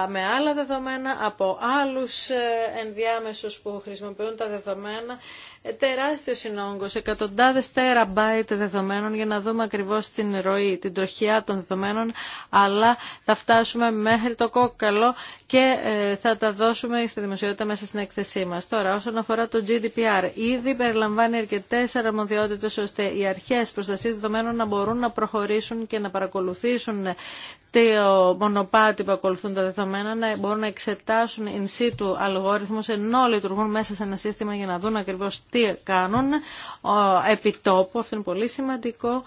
Speaker 6: με άλλα δεδομένα από άλλους ε, ενδιάμεσους που χρησιμοποιούν τα δεδομένα. Ε, τεράστιος είναι ο όγκος, εκατοντάδες τεραμπάιτ δεδομένων για να δούμε ακριβώς την ροή, την τροχιά των δεδομένων, αλλά θα φτάσουμε μέχρι το κόκκαλο και ε, θα τα δώσουμε στη δημοσιότητα μέσα στην έκθεσή μας. Τώρα, όσον αφορά το GDPR, ήδη περιλαμβάνει αρκετές αρμοδιότητες ώστε οι αρχές προστασίας δεδομένων να μπορούν μπορούν να προχωρήσουν και να παρακολουθήσουν το μονοπάτι που ακολουθούν τα δεδομένα, να μπορούν να εξετάσουν in situ αλγόριθμους ενώ λειτουργούν μέσα σε ένα σύστημα για να δουν ακριβώς τι κάνουν επιτόπου. Αυτό είναι πολύ σημαντικό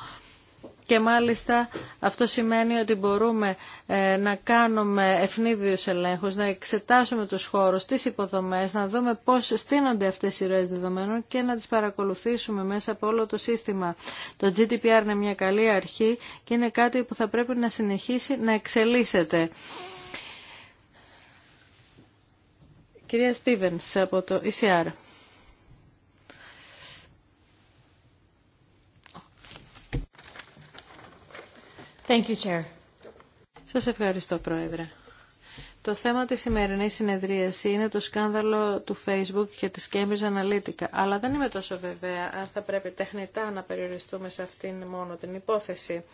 Speaker 6: και μάλιστα αυτό σημαίνει ότι μπορούμε ε, να κάνουμε ευνίδιους ελέγχους, να εξετάσουμε τους χώρους, τις υποδομές, να δούμε πώς στείνονται αυτές οι ροές δεδομένων και να τις παρακολουθήσουμε μέσα από όλο το σύστημα. Το GDPR είναι μια καλή αρχή και είναι κάτι που θα πρέπει να συνεχίσει να εξελίσσεται. Κυρία Στίβενς από το ECR. Thank Σας ευχαριστώ, Πρόεδρε. Το θέμα της σημερινής συνεδρίαση είναι το σκάνδαλο του Facebook και της Cambridge Analytica, αλλά δεν είμαι τόσο βεβαία αν θα πρέπει τεχνητά να περιοριστούμε σε αυτήν μόνο την υπόθεση.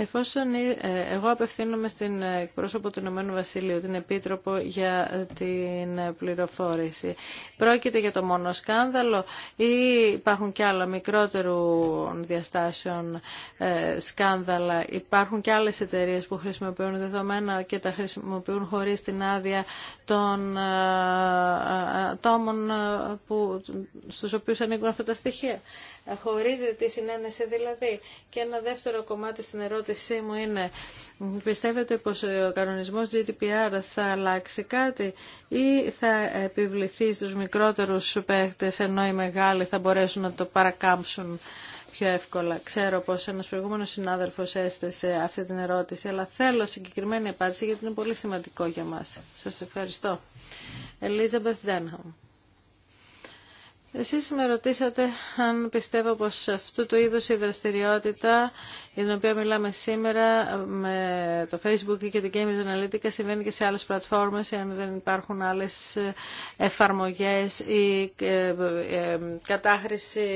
Speaker 6: Εφόσον ε, ε, εγώ απευθύνομαι στην εκπρόσωπο του Ηνωμένου Βασιλείου, την Επίτροπο για την πληροφόρηση. Πρόκειται για το μόνο σκάνδαλο ή υπάρχουν και άλλα μικρότερου διαστάσεων ε, σκάνδαλα. Υπάρχουν και άλλες εταιρείες που χρησιμοποιούν δεδομένα και τα χρησιμοποιούν χωρίς την άδεια των ατόμων που, στους οποίους ανήκουν αυτά τα στοιχεία. Χωρίζεται τη συνένεση δηλαδή. Και ένα δεύτερο κομμάτι στην ερώτηση ερώτησή μου είναι πιστεύετε πως ο κανονισμός GDPR θα αλλάξει κάτι ή θα επιβληθεί στους μικρότερους παίχτες ενώ οι μεγάλοι θα μπορέσουν να το παρακάμψουν πιο εύκολα. Ξέρω πως ένας προηγούμενος συνάδελφος έστεσε αυτή την ερώτηση, αλλά θέλω συγκεκριμένη απάντηση γιατί είναι πολύ σημαντικό για μας. Σας ευχαριστώ. Elizabeth Denham. Εσείς με ρωτήσατε αν πιστεύω πως αυτού του είδους η δραστηριότητα για την οποία μιλάμε σήμερα με το Facebook και την Cambridge Analytica συμβαίνει και σε άλλες πλατφόρμες αν δεν υπάρχουν άλλες εφαρμογές ή ε, ε, κατάχρηση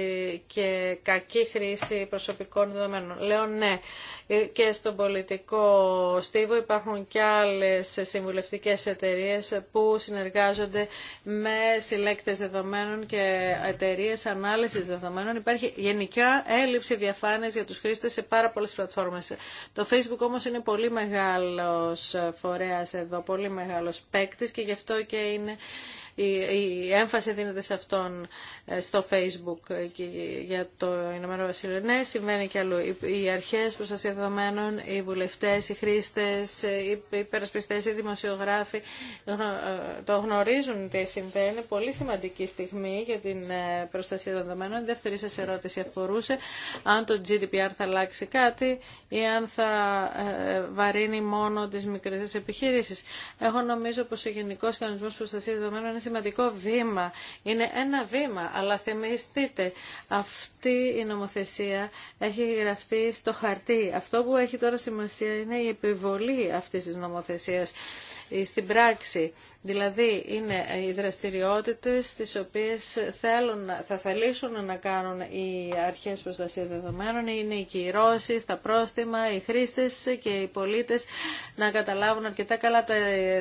Speaker 6: και κακή χρήση προσωπικών δεδομένων. Λέω ναι, ε, και στον πολιτικό στίβο υπάρχουν και άλλες συμβουλευτικές εταιρείες που συνεργάζονται με συλλέκτες δεδομένων και εταιρείες ανάλυσης δεδομένων. Υπάρχει γενικά έλλειψη διαφάνειας για τους χρήστες σε πάρα πολλές πλατφόρμες. Το Facebook όμως είναι πολύ μεγάλος φορέας εδώ, πολύ μεγάλος παίκτη και γι' αυτό και είναι η, έμφαση δίνεται σε αυτόν ε, στο Facebook για το Ηνωμένο Βασίλειο. Ναι, συμβαίνει και αλλού. Οι αρχές προστασία δεδομένων, οι βουλευτές, οι χρήστε, ε, οι υπερασπιστέ, οι δημοσιογράφοι ε, το γνωρίζουν τι συμβαίνει. πολύ σημαντική στιγμή για την προστασία δεδομένων. Η δεύτερη σα ερώτηση αφορούσε αν το GDPR θα αλλάξει κάτι ή αν θα βαρύνει μόνο τι μικρέ επιχειρήσει. Εγώ νομίζω πως ο γενικό Κανονισμό Προστασία Δεδομένων σημαντικό βήμα. Είναι ένα βήμα, αλλά θυμηθείτε, αυτή η νομοθεσία έχει γραφτεί στο χαρτί. Αυτό που έχει τώρα σημασία είναι η επιβολή αυτής της νομοθεσίας στην πράξη. Δηλαδή είναι οι δραστηριότητες τις οποίες θέλουν, θα θελήσουν να κάνουν οι αρχές προστασία δεδομένων, είναι οι κυρώσει, τα πρόστιμα, οι χρήστες και οι πολίτες να καταλάβουν αρκετά καλά τα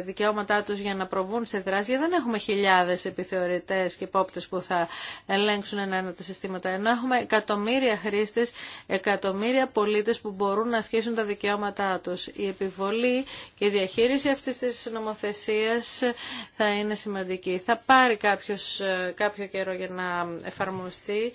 Speaker 6: δικαιώματά τους για να προβούν σε δράση. δεν έχουμε χιλιάδες επιθεωρητές και υπόπτες που θα ελέγξουν ένα ένα τα συστήματα, ενώ έχουμε εκατομμύρια χρήστες, εκατομμύρια πολίτες που μπορούν να ασκήσουν τα δικαιώματά τους. Η επιβολή και η διαχείριση αυτής της νομοθεσίας θα είναι σημαντική. Θα πάρει κάποιος, ε, κάποιο καιρό για να εφαρμοστεί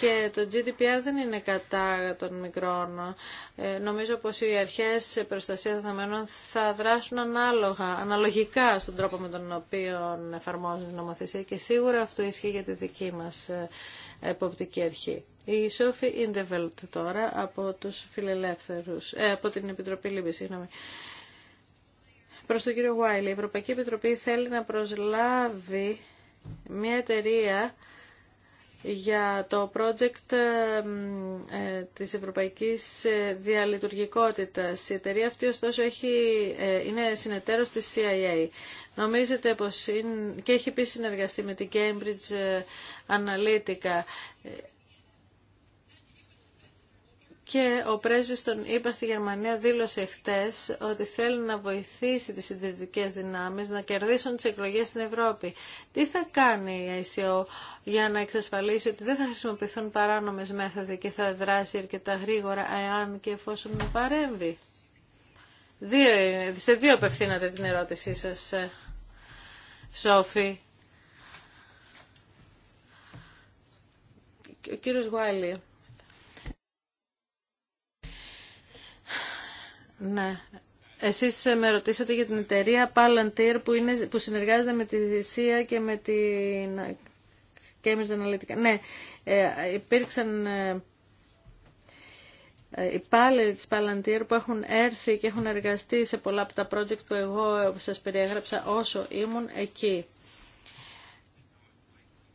Speaker 6: και το GDPR δεν είναι κατά των μικρών. Ε, νομίζω πως οι αρχές προστασία δεδομένων θα δράσουν ανάλογα, αναλογικά στον τρόπο με τον οποίο εφαρμόζουν την νομοθεσία και σίγουρα αυτό ισχύει για τη δική μας ε, εποπτική αρχή. Η Σόφη Ιντεβελτ τώρα από τους φιλελεύθερους, ε, από την Επιτροπή Λίμπη, Προς τον κύριο Γουάιλι, η Ευρωπαϊκή Επιτροπή θέλει να προσλάβει μια εταιρεία για το project ε, της Ευρωπαϊκής ε, Διαλειτουργικότητας. Η εταιρεία αυτή ωστόσο έχει, ε, είναι συνεταίρος της CIA. Νομίζετε πως είναι, και έχει επίσης συνεργαστεί με την Cambridge Analytica. Και ο πρέσβης τον είπα στη Γερμανία δήλωσε χτες ότι θέλει να βοηθήσει τις συντηρητικές δυνάμεις να κερδίσουν τις εκλογές στην Ευρώπη. Τι θα κάνει η ΑΕΣΙΟ για να εξασφαλίσει ότι δεν θα χρησιμοποιηθούν παράνομες μέθοδοι και θα δράσει αρκετά γρήγορα εάν και εφόσον παρέμβει. Δύο, σε δύο απευθύνατε την ερώτησή σας, ε, Σόφη. Ο κύριος Γουάλι... Ναι. Εσείς με ρωτήσατε για την εταιρεία Palantir που, είναι, που συνεργάζεται με τη Δυσία και με την Cambridge Analytica. Ναι, ε, υπήρξαν ε, ε, υπάλληλοι της Palantir που έχουν έρθει και έχουν εργαστεί σε πολλά από τα project που εγώ σας περιέγραψα όσο ήμουν εκεί.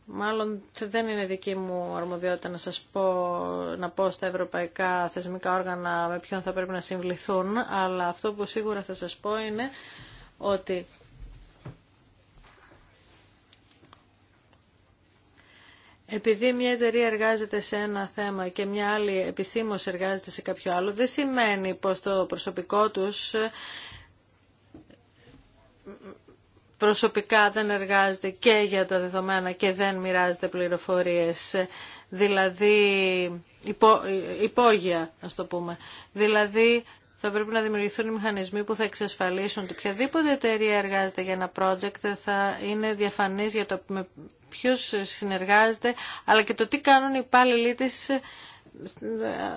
Speaker 6: Μάλλον δεν είναι δική μου αρμοδιότητα να σας πω, να πω στα ευρωπαϊκά θεσμικά όργανα με ποιον θα πρέπει να συμβληθούν, αλλά αυτό που σίγουρα θα σας πω είναι ότι Επειδή μια εταιρεία εργάζεται σε ένα θέμα και μια άλλη επισήμως εργάζεται σε κάποιο άλλο, δεν σημαίνει πως το προσωπικό τους προσωπικά δεν εργάζεται και για τα δεδομένα και δεν μοιράζεται πληροφορίες, δηλαδή υπό, υπόγεια, ας το πούμε. Δηλαδή θα πρέπει να δημιουργηθούν οι μηχανισμοί που θα εξασφαλίσουν ότι οποιαδήποτε εταιρεία εργάζεται για ένα project θα είναι διαφανής για το με ποιους συνεργάζεται, αλλά και το τι κάνουν οι υπάλληλοι της ε,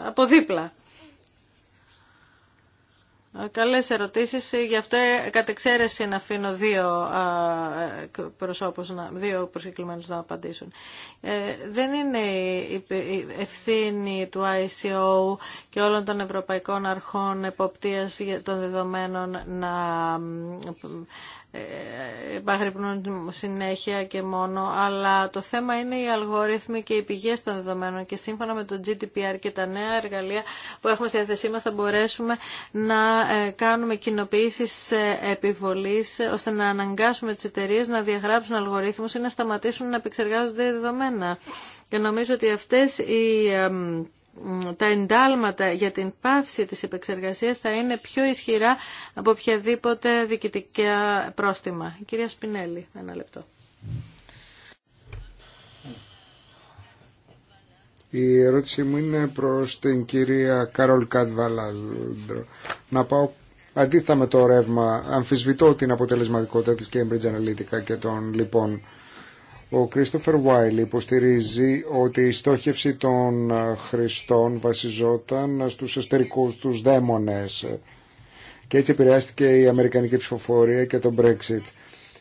Speaker 6: από δίπλα. Ε, καλές ερωτήσεις. Γι' αυτό ε, κατ' εξαίρεση να αφήνω δύο ε, προσώπους, δύο να απαντήσουν. δεν είναι η ευθύνη του ICO και όλων των ευρωπαϊκών αρχών εποπτείας των δεδομένων να επαγρυπνούν συνέχεια και μόνο, αλλά το θέμα είναι οι αλγόριθμοι και οι πηγές των δεδομένων και σύμφωνα με το GDPR και τα νέα εργαλεία που έχουμε στη διάθεσή μας θα μπορέσουμε να ε, κάνουμε κοινοποιήσεις ε, επιβολής ε, ώστε να αναγκάσουμε τις εταιρείε να διαγράψουν αλγορίθμους ή να σταματήσουν να επεξεργάζονται δεδομένα. Και νομίζω ότι αυτές οι τα εντάλματα για την πάυση της επεξεργασίας θα είναι πιο ισχυρά από οποιαδήποτε διοικητικά πρόστιμα. Η κυρία Σπινέλη, ένα λεπτό.
Speaker 3: Η ερώτησή μου είναι προς την κυρία Καρόλ Κατβαλάντρο. Να πάω αντίθετα με το ρεύμα. Αμφισβητώ την αποτελεσματικότητα της Cambridge Analytica και των λοιπόν ο Κρίστοφερ Βάιλι υποστηρίζει ότι η στόχευση των χρηστών βασιζόταν στους εστερικούς τους δαίμονες και έτσι επηρεάστηκε η Αμερικανική ψηφοφορία και το Brexit.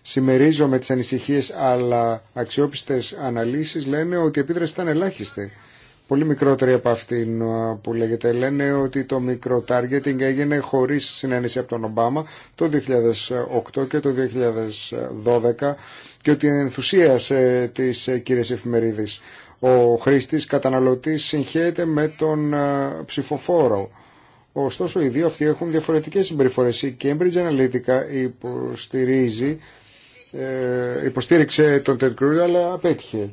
Speaker 3: Συμμερίζομαι τις ανησυχίες αλλά αξιόπιστες αναλύσεις λένε ότι η επίδραση ήταν ελάχιστη. Πολύ μικρότερη από αυτήν που λέγεται. Λένε ότι το μικρό targeting έγινε χωρίς συνένεση από τον Ομπάμα το 2008 και το 2012 και ότι ενθουσίασε τις ε, κύριες εφημερίδες. Ο χρήστης καταναλωτής συγχέεται με τον ε, ψηφοφόρο. Ωστόσο, οι δύο αυτοί έχουν διαφορετικές συμπεριφορές. Η Cambridge Analytica υποστηρίζει, ε, υποστήριξε τον Ted Cruz, αλλά απέτυχε.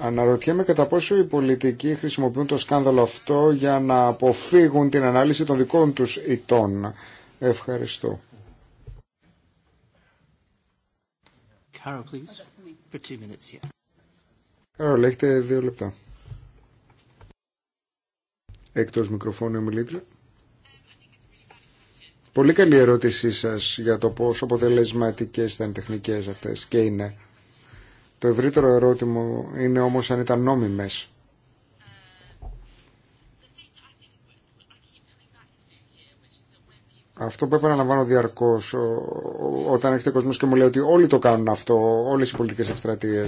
Speaker 3: Αναρωτιέμαι κατά πόσο οι πολιτικοί χρησιμοποιούν το σκάνδαλο αυτό για να αποφύγουν την ανάλυση των δικών τους ητών. Ευχαριστώ.
Speaker 5: Carol, please. Oh,
Speaker 3: for έχετε δύο λεπτά. Εκτός μικροφώνου μιλήτρια. Πολύ καλή ερώτησή σας για το πόσο αποτελεσματικές ήταν τεχνικές αυτές και είναι. Το ευρύτερο ερώτημα είναι όμως αν ήταν νόμιμες. Αυτό που επαναλαμβάνω διαρκώ όταν έρχεται ο κόσμο και μου λέει ότι όλοι το κάνουν αυτό, όλε οι πολιτικέ εκστρατείε,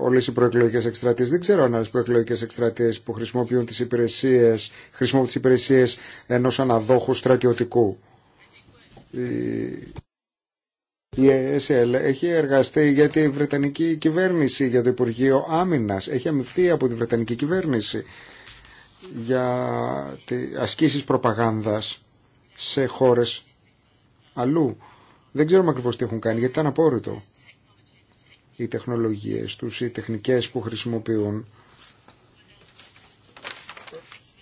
Speaker 3: όλε οι προεκλογικέ εκστρατείε. Δεν ξέρω αν άλλε προεκλογικέ εκστρατείε που χρησιμοποιούν τι υπηρεσίε, χρησιμοποιούν τι υπηρεσίε ενό αναδόχου στρατιωτικού. Η ΕΣΕΛ έχει εργαστεί για τη Βρετανική κυβέρνηση, για το Υπουργείο Άμυνα. Έχει αμυφθεί από τη Βρετανική κυβέρνηση για ασκήσεις προπαγάνδας σε χώρε. αλλού. Δεν ξέρουμε ακριβώ τι έχουν κάνει γιατί ήταν απόρριτο. Οι τεχνολογίε του, οι τεχνικέ που χρησιμοποιούν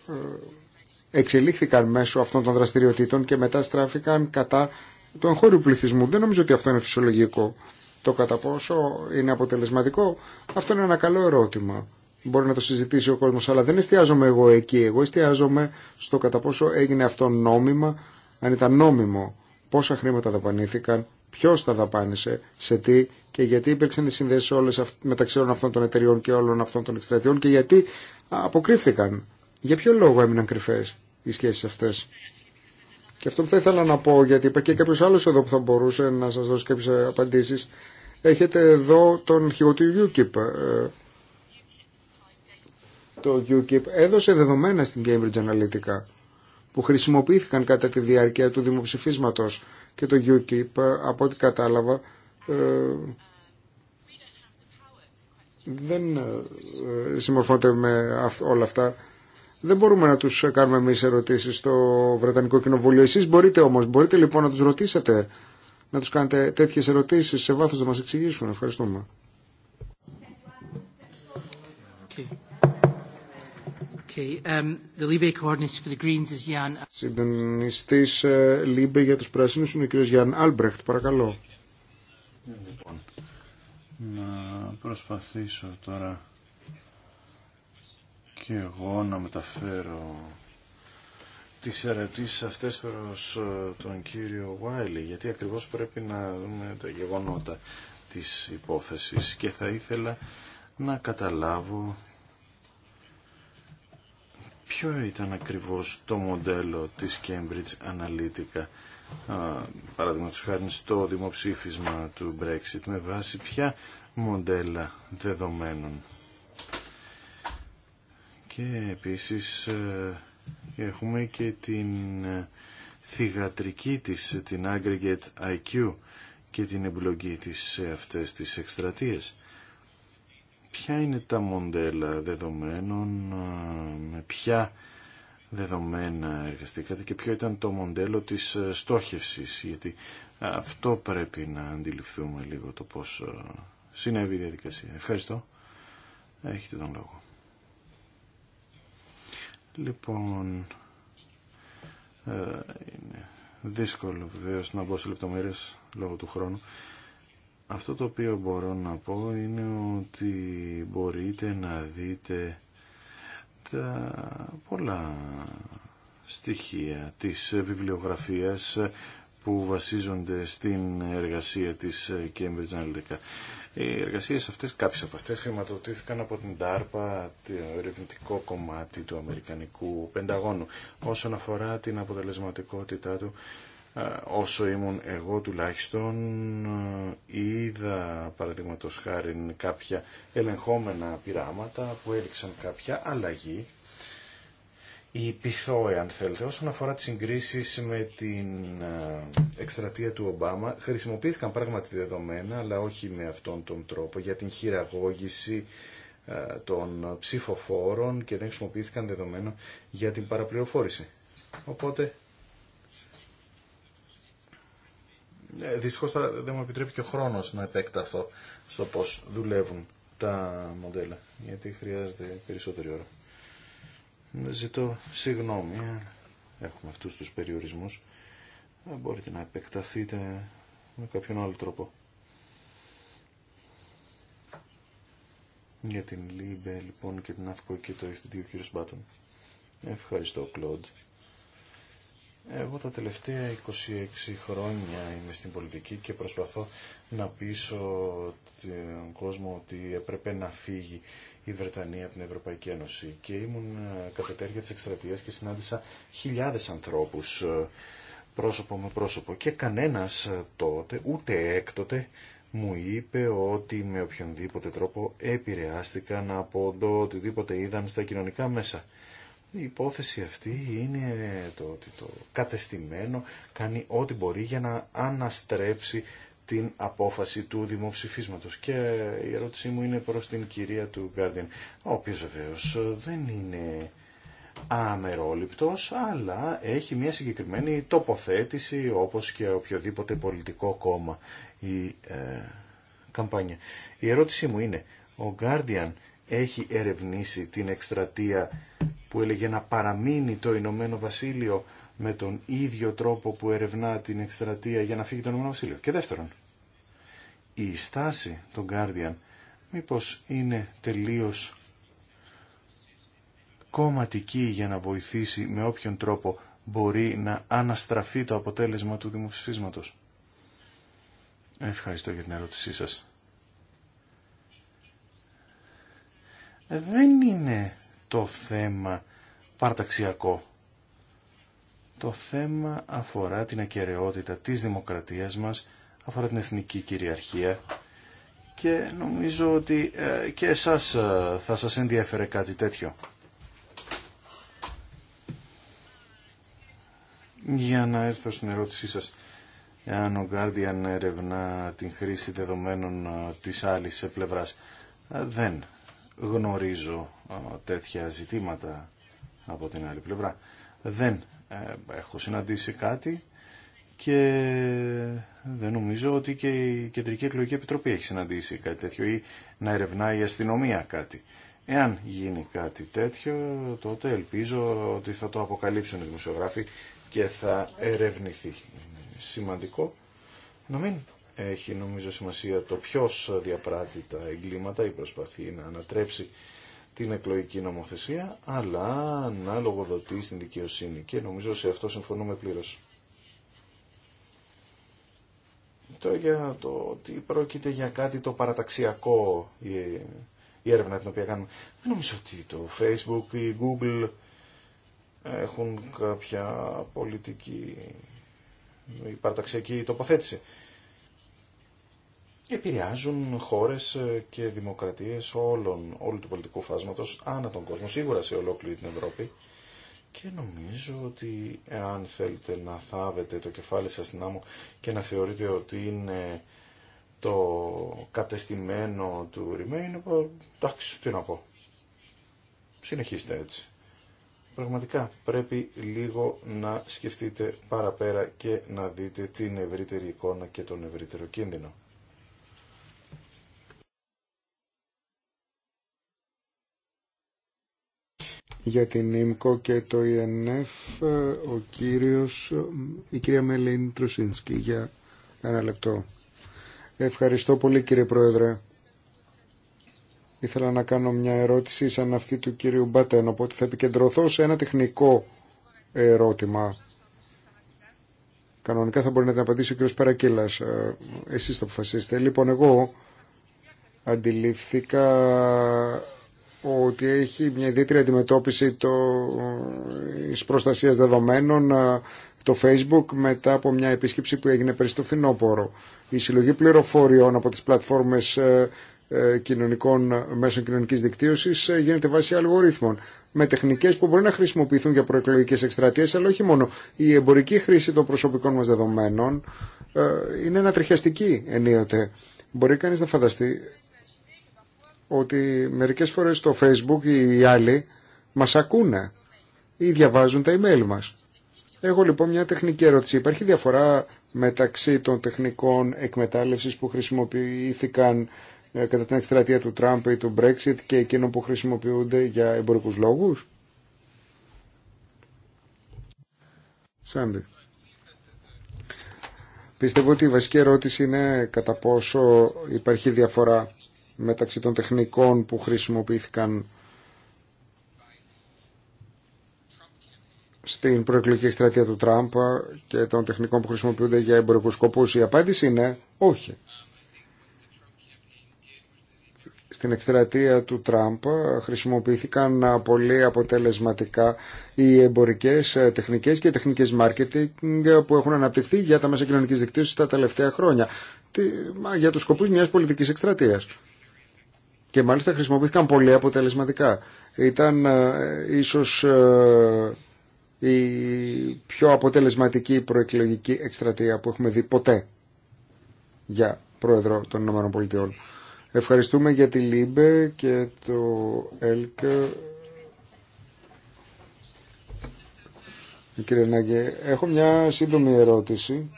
Speaker 3: ε, εξελίχθηκαν μέσω αυτών των δραστηριοτήτων και μετά στράφηκαν κατά του εγχώριου πληθυσμού. Δεν νομίζω ότι αυτό είναι φυσιολογικό. Το κατά πόσο είναι αποτελεσματικό, αυτό είναι ένα καλό ερώτημα. Μπορεί να το συζητήσει ο κόσμος, αλλά δεν εστιάζομαι εγώ εκεί. Εγώ εστιάζομαι στο κατά πόσο έγινε αυτό νόμιμα, αν ήταν νόμιμο, πόσα χρήματα δαπανήθηκαν, ποιο τα δαπάνησε, σε τι και γιατί υπήρξαν οι συνδέσει όλες μεταξύ όλων αυτών των εταιριών και όλων αυτών των εκστρατιών και γιατί αποκρύφθηκαν. Για ποιο λόγο έμειναν κρυφέ οι σχέσει αυτέ. Και αυτό που θα ήθελα να πω, γιατί υπάρχει και κάποιο άλλο εδώ που θα μπορούσε να σα δώσει κάποιε απαντήσει. Έχετε εδώ τον του UKIP, το UKIP έδωσε δεδομένα στην Cambridge Analytica που χρησιμοποιήθηκαν κατά τη διάρκεια του δημοψηφίσματος και το UKIP από ό,τι κατάλαβα ε, δεν ε, συμμορφώνεται με όλα αυτά. Δεν μπορούμε να τους κάνουμε εμεί ερωτήσεις στο Βρετανικό Κοινοβούλιο. Εσείς μπορείτε όμως, μπορείτε λοιπόν να τους ρωτήσετε, να τους κάνετε τέτοιες ερωτήσεις σε βάθος να μας εξηγήσουν. Ευχαριστούμε.
Speaker 5: Okay. Okay. Um, Libe
Speaker 3: ε, Λίμπε για του πράσινου είναι ο κ. Γιάνν
Speaker 1: Άλμπρεχτ. Παρακαλώ. Λοιπόν, να προσπαθήσω τώρα και εγώ να μεταφέρω τι ερωτήσει αυτέ προς ε, τον κύριο Βάιλι, γιατί ακριβώ πρέπει να δούμε τα γεγονότα τη υπόθεση. και θα ήθελα να καταλάβω ποιο ήταν ακριβώς το μοντέλο της Cambridge Analytica παραδείγματο χάρη στο δημοψήφισμα του Brexit με βάση ποια μοντέλα δεδομένων και επίσης ε, έχουμε και την ε, θυγατρική της την Aggregate IQ και την εμπλοκή της σε αυτές τις εκστρατείες ποια είναι τα μοντέλα δεδομένων, με ποια δεδομένα εργαστήκατε και ποιο ήταν το μοντέλο της ε, στόχευσης, γιατί αυτό πρέπει να αντιληφθούμε λίγο το πώς ε, συνέβη η διαδικασία. Ευχαριστώ. Έχετε τον λόγο. Λοιπόν, ε, είναι δύσκολο βεβαίως να μπω σε λεπτομέρειες λόγω του χρόνου. Αυτό το οποίο μπορώ να πω είναι ότι μπορείτε να δείτε τα πολλά στοιχεία της βιβλιογραφίας που βασίζονται στην εργασία της Cambridge Analytica. Οι εργασίες αυτές, κάποιες από αυτές, χρηματοδοτήθηκαν από την DARPA, το ερευνητικό κομμάτι του Αμερικανικού Πενταγώνου. Όσον αφορά την αποτελεσματικότητά του ε, όσο ήμουν εγώ τουλάχιστον ε, είδα παραδείγματο χάρη κάποια ελεγχόμενα πειράματα που έδειξαν κάποια αλλαγή η πυθόε εάν θέλετε όσον αφορά τις συγκρίσεις με την ε, εκστρατεία του Ομπάμα χρησιμοποιήθηκαν πράγματι δεδομένα αλλά όχι με αυτόν τον τρόπο για την χειραγώγηση των ψηφοφόρων και δεν χρησιμοποιήθηκαν δεδομένα για την παραπληροφόρηση. Οπότε Ναι, Δυστυχώ δεν μου επιτρέπει και ο χρόνος να επέκταθω στο πώ δουλεύουν τα μοντέλα, γιατί χρειάζεται περισσότερη ώρα. Ζητώ συγγνώμη, ε. έχουμε αυτού τους περιορισμούς. Ε, μπορείτε να επεκταθείτε με κάποιον άλλο τρόπο. Για την Λίμπε λοιπόν και την ΑΦΚΟ και το FTD ο Μπάτον. Ευχαριστώ Κλοντ. Εγώ τα τελευταία 26 χρόνια είμαι στην πολιτική και προσπαθώ να πείσω τον κόσμο ότι έπρεπε να φύγει η Βρετανία από την Ευρωπαϊκή Ένωση. Και ήμουν ε, κατά τέτοια της εκστρατείας και συνάντησα χιλιάδες ανθρώπους ε, πρόσωπο με πρόσωπο. Και κανένας ε, τότε, ούτε έκτοτε, μου είπε ότι με οποιονδήποτε τρόπο επηρεάστηκαν από το οτιδήποτε είδαν στα κοινωνικά μέσα. Η υπόθεση αυτή είναι το ότι το κατεστημένο κάνει ό,τι μπορεί για να αναστρέψει την απόφαση του δημοψηφίσματος. Και η ερώτησή μου είναι προς την κυρία του Guardian, ο οποίος βεβαίω δεν είναι αμερόληπτος, αλλά έχει μια συγκεκριμένη τοποθέτηση, όπως και οποιοδήποτε πολιτικό κόμμα ή ε, καμπάνια. Η καμπανια η ερωτηση μου είναι, ο Guardian έχει ερευνήσει την εκστρατεία που έλεγε να παραμείνει το Ηνωμένο Βασίλειο με τον ίδιο τρόπο που ερευνά την εκστρατεία για να φύγει το Ηνωμένο Βασίλειο. Και δεύτερον, η στάση των Guardian μήπως είναι τελείως κομματική για να βοηθήσει με όποιον τρόπο μπορεί να αναστραφεί το αποτέλεσμα του δημοψηφίσματος. Ευχαριστώ για την ερώτησή σας. δεν είναι το θέμα παρταξιακό. Το θέμα αφορά την ακαιρεότητα της δημοκρατίας μας, αφορά την εθνική κυριαρχία και νομίζω ότι ε, και εσάς ε, θα σας ενδιαφέρε κάτι τέτοιο. Για να έρθω στην ερώτησή σας. Εάν ο Guardian ερευνά την χρήση δεδομένων ε, της άλλης πλευράς. Δεν γνωρίζω τέτοια ζητήματα από την άλλη πλευρά. Δεν ε, έχω συναντήσει κάτι και δεν νομίζω ότι και η Κεντρική Εκλογική Επιτροπή έχει συναντήσει κάτι τέτοιο ή να ερευνάει η αστυνομία κάτι. Εάν γίνει κάτι τέτοιο, τότε ελπίζω ότι θα το αποκαλύψουν οι δημοσιογράφοι και θα ερευνηθεί. σημαντικό να έχει νομίζω σημασία το ποιος διαπράττει τα εγκλήματα ή προσπαθεί να ανατρέψει την εκλογική νομοθεσία, αλλά να λογοδοτεί στην δικαιοσύνη. Και νομίζω σε αυτό συμφωνούμε πλήρω. Το για το ότι πρόκειται για κάτι το παραταξιακό η, η έρευνα την οποία κάνουμε. Δεν νομίζω ότι το Facebook ή η Google έχουν κάποια πολιτική ή παραταξιακή τοποθέτηση επηρεάζουν χώρες και δημοκρατίες όλων, όλου του πολιτικού φάσματος ανά τον κόσμο, σίγουρα σε ολόκληρη την Ευρώπη. Και νομίζω ότι εάν θέλετε να θάβετε το κεφάλι σας στην άμμο και να θεωρείτε ότι είναι το κατεστημένο του Remain, εντάξει, τι να πω. Συνεχίστε έτσι. Πραγματικά πρέπει λίγο να σκεφτείτε παραπέρα και να δείτε την ευρύτερη εικόνα και τον ευρύτερο κίνδυνο.
Speaker 3: για την ΙΜΚΟ και το ΙΕΝΕΦ ε, ο κύριος, ε, η κυρία Μελίν Τρουσίνσκι για ένα λεπτό. Ευχαριστώ πολύ κύριε Πρόεδρε. Ήθελα να κάνω μια ερώτηση σαν αυτή του κύριου Μπατέν, οπότε θα επικεντρωθώ σε ένα τεχνικό ερώτημα. Κανονικά θα μπορεί να την απαντήσει ο κύριος Παρακύλας. Ε, εσείς το αποφασίσετε. Λοιπόν, εγώ αντιλήφθηκα ότι έχει μια ιδιαίτερη αντιμετώπιση της προστασίας δεδομένων το Facebook μετά από μια επίσκεψη που έγινε πριν στο φθινόπωρο. Η συλλογή πληροφοριών από τις πλατφόρμες ε, ε, κοινωνικών ε, μέσων κοινωνικής δικτύωσης γίνεται βάσει αλγορίθμων με τεχνικές που μπορεί να χρησιμοποιηθούν για προεκλογικές εκστρατείες αλλά όχι μόνο. Η εμπορική χρήση των προσωπικών μας δεδομένων είναι ανατριχιαστική ενίοτε. Μπορεί κανείς να φανταστεί ότι μερικές φορές στο facebook οι άλλοι μας ακούνε ή διαβάζουν τα email μας. Έχω λοιπόν μια τεχνική ερώτηση. Υπάρχει διαφορά μεταξύ των τεχνικών εκμετάλλευσης που χρησιμοποιήθηκαν ε, κατά την εκστρατεία του Τραμπ ή του Brexit και εκείνων που χρησιμοποιούνται για εμπορικούς λόγους. Σάντι. Πιστεύω ότι η βασική ερώτηση είναι κατά πόσο υπάρχει διαφορά μεταξύ των τεχνικών που χρησιμοποιήθηκαν στην προεκλογική στρατεία του Τραμπ και των τεχνικών που χρησιμοποιούνται για εμπορικούς σκοπούς. Η απάντηση είναι όχι. Στην εκστρατεία του Τραμπ χρησιμοποιήθηκαν πολύ αποτελεσματικά οι εμπορικές ε, τεχνικές και οι τεχνικές μάρκετινγκ που έχουν αναπτυχθεί για τα μέσα κοινωνικής δικτύωσης τα τελευταία χρόνια για τους σκοπούς μιας πολιτικής εκστρατείας και μάλιστα χρησιμοποιήθηκαν πολύ αποτελεσματικά. Ήταν ε, ίσως ε, η πιο αποτελεσματική προεκλογική εκστρατεία που έχουμε δει ποτέ για πρόεδρο των Ηνωμένων Πολιτειών. Ευχαριστούμε για τη ΛΥΜΠΕ και το ΕΛΚ. Κύριε Νάγκε, έχω μια σύντομη ερώτηση.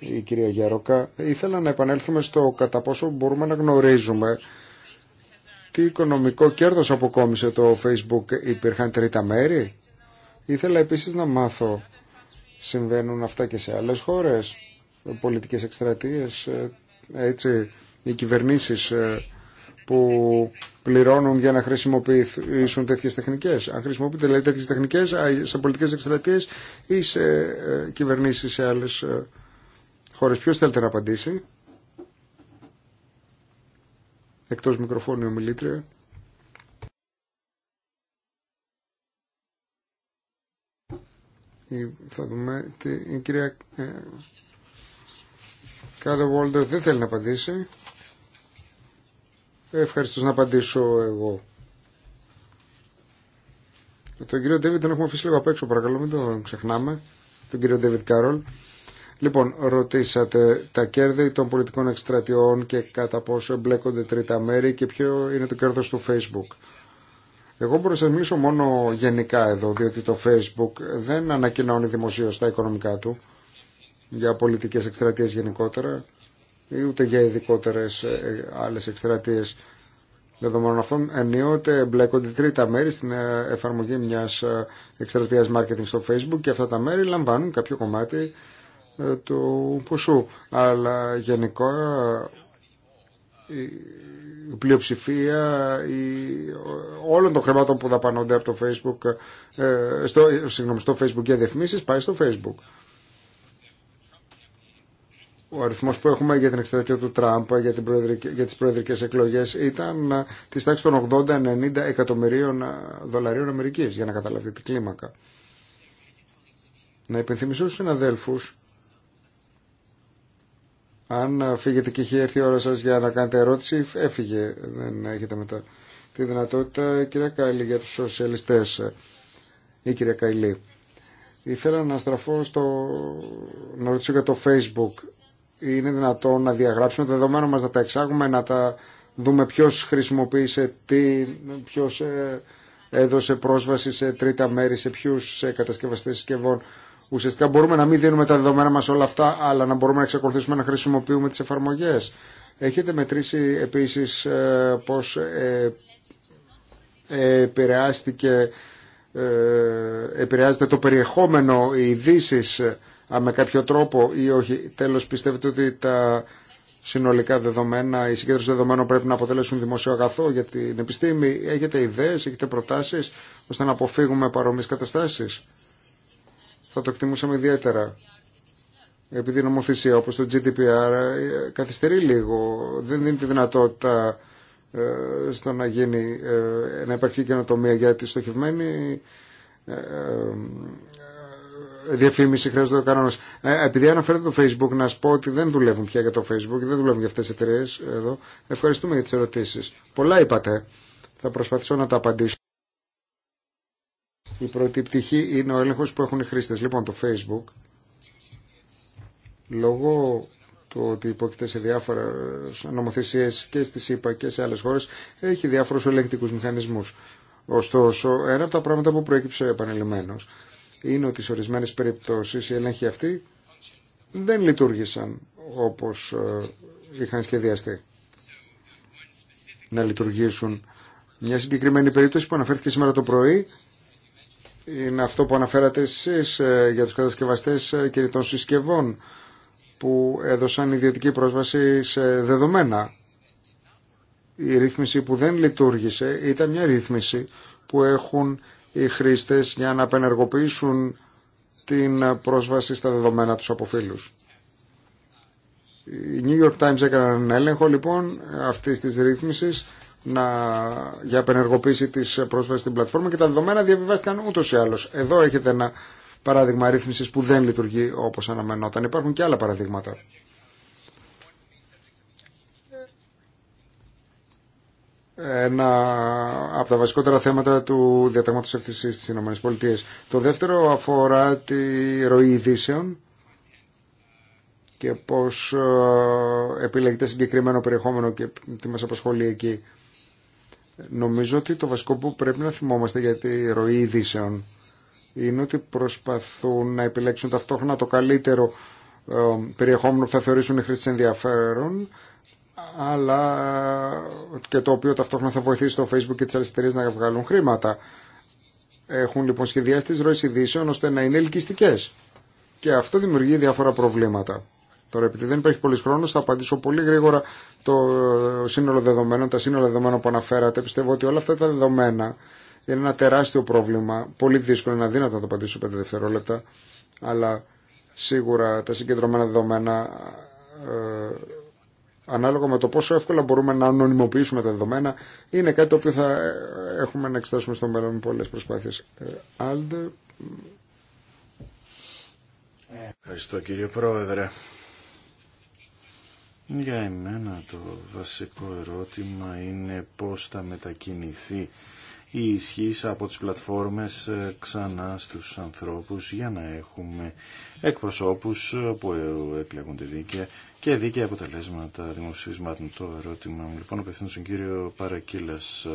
Speaker 3: Η κυρία Γιαρόκα, ήθελα να επανέλθουμε στο κατά πόσο μπορούμε να γνωρίζουμε τι οικονομικό κέρδος αποκόμισε το Facebook, υπήρχαν τρίτα μέρη. Ήθελα επίσης να μάθω, συμβαίνουν αυτά και σε άλλες χώρες, πολιτικές εκστρατείες, ε, έτσι, οι κυβερνήσεις ε, που πληρώνουν για να χρησιμοποιήσουν τέτοιες τεχνικές. Αν χρησιμοποιείτε λέει δηλαδή, τέτοιες τεχνικές σε πολιτικές εκστρατείες ή σε ε, κυβερνήσεις σε άλλες χώρες. Ποιος θέλετε να απαντήσει. Εκτός μικροφώνου ομιλήτρια. Θα δούμε η κυρία ε, Κάλε Βόλτερ δεν θέλει να απαντήσει. Ε, ευχαριστώ να απαντήσω εγώ. Τον κύριο Ντέβιτ τον έχουμε αφήσει λίγο απ' έξω, παρακαλώ, μην τον ξεχνάμε. Τον κύριο Ντέβιτ Κάρολ. Λοιπόν, ρωτήσατε τα κέρδη των πολιτικών εκστρατιών και κατά πόσο εμπλέκονται τρίτα μέρη και ποιο είναι το κέρδος του Facebook. Εγώ μπορώ να σας μιλήσω μόνο γενικά εδώ, διότι το Facebook δεν ανακοινώνει δημοσίως τα οικονομικά του για πολιτικές εκστρατείες γενικότερα ή ούτε για ειδικότερε ε, άλλες εκστρατείες. Δεδομένων αυτών, ενίοτε εμπλέκονται τρίτα μέρη στην ε, εφαρμογή μιας ε, εκστρατείας marketing στο Facebook και αυτά τα μέρη λαμβάνουν κάποιο κομμάτι του ποσού. Αλλά γενικά η πλειοψηφία η, όλων των χρημάτων που δαπανώνται από το Facebook, ε, στο, συγγνώμη, στο Facebook για διαφημίσεις πάει στο Facebook. Ο αριθμός που έχουμε για την εκστρατεία του Τραμπ για, την για τις προεδρικές εκλογές ήταν ε, της τάξης των 80-90 εκατομμυρίων ε, δολαρίων Αμερικής, για να καταλάβετε τη κλίμακα. Να υπενθυμίσω στους συναδέλφους αν φύγετε και έχει έρθει η ώρα σας για να κάνετε ερώτηση, έφυγε, δεν έχετε μετά τη δυνατότητα. Κυρία Καϊλή, για τους σοσιαλιστές, η κυρία Καϊλή, Ήθελα να στραφώ στο... να ρωτήσω για το Facebook. Είναι δυνατό να διαγράψουμε τα δεδομένα μας, να τα εξάγουμε, να τα δούμε ποιος χρησιμοποίησε τι, ποιος ε, έδωσε πρόσβαση σε τρίτα μέρη, σε ποιους, κατασκευαστέ συσκευών. Ουσιαστικά μπορούμε να μην δίνουμε τα δεδομένα μας όλα αυτά, αλλά να μπορούμε να εξακολουθήσουμε να χρησιμοποιούμε τις εφαρμογές. Έχετε μετρήσει επίσης ε, πώς ε, ε, ε, επηρεάζεται το περιεχόμενο, οι ειδήσει με κάποιο τρόπο ή όχι. Τέλος πιστεύετε ότι τα συνολικά δεδομένα, η συγκέντρωση δεδομένων πρέπει να αποτελέσουν δημόσιο αγαθό για την επιστήμη. Έχετε ιδέες, έχετε προτάσεις ώστε να αποφύγουμε παρόμοιες καταστάσεις θα το εκτιμούσαμε ιδιαίτερα. Επειδή η νομοθεσία όπως το GDPR καθυστερεί λίγο, δεν δίνει τη δυνατότητα ε, στο να γίνει, ε, να υπάρχει καινοτομία για τη στοχευμένη ε, διαφήμιση χρειάζονται κανόνας. Επειδή αναφέρετε το Facebook, να σου πω ότι δεν δουλεύουν πια για το Facebook, δεν δουλεύουν για αυτές τις εταιρείε εδώ. Ευχαριστούμε για τις ερωτήσεις. Πολλά είπατε. Θα προσπαθήσω να τα απαντήσω. Η πρώτη πτυχή είναι ο έλεγχος που έχουν οι χρήστες. Λοιπόν, το Facebook, λόγω του ότι υπόκειται σε διάφορε νομοθεσίες και στις ΗΠΑ και σε άλλες χώρες, έχει διάφορους ελεγκτικούς μηχανισμούς. Ωστόσο, ένα από τα πράγματα που προέκυψε επανελειμμένος είναι ότι σε ορισμένες περιπτώσεις οι έλεγχοι αυτοί δεν λειτουργήσαν όπως ε, είχαν σχεδιαστεί να λειτουργήσουν. Μια συγκεκριμένη περίπτωση που αναφέρθηκε σήμερα το πρωί είναι αυτό που αναφέρατε εσείς ε, για τους κατασκευαστές ε, κινητών συσκευών που έδωσαν ιδιωτική πρόσβαση σε δεδομένα. Η ρύθμιση που δεν λειτουργήσε ήταν μια ρύθμιση που έχουν οι χρήστες για να απενεργοποιήσουν την πρόσβαση στα δεδομένα τους από φίλους. Οι New York Times έκαναν έναν έλεγχο λοιπόν αυτής της ρύθμισης να, για απενεργοποίηση της πρόσβασης στην πλατφόρμα και τα δεδομένα διαβιβάστηκαν ούτως ή άλλως. Εδώ έχετε ένα παράδειγμα ρύθμισης που δεν λειτουργεί όπως αναμενόταν. Υπάρχουν και άλλα παραδείγματα. ένα από τα βασικότερα θέματα του διαταγμάτου της στις ΗΠΑ. Το δεύτερο αφορά τη ροή ειδήσεων και πώς ε, επιλέγετε συγκεκριμένο περιεχόμενο και τι μας απασχολεί εκεί. Νομίζω ότι το βασικό που πρέπει να θυμόμαστε για τη ροή ειδήσεων είναι ότι προσπαθούν να επιλέξουν ταυτόχρονα το καλύτερο ε, περιεχόμενο που θα θεωρήσουν οι χρήστες ενδιαφέρον αλλά και το οποίο ταυτόχρονα θα βοηθήσει το Facebook και τι άλλες να βγάλουν χρήματα. Έχουν λοιπόν σχεδιάσει τι ροέ ειδήσεων ώστε να είναι ελκυστικέ. Και αυτό δημιουργεί διάφορα προβλήματα. Τώρα, επειδή δεν υπάρχει πολλή χρόνο, θα απαντήσω πολύ γρήγορα το ε, σύνολο δεδομένων, τα σύνολα δεδομένων που αναφέρατε. Πιστεύω ότι όλα αυτά τα δεδομένα είναι ένα τεράστιο πρόβλημα. Πολύ δύσκολο, είναι αδύνατο να το απαντήσω πέντε δευτερόλεπτα. Αλλά σίγουρα τα συγκεντρωμένα δεδομένα, ε, ανάλογα με το πόσο εύκολα μπορούμε να ανωνυμοποιήσουμε τα δεδομένα, είναι κάτι το οποίο θα ε, έχουμε να εξετάσουμε στο μέλλον με πολλέ προσπάθειε. Ε,
Speaker 1: Ευχαριστώ κύριε Πρόεδρε. Για εμένα το βασικό ερώτημα είναι πώς θα μετακινηθεί η ισχύ από τις πλατφόρμες ε, ξανά στους ανθρώπους για να έχουμε εκπροσώπους που τη δίκαια και δίκαια αποτελέσματα δημοψηφισμάτων. Το ερώτημα μου λοιπόν απευθύνω στον κύριο Παρακύλας.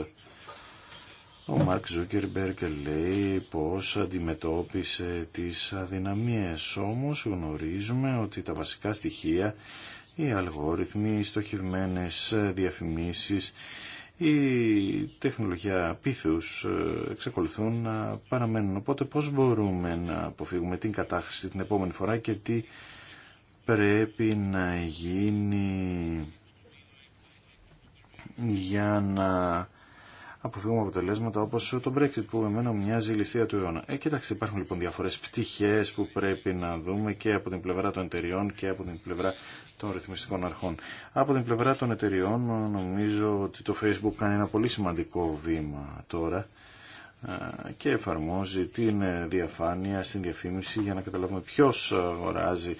Speaker 1: Ο Μάρκ Ζούκερμπεργκ λέει πως αντιμετώπισε τις αδυναμίες, όμως γνωρίζουμε ότι τα βασικά στοιχεία οι αλγόριθμοι, οι στοχευμένες διαφημίσεις, η τεχνολογία πίθους ε, εξακολουθούν να παραμένουν. Οπότε πώς μπορούμε να αποφύγουμε την κατάχρηση την επόμενη φορά και τι πρέπει να γίνει για να αποφύγουμε αποτελέσματα όπως το Brexit που εμένα μοιάζει η ληστεία του αιώνα. Ε, κοιτάξτε, υπάρχουν λοιπόν διαφορές πτυχές που πρέπει να δούμε και από την πλευρά των εταιριών και από την πλευρά των ρυθμιστικών αρχών. Από την πλευρά των εταιριών νομίζω ότι το Facebook κάνει ένα πολύ σημαντικό βήμα τώρα ε, και εφαρμόζει την διαφάνεια στην διαφήμιση για να καταλάβουμε ποιος αγοράζει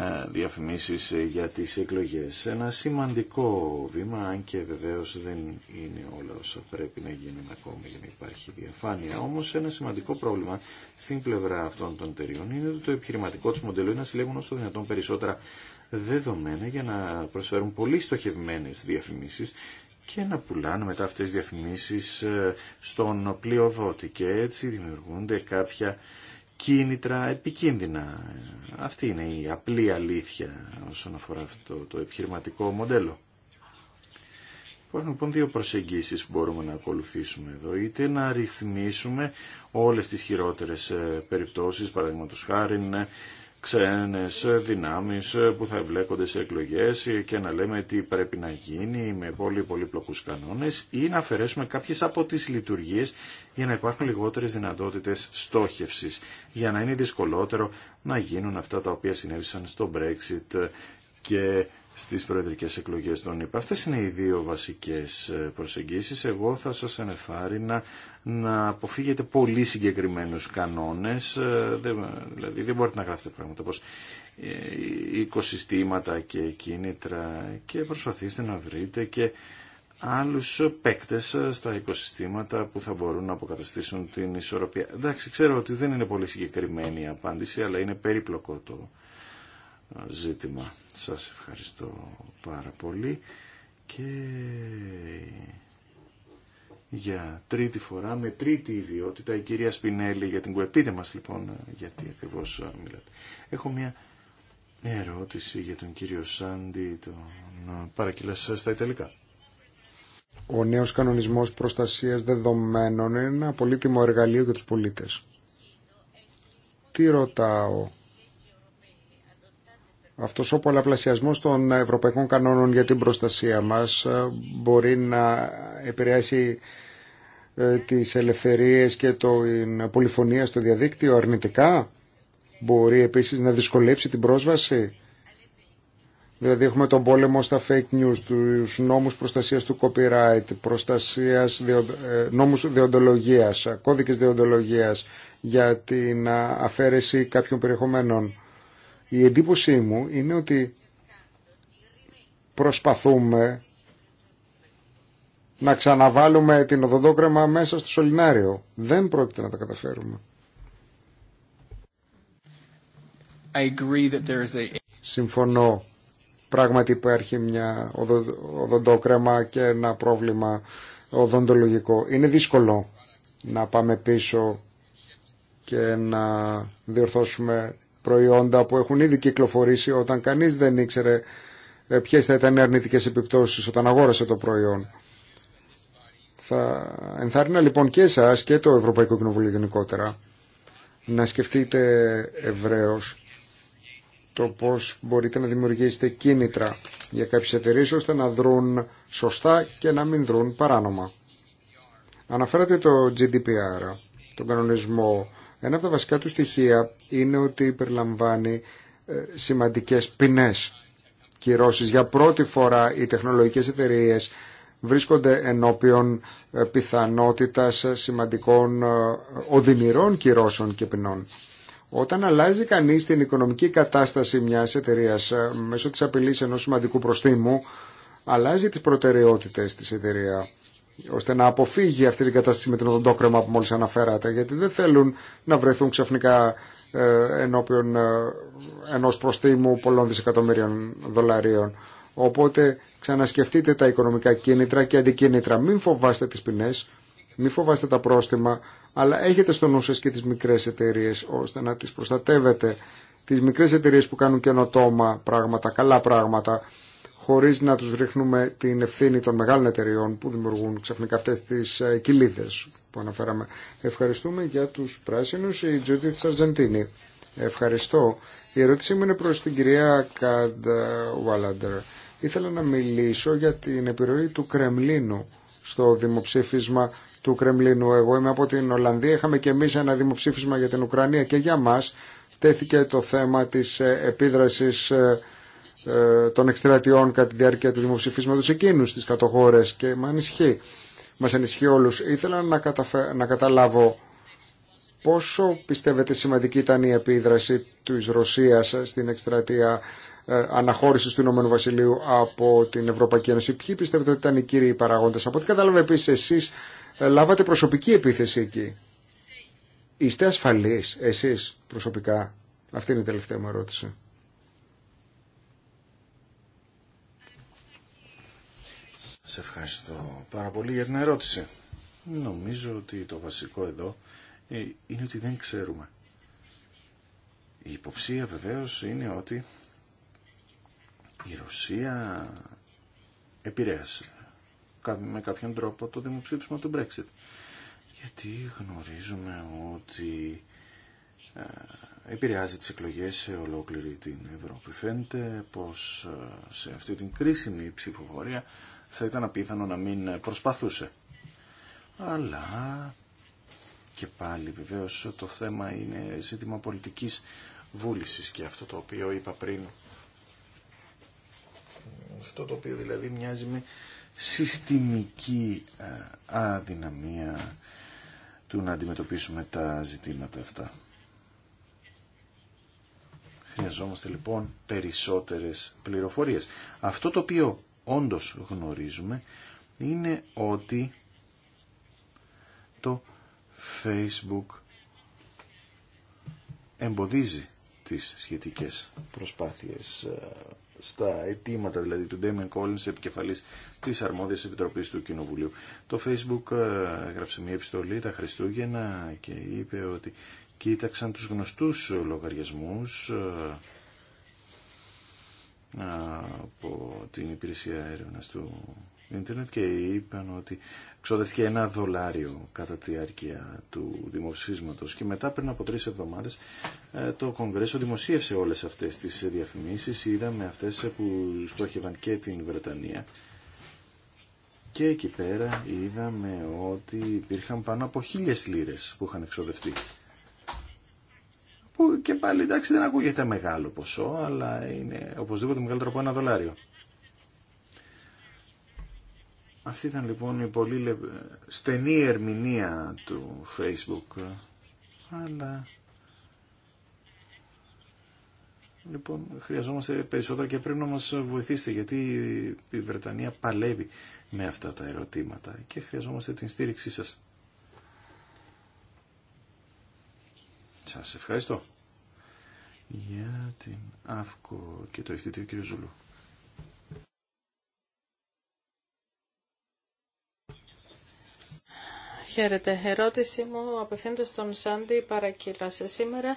Speaker 1: ε, διαφημίσεις ε, για τις εκλογές. Ένα σημαντικό βήμα, αν και βεβαίως δεν είναι όλα όσα πρέπει να γίνουν ακόμα για να υπάρχει διαφάνεια. Όμως ένα σημαντικό πρόβλημα στην πλευρά αυτών των εταιριών είναι ότι το επιχειρηματικό τους μοντέλο είναι να συλλέγουν όσο δυνατόν περισσότερα δεδομένα για να προσφέρουν πολύ στοχευμένες διαφημίσεις και να πουλάνε μετά αυτές τις διαφημίσεις ε, στον πλειοδότη και έτσι δημιουργούνται κάποια κίνητρα επικίνδυνα. Αυτή είναι η απλή αλήθεια όσον αφορά αυτό το επιχειρηματικό μοντέλο. Υπάρχουν λοιπόν δύο προσεγγίσεις που μπορούμε να ακολουθήσουμε εδώ. Είτε να ρυθμίσουμε όλες τις χειρότερες ε, περιπτώσεις, παραδείγματος χάρη ξένες δυνάμεις που θα ευλέκονται σε εκλογές και να λέμε τι πρέπει να γίνει με πολύ πολύπλοκους κανόνες ή να αφαιρέσουμε κάποιες από τις λειτουργίες για να υπάρχουν λιγότερες δυνατότητες στόχευσης, για να είναι δυσκολότερο να γίνουν αυτά τα οποία συνέβησαν στο Brexit και στις προεδρικές εκλογές των ΗΠΑ. Αυτές είναι οι δύο βασικές ε, προσεγγίσεις. Εγώ θα σας ενεφάρει να αποφύγετε πολύ συγκεκριμένους κανόνες. Ε, δηλαδή δεν μπορείτε να γράφετε πράγματα όπως ε, οικοσυστήματα και κίνητρα και προσπαθήστε να βρείτε και άλλους παίκτες στα οικοσυστήματα που θα μπορούν να αποκαταστήσουν την ισορροπία. Εντάξει, ξέρω ότι δεν είναι πολύ συγκεκριμένη η απάντηση, αλλά είναι περίπλοκο το ζήτημα. Σας ευχαριστώ πάρα πολύ και για τρίτη φορά, με τρίτη ιδιότητα, η κυρία Σπινέλη για την κουεπίτε μας λοιπόν, γιατί ακριβώς μιλάτε. Έχω μια ερώτηση για τον κύριο Σάντι, τον παρακυλασσά στα Ιταλικά.
Speaker 3: Ο νέος κανονισμός προστασίας δεδομένων είναι ένα πολύτιμο εργαλείο για τους πολίτες. Τι ρωτάω, αυτός ο πολλαπλασιασμός των ευρωπαϊκών κανόνων για την προστασία μας ε, μπορεί να επηρεάσει ε, τις ελευθερίες και την πολυφωνία στο διαδίκτυο αρνητικά. Μπορεί επίσης να δυσκολέψει την πρόσβαση. Δηλαδή έχουμε τον πόλεμο στα fake news, τους νόμους προστασίας του copyright, προστασίας ε, νόμους διοντολογίας, κώδικες διοντολογίας για την αφαίρεση κάποιων περιεχομένων. Η εντύπωσή μου είναι ότι προσπαθούμε να ξαναβάλουμε την οδοντόκρεμα μέσα στο σωληνάριο. Δεν πρόκειται να τα καταφέρουμε. Συμφωνώ. Πράγματι υπάρχει μια οδοντόκρεμα και ένα πρόβλημα οδοντολογικό. Είναι δύσκολο να πάμε πίσω και να διορθώσουμε προϊόντα που έχουν ήδη κυκλοφορήσει όταν κανείς δεν ήξερε ε, ποιες θα ήταν οι αρνητικές επιπτώσεις όταν αγόρασε το προϊόν. Θα ενθάρρυνα λοιπόν και εσά και το Ευρωπαϊκό Κοινοβούλιο γενικότερα να σκεφτείτε ευρέως το πώς μπορείτε να δημιουργήσετε κίνητρα για κάποιες εταιρείες ώστε να δρουν σωστά και να μην δρουν παράνομα. Αναφέρατε το GDPR, τον κανονισμό ένα από τα βασικά του στοιχεία είναι ότι περιλαμβάνει ε, σημαντικές ποινές κυρώσεις. Για πρώτη φορά οι τεχνολογικές εταιρείες βρίσκονται ενώπιον ε, πιθανότητας ε, σημαντικών οδυνηρών κυρώσεων και ποινών. Όταν αλλάζει κανείς την οικονομική κατάσταση μιας εταιρείας μέσω της απειλής ενός σημαντικού προστίμου, αλλάζει τις προτεραιότητες της εταιρείας ώστε να αποφύγει αυτή την κατάσταση με την οδοντόκρεμα που μόλις αναφέρατε γιατί δεν θέλουν να βρεθούν ξαφνικά ε, ενώπιον ε, ενός προστήμου πολλών δισεκατομμύριων δολαρίων. Οπότε ξανασκεφτείτε τα οικονομικά κίνητρα και αντικίνητρα. Μην φοβάστε τις ποινές, μην φοβάστε τα πρόστιμα, αλλά έχετε στο νου σας και τις μικρές εταιρείε ώστε να τις προστατεύετε. Τις μικρές εταιρείε που κάνουν καινοτόμα πράγματα, καλά πράγματα, χωρίς να τους ρίχνουμε την ευθύνη των μεγάλων εταιριών που δημιουργούν ξαφνικά αυτές τις ε, κοιλίδες που αναφέραμε. Ευχαριστούμε για τους πράσινους, η Τζούτιθ Αργεντίνη. Ευχαριστώ. Η ερώτησή μου είναι προς την κυρία Καντ Βαλάντερ. Ήθελα να μιλήσω για την επιρροή του Κρεμλίνου στο δημοψήφισμα του Κρεμλίνου. Εγώ είμαι από την Ολλανδία, είχαμε και εμείς ένα δημοψήφισμα για την Ουκρανία και για μας τέθηκε το θέμα της ε, επίδρασης ε, ε, των εκστρατιών κατά τη διάρκεια του δημοψηφίσματο εκείνου στις κατοχώρες και μα ανισχύει. Μας ανισχύει όλους. Ήθελα να, να καταλάβω πόσο πιστεύετε σημαντική ήταν η επίδραση τη Ρωσία στην εκστρατεία ε, αναχώρηση του Ηνωμένου Βασιλείου από την Ευρωπαϊκή Ένωση. Ποιοι πιστεύετε ότι ήταν οι κύριοι παράγοντε. Από ό,τι κατάλαβα επίση, εσείς ε, λάβατε προσωπική επίθεση εκεί. Είστε ασφαλείς εσεί προσωπικά. Αυτή είναι η τελευταία μου ερώτηση.
Speaker 1: ευχαριστώ πάρα πολύ για την ερώτηση. Νομίζω ότι το βασικό εδώ ε, είναι ότι δεν ξέρουμε. Η υποψία βεβαίως είναι ότι η Ρωσία επηρέασε με κάποιον τρόπο το δημοψήφισμα του Brexit. Γιατί γνωρίζουμε ότι ε, επηρεάζει τις εκλογές σε ολόκληρη την Ευρώπη. Φαίνεται πως ε, σε αυτή την κρίσιμη ψηφοφορία θα ήταν απίθανο να μην προσπαθούσε. Αλλά και πάλι βεβαίως το θέμα είναι ζήτημα πολιτικής βούλησης και αυτό το οποίο είπα πριν. Αυτό το οποίο δηλαδή μοιάζει με συστημική ε, αδυναμία του να αντιμετωπίσουμε τα ζητήματα αυτά. Χρειαζόμαστε λοιπόν περισσότερες πληροφορίες. Αυτό το οποίο όντως γνωρίζουμε είναι ότι το Facebook εμποδίζει τις σχετικές προσπάθειες ε, στα αιτήματα δηλαδή του Ντέμιν Κόλλινς επικεφαλής της αρμόδιας επιτροπής του Κοινοβουλίου. Το Facebook ε, έγραψε μια επιστολή τα Χριστούγεννα και είπε ότι κοίταξαν τους γνωστούς λογαριασμούς ε, από την υπηρεσία έρευνα του ίντερνετ και είπαν ότι ξοδευτήκε ένα δολάριο κατά τη διάρκεια του δημοψήφισματος και μετά πριν από τρεις εβδομάδες ε, το Κογκρέσο δημοσίευσε όλες αυτές τις διαφημίσεις είδαμε αυτές που στόχευαν και την Βρετανία και εκεί πέρα είδαμε ότι υπήρχαν πάνω από χίλιες λίρες που είχαν εξοδευτεί και πάλι εντάξει δεν ακούγεται μεγάλο ποσό, αλλά είναι οπωσδήποτε μεγαλύτερο από ένα δολάριο. Αυτή ήταν λοιπόν η πολύ στενή ερμηνεία του Facebook. Αλλά... Λοιπόν, χρειαζόμαστε περισσότερα και πρέπει να μας βοηθήσετε γιατί η Βρετανία παλεύει με αυτά τα ερωτήματα και χρειαζόμαστε την στήριξή σας. Σας ευχαριστώ για την ΑΦΚΟ και το ευθύτιο κύριο Ζουλού.
Speaker 6: Χαίρετε. Ερώτησή μου απευθύνεται στον Σάντι Παρακύλα. Σήμερα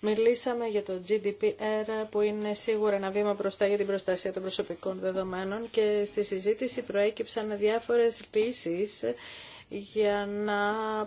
Speaker 6: μιλήσαμε για το GDPR που είναι σίγουρα ένα βήμα μπροστά για την προστασία των προσωπικών δεδομένων και στη συζήτηση προέκυψαν διάφορες λύσεις για να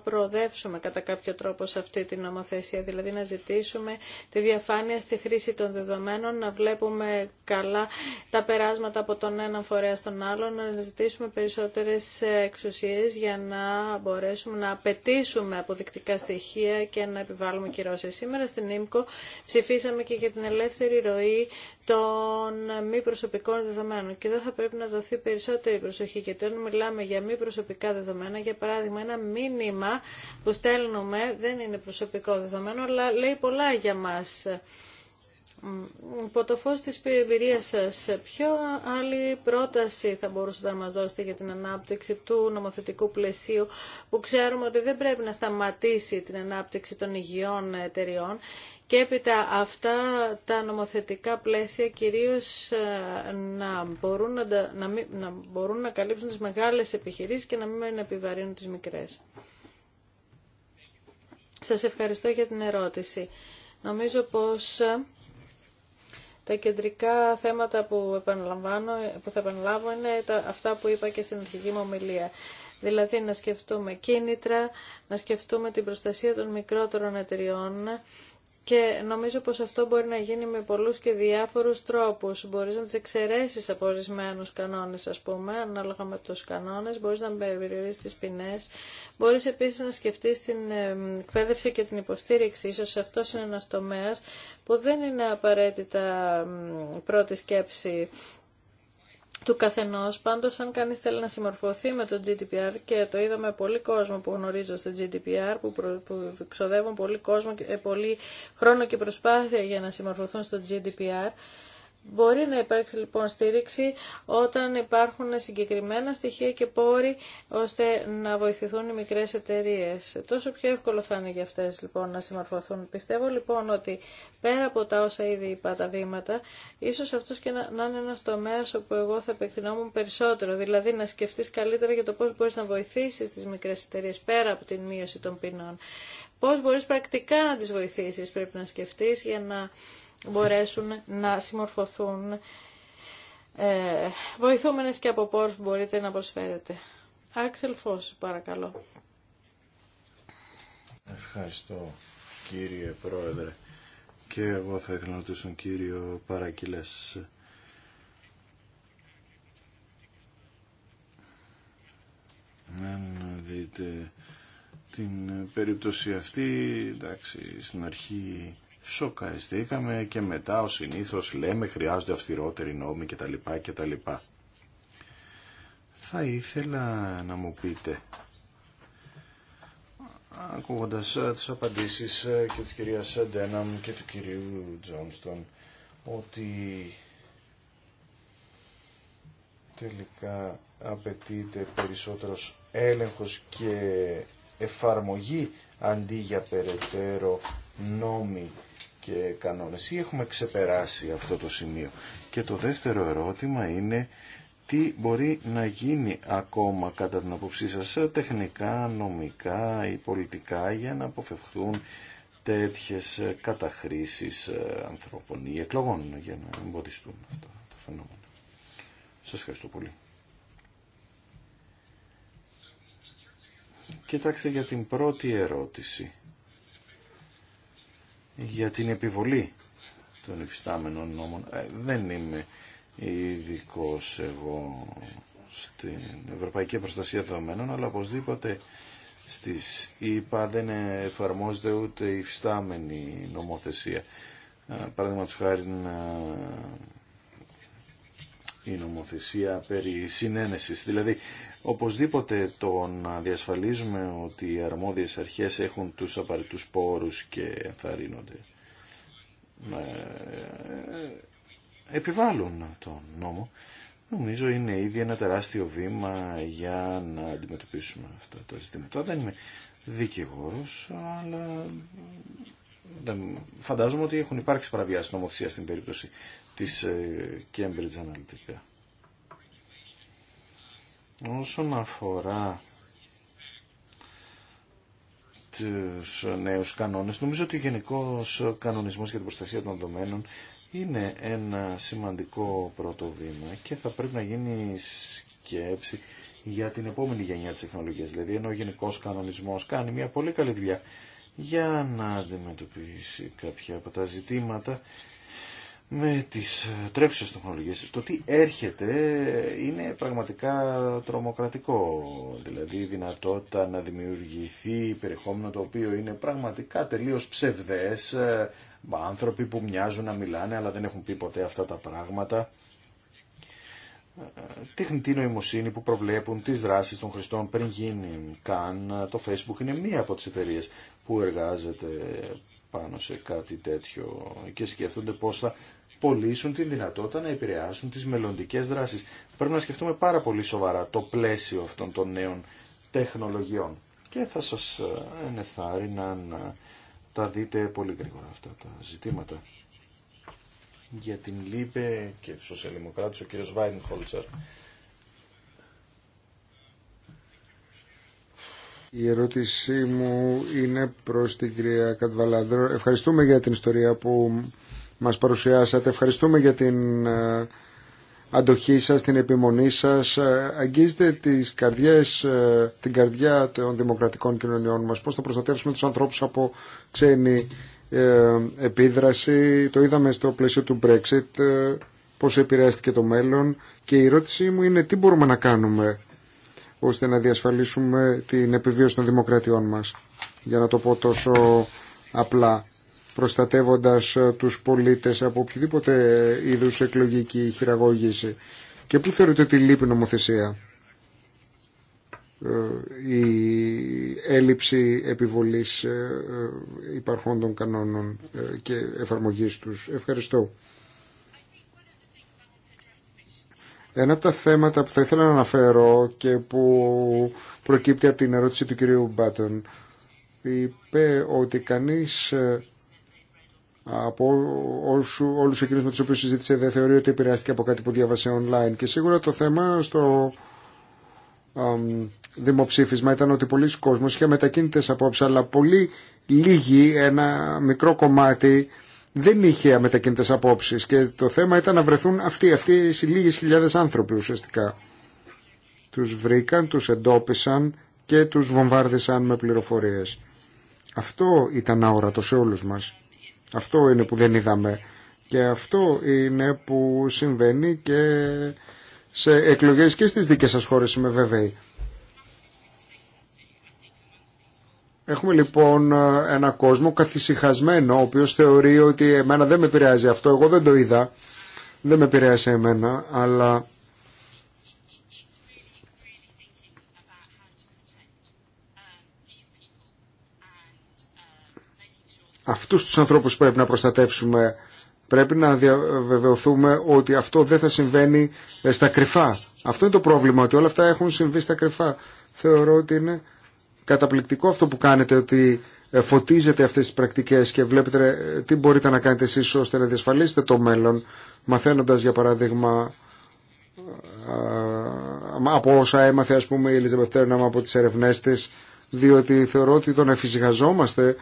Speaker 6: προοδεύσουμε κατά κάποιο τρόπο σε αυτή την νομοθεσία, δηλαδή να ζητήσουμε τη διαφάνεια στη χρήση των δεδομένων, να βλέπουμε καλά τα περάσματα από τον ένα φορέα στον άλλο... να ζητήσουμε περισσότερες εξουσίες για να μπορέσουμε να απαιτήσουμε αποδεικτικά στοιχεία και να επιβάλλουμε κυρώσεις. Σήμερα στην ΙΜΚΟ ψηφίσαμε και για την ελεύθερη ροή των μη προσωπικών δεδομένων και εδώ θα πρέπει να δοθεί περισσότερη προσοχή γιατί όταν μιλάμε για μη προσωπικά δεδομένα, για παράδειγμα ένα μήνυμα που στέλνουμε δεν είναι προσωπικό δεδομένο αλλά λέει πολλά για μας. Υπό το φως της εμπειρία σας, ποιο άλλη πρόταση θα μπορούσατε να μας δώσετε για την ανάπτυξη του νομοθετικού πλαισίου που ξέρουμε ότι δεν πρέπει να σταματήσει την ανάπτυξη των υγιών εταιριών και έπειτα αυτά τα νομοθετικά πλαίσια κυρίως ε, να μπορούν να, να, μπορούν να καλύψουν τις μεγάλες επιχειρήσεις και να μην επιβαρύνουν τις μικρές. Σας ευχαριστώ για την ερώτηση. Νομίζω πως ε, τα κεντρικά θέματα που, επαναλαμβάνω, που θα επαναλάβω είναι τα, αυτά που είπα και στην αρχική μου ομιλία. Δηλαδή να σκεφτούμε κίνητρα, να σκεφτούμε την προστασία των μικρότερων εταιριών, και νομίζω πως αυτό μπορεί να γίνει με πολλούς και διάφορους τρόπους. Μπορείς να τις εξαιρέσεις από ορισμένου κανόνες, ας πούμε, ανάλογα με τους κανόνες. Μπορείς να περιορίσεις τις ποινές. Μπορείς επίσης να σκεφτείς την ε, εκπαίδευση και την υποστήριξη. Ίσως αυτό είναι ένας τομέας που δεν είναι απαραίτητα πρώτη σκέψη του καθενό, Πάντω, αν κανείς θέλει να συμμορφωθεί με το GDPR και το είδαμε πολύ κόσμο που γνωρίζω στο GDPR, που, που ξοδεύουν πολύ, κόσμο, ε, πολύ χρόνο και προσπάθεια για να συμμορφωθούν στο GDPR, Μπορεί να υπάρξει λοιπόν στήριξη όταν υπάρχουν συγκεκριμένα στοιχεία και πόροι ώστε να βοηθηθούν οι μικρές εταιρείες. Τόσο πιο εύκολο θα είναι για αυτές λοιπόν να συμμορφωθούν. Πιστεύω λοιπόν ότι πέρα από τα όσα ήδη είπα τα βήματα, ίσως αυτός και να, να είναι ένας τομέας όπου εγώ θα επεκτηνόμουν περισσότερο. Δηλαδή να σκεφτείς καλύτερα για το πώς μπορείς να βοηθήσεις τις μικρές εταιρείες πέρα από την μείωση των ποινών. Πώς μπορείς πρακτικά να τις βοηθήσεις πρέπει να σκεφτείς για να μπορέσουν να συμμορφωθούν ε, βοηθούμενες και από πόρους που μπορείτε να προσφέρετε. Άξελ Φως, παρακαλώ.
Speaker 1: Ευχαριστώ κύριε Πρόεδρε. Και εγώ θα ήθελα να ρωτήσω τον κύριο Παρακυλές. Αν δείτε την περίπτωση αυτή, εντάξει, στην αρχή σοκαριστήκαμε και μετά ο συνήθως λέμε χρειάζονται αυστηρότεροι νόμοι κτλ. κτλ. Θα ήθελα να μου πείτε, ακούγοντας ε, τις απαντήσεις ε, και της κυρίας Σεντεναμ και του κυρίου Τζόνστον, ότι τελικά απαιτείται περισσότερος έλεγχος και εφαρμογή αντί για περαιτέρω νόμοι και κανόνες ή έχουμε ξεπεράσει αυτό το σημείο. Και το δεύτερο ερώτημα είναι τι μπορεί να γίνει ακόμα κατά την αποψή σας τεχνικά, νομικά ή πολιτικά για να αποφευχθούν τέτοιες καταχρήσεις ε, ανθρώπων ή εκλογών για να εμποδιστούν αυτά τα φαινόμενα. Σας ευχαριστώ πολύ. Κοιτάξτε για την πρώτη ερώτηση για την επιβολή των υφιστάμενων νόμων. Ε, δεν είμαι ειδικό εγώ στην Ευρωπαϊκή Προστασία Δεδομένων, αλλά οπωσδήποτε στις ΗΠΑ δεν εφαρμόζεται ούτε η υφιστάμενη νομοθεσία. Ε, Παραδείγματο χάρη η νομοθεσία περί συνένεσης. Δηλαδή, οπωσδήποτε το να διασφαλίζουμε ότι οι αρμόδιες αρχές έχουν τους απαραίτητους πόρους και ενθαρρύνονται ε, ε, επιβάλλουν τον νόμο, νομίζω είναι ήδη ένα τεράστιο βήμα για να αντιμετωπίσουμε αυτά τα ζητήματα. Δεν είμαι δικηγόρος, αλλά φαντάζομαι ότι έχουν υπάρξει παραβιάσεις νομοθεσία στην περίπτωση της ε, Cambridge Analytica. Όσον αφορά τους νέους κανόνες, νομίζω ότι ο γενικός κανονισμός για την προστασία των δομένων είναι ένα σημαντικό πρώτο βήμα και θα πρέπει να γίνει σκέψη για την επόμενη γενιά της τεχνολογίας. Δηλαδή, ενώ ο γενικός κανονισμός κάνει μια πολύ καλή δουλειά για να αντιμετωπίσει κάποια από τα ζητήματα με τις ε, τρέχουσες τεχνολογίες. Το τι έρχεται είναι πραγματικά τρομοκρατικό. Δηλαδή η δυνατότητα να δημιουργηθεί περιεχόμενο το οποίο είναι πραγματικά τελείως ψευδές, ε, άνθρωποι που μοιάζουν να μιλάνε αλλά δεν έχουν πει ποτέ αυτά τα πράγματα. Ε, τεχνητή νοημοσύνη που προβλέπουν τις δράσεις των χρηστών πριν γίνει καν. Το Facebook είναι μία από τις εταιρείε που εργάζεται πάνω σε κάτι τέτοιο και σκεφτούνται πώς θα πωλήσουν την δυνατότητα να επηρεάσουν τις μελλοντικέ δράσεις. Πρέπει να σκεφτούμε πάρα πολύ σοβαρά το πλαίσιο αυτών των νέων τεχνολογιών. Και θα σας ε, ενεθάρει να τα δείτε πολύ γρήγορα αυτά τα ζητήματα. Για την ΛΥΠΕ και του Σοσιαλδημοκράτε ο κύριος Βάινχολτσερ.
Speaker 3: Η ερώτησή μου είναι προς την κυρία Κατβαλάνδρο. Ευχαριστούμε για την ιστορία που μας παρουσιάσατε. Ευχαριστούμε για την ε, αντοχή σας, την επιμονή σας. Ε, αγγίζετε τις καρδιές, ε, την καρδιά των δημοκρατικών κοινωνιών μας. Πώς θα προστατεύσουμε τους ανθρώπους από ξένη επίδραση. Το είδαμε στο πλαίσιο του Brexit, πώς επηρεάστηκε το μέλλον. Και η ερώτησή μου είναι τι μπορούμε να κάνουμε ώστε να διασφαλίσουμε την επιβίωση των δημοκρατιών μας. Για να το πω τόσο απλά προστατεύοντας ε, τους πολίτες από οποιοδήποτε είδους εκλογική χειραγώγηση. Και πού θεωρείτε ότι λείπει νομοθεσία ε, η έλλειψη επιβολής ε, υπαρχόντων κανόνων και εφαρμογής τους. Ευχαριστώ. Ένα από τα θέματα που θα ήθελα να αναφέρω και που θεωρειτε οτι λειπει νομοθεσια η ελλειψη επιβολης των κανονων και εφαρμογης τους ευχαριστω από την ερώτηση του κυρίου Μπάτον είπε ότι κανείς από όλους, όλους εκείνους με τους οποίους συζήτησε δεν θεωρεί ότι επηρεάστηκε από κάτι που διάβασε online και σίγουρα το θέμα στο δημοψήφισμα ήταν ότι πολλοί κόσμοι είχε μετακίνητες απόψει, αλλά πολύ λίγοι, ένα μικρό κομμάτι δεν είχε μετακίνητες απόψεις και το θέμα ήταν να βρεθούν αυτοί, αυτοί οι λίγες χιλιάδες άνθρωποι ουσιαστικά τους βρήκαν, τους εντόπισαν και τους βομβάρδισαν με πληροφορίες αυτό ήταν αόρατο σε όλους μας αυτό είναι που δεν είδαμε. Και αυτό είναι που συμβαίνει και σε εκλογές και στις δικές σας χώρες είμαι βέβαιη. Έχουμε λοιπόν ένα κόσμο καθησυχασμένο, ο οποίος θεωρεί ότι εμένα δεν με επηρεάζει αυτό, εγώ δεν το είδα, δεν με πειράζει εμένα, αλλά αυτούς τους ανθρώπους πρέπει να προστατεύσουμε. Πρέπει να διαβεβαιωθούμε ότι αυτό δεν θα συμβαίνει ε, στα κρυφά. Αυτό είναι το πρόβλημα, ότι όλα αυτά έχουν συμβεί στα κρυφά. Θεωρώ ότι είναι καταπληκτικό αυτό που κάνετε, ότι ε, φωτίζετε αυτές τις πρακτικές και βλέπετε ε, τι μπορείτε να κάνετε εσείς ώστε να διασφαλίσετε το μέλλον, μαθαίνοντας για παράδειγμα από όσα έμαθε α πούμε η Ελίζα από τις ερευνές της, διότι θεωρώ ότι το να εφησυχαζόμαστε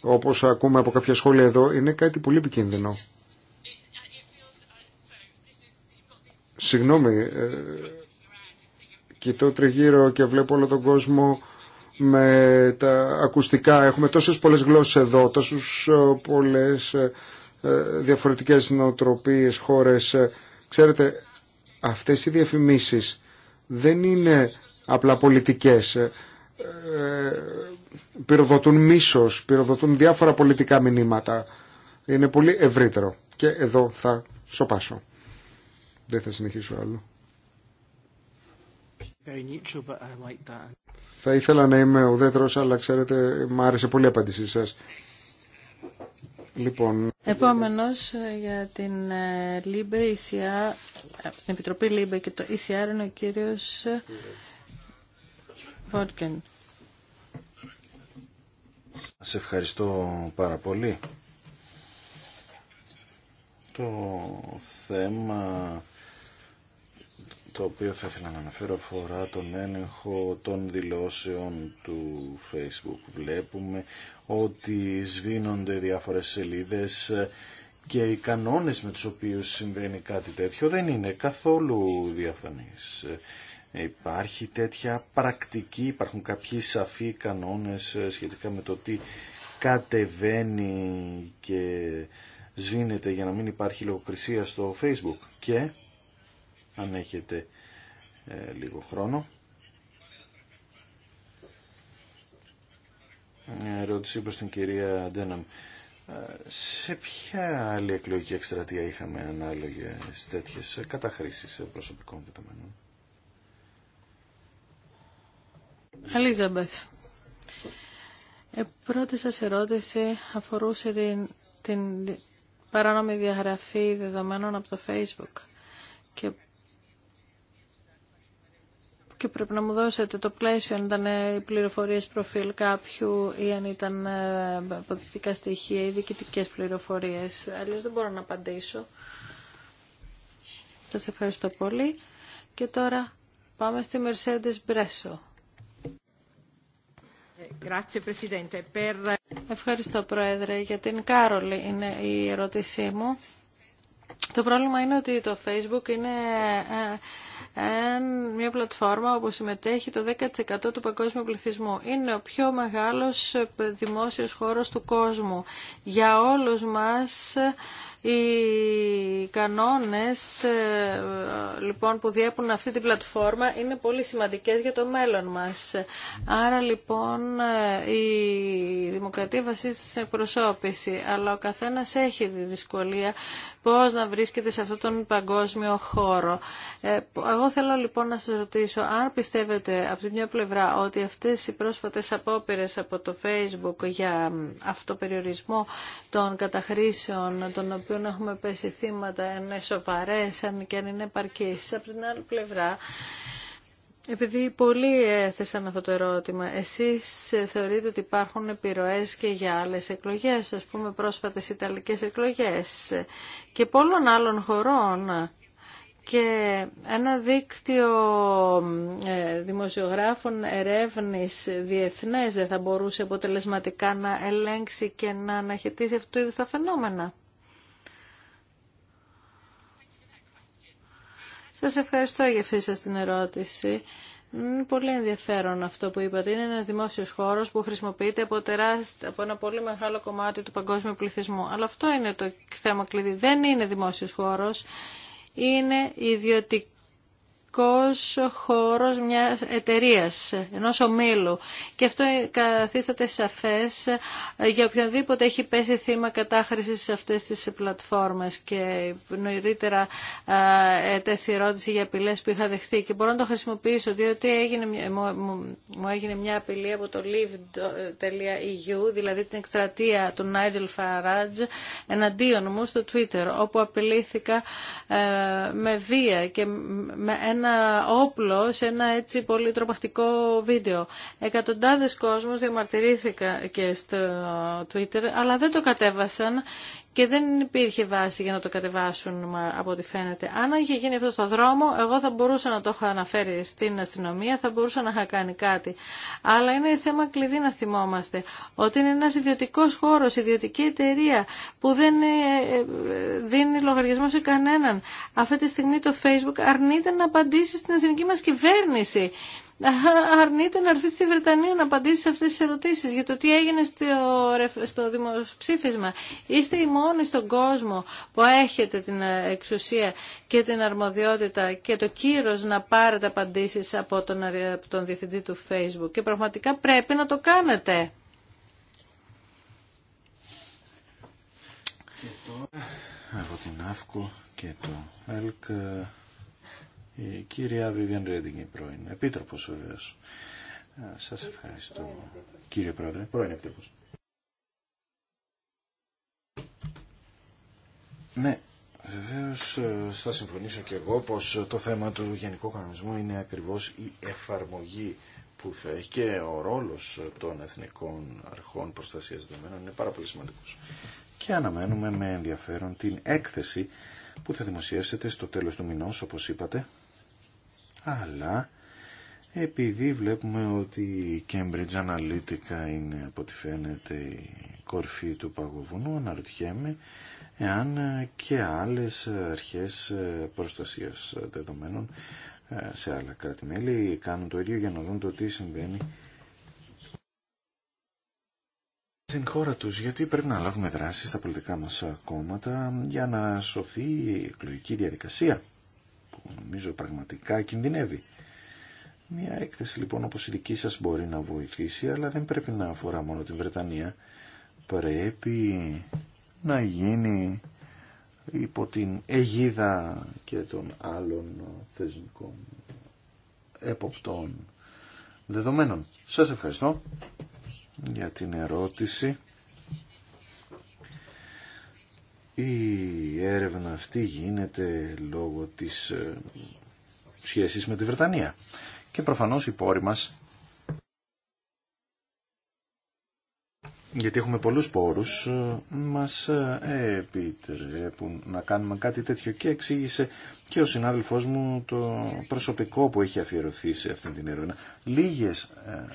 Speaker 3: όπως ακούμε από κάποια σχόλια εδώ, είναι κάτι πολύ επικίνδυνο. Συγγνώμη, ε, κοιτώ τριγύρω και βλέπω όλο τον κόσμο με τα ακουστικά. Έχουμε τόσες πολλές γλώσσες εδώ, τόσες ε, πολλές ε, ε, διαφορετικές νοοτροπίες, χώρες. Ξέρετε, αυτές οι διαφημίσεις δεν είναι απλά πολιτικές πυροδοτούν μίσος, πυροδοτούν διάφορα πολιτικά μηνύματα. Είναι πολύ ευρύτερο. Και εδώ θα σοπάσω. Δεν θα συνεχίσω άλλο. Θα ήθελα να είμαι ουδέτερος, αλλά ξέρετε, μου άρεσε πολύ η απάντησή σας. Λοιπόν...
Speaker 6: Επόμενος ε, για την ε, ε, την Επιτροπή Λίμπε και το ECR είναι ο κύριος Βόρκεν.
Speaker 1: Σε ευχαριστώ πάρα πολύ. Το θέμα το οποίο θα ήθελα να αναφέρω αφορά τον έλεγχο των δηλώσεων του Facebook. Βλέπουμε ότι σβήνονται διάφορες σελίδες και οι κανόνες με τους οποίους συμβαίνει κάτι τέτοιο δεν είναι καθόλου διαφανείς. Υπάρχει τέτοια πρακτική, υπάρχουν κάποιοι σαφοί κανόνες ε, σχετικά με το τι κατεβαίνει και σβήνεται για να μην υπάρχει λογοκρισία στο facebook και αν έχετε ε, λίγο χρόνο μια ερώτηση προς την κυρία Ντέναμ. Ε, σε ποια άλλη εκλογική εκστρατεία είχαμε ανάλογες τέτοιες καταχρήσεις προσωπικών δεδομένων
Speaker 6: Ελίζαμπεθ, η πρώτη σας ερώτηση αφορούσε την, την παράνομη διαγραφή δεδομένων από το Facebook και πρέπει να μου δώσετε το πλαίσιο αν ήταν ε, οι πληροφορίες προφίλ κάποιου ή αν ήταν ε, αποδεικτικά στοιχεία ή διοικητικές πληροφορίες. Αλλιώς δεν μπορώ να απαντήσω. Σας ευχαριστώ πολύ. Και τώρα πάμε στη Mercedes Bresso. Ευχαριστώ Πρόεδρε για την Κάρολη είναι η ερώτησή μου. Το πρόβλημα είναι ότι το Facebook είναι ε, ε, μια πλατφόρμα όπου συμμετέχει το 10% του παγκόσμιου πληθυσμού. Είναι ο πιο μεγάλος δημόσιος χώρος του κόσμου. Για όλους μας οι κανόνες ε, λοιπόν που διέπουν αυτή την πλατφόρμα είναι πολύ σημαντικές για το μέλλον μας. Άρα λοιπόν ε, η δημοκρατία βασίζεται στην εκπροσώπηση, αλλά ο καθένας έχει τη δυσκολία πώς να βρίσκεται σε αυτόν τον παγκόσμιο χώρο. Ε, εγώ θέλω λοιπόν να σας ρωτήσω αν πιστεύετε από τη μια πλευρά ότι αυτές οι πρόσφατες απόπειρες από το Facebook για αυτοπεριορισμό των καταχρήσεων των οποίων να έχουμε πέσει θύματα είναι σοβαρέ, αν και αν είναι επαρκή Από την άλλη πλευρά, επειδή πολλοί έθεσαν αυτό το ερώτημα, εσείς θεωρείτε ότι υπάρχουν επιρροές και για άλλες εκλογές, ας πούμε πρόσφατες Ιταλικές εκλογές και πολλών άλλων χωρών και ένα δίκτυο ε, δημοσιογράφων ερεύνης διεθνές δεν θα μπορούσε αποτελεσματικά να ελέγξει και να αναχαιτήσει αυτού του είδους τα φαινόμενα. Σας ευχαριστώ για αυτή σας την ερώτηση. Είναι πολύ ενδιαφέρον αυτό που είπατε. Είναι ένας δημόσιος χώρος που χρησιμοποιείται από, τεράστι, από ένα πολύ μεγάλο κομμάτι του παγκόσμιου πληθυσμού. Αλλά αυτό είναι το θέμα κλειδί. Δεν είναι δημόσιος χώρος. Είναι ιδιωτικό κεντρικός χώρος μιας εταιρείας, ενός ομίλου. Και αυτό καθίσταται σαφές για οποιονδήποτε έχει πέσει θύμα κατάχρησης σε αυτές τις πλατφόρμες και νωρίτερα έτεθη ερώτηση για απειλέ που είχα δεχθεί και μπορώ να το χρησιμοποιήσω διότι έγινε, μου, έγινε μια απειλή από το live.eu δηλαδή την εκστρατεία του Nigel Farage εναντίον μου στο Twitter όπου απειλήθηκα ε, με βία και με ένα ένα όπλο σε ένα έτσι πολύ τρομακτικό βίντεο. Εκατοντάδες κόσμος διαμαρτυρήθηκαν και στο Twitter, αλλά δεν το κατέβασαν και δεν υπήρχε βάση για να το κατεβάσουν από ό,τι φαίνεται. Αν είχε γίνει αυτό στο δρόμο, εγώ θα μπορούσα να το είχα αναφέρει στην αστυνομία, θα μπορούσα να είχα κάνει κάτι. Αλλά είναι θέμα κλειδί να θυμόμαστε ότι είναι ένας ιδιωτικός χώρος, ιδιωτική εταιρεία που δεν ε, ε, δίνει λογαριασμό σε κανέναν. Αυτή τη στιγμή το Facebook αρνείται να απαντήσει στην εθνική μας κυβέρνηση. αρνείται να έρθει στη Βρετανία να απαντήσει σε αυτές τις ερωτήσεις για το τι έγινε στο, στο δημοψήφισμα. Είστε οι μόνοι στον κόσμο που έχετε την ε, εξουσία και την αρμοδιότητα και το κύρος να πάρετε απαντήσεις από τον, τον διευθυντή του Facebook και πραγματικά πρέπει να το κάνετε.
Speaker 1: Και τώρα από την ΑΦΚΟ και το ΕΛΚ η κυρία Βιβιάν Ρέντινγκ, πρώην επίτροπος βεβαίως. Σας ευχαριστώ κύριε Πρόεδρε, πρώην επίτροπος. Ναι, Βεβαίω ε, θα συμφωνήσω και εγώ πως το θέμα του Γενικού Κανονισμού είναι ακριβώς η εφαρμογή που θα έχει και ο ρόλος των Εθνικών Αρχών Προστασίας Δεδομένων είναι πάρα πολύ σημαντικός. Και αναμένουμε με ενδιαφέρον την έκθεση που θα δημοσιεύσετε στο τέλος του μηνός όπως είπατε αλλά επειδή βλέπουμε ότι η Cambridge Analytica είναι από ό,τι φαίνεται η κορφή του παγωβουνού, αναρωτιέμαι εάν και άλλες αρχές προστασίας δεδομένων ε, σε άλλα κράτη-μέλη κάνουν το ίδιο για να δουν το τι συμβαίνει στην χώρα τους, γιατί πρέπει να λάβουμε δράση στα πολιτικά μας κόμματα για να σωθεί η εκλογική διαδικασία νομίζω πραγματικά κινδυνεύει. Μια έκθεση λοιπόν όπως η δική σας μπορεί να βοηθήσει, αλλά δεν πρέπει να αφορά μόνο την Βρετανία. Πρέπει να γίνει υπό την αιγίδα και των άλλων θεσμικών εποπτών δεδομένων. Σας ευχαριστώ για την ερώτηση. Η έρευνα αυτή γίνεται λόγω της ε, σχέσης με τη Βρετανία. Και προφανώς οι πόροι μας, γιατί έχουμε πολλούς πόρους, ε, μας ε, επιτρέπουν να κάνουμε κάτι τέτοιο. Και εξήγησε και ο συνάδελφός μου το προσωπικό που έχει αφιερωθεί σε αυτή την έρευνα. Λίγες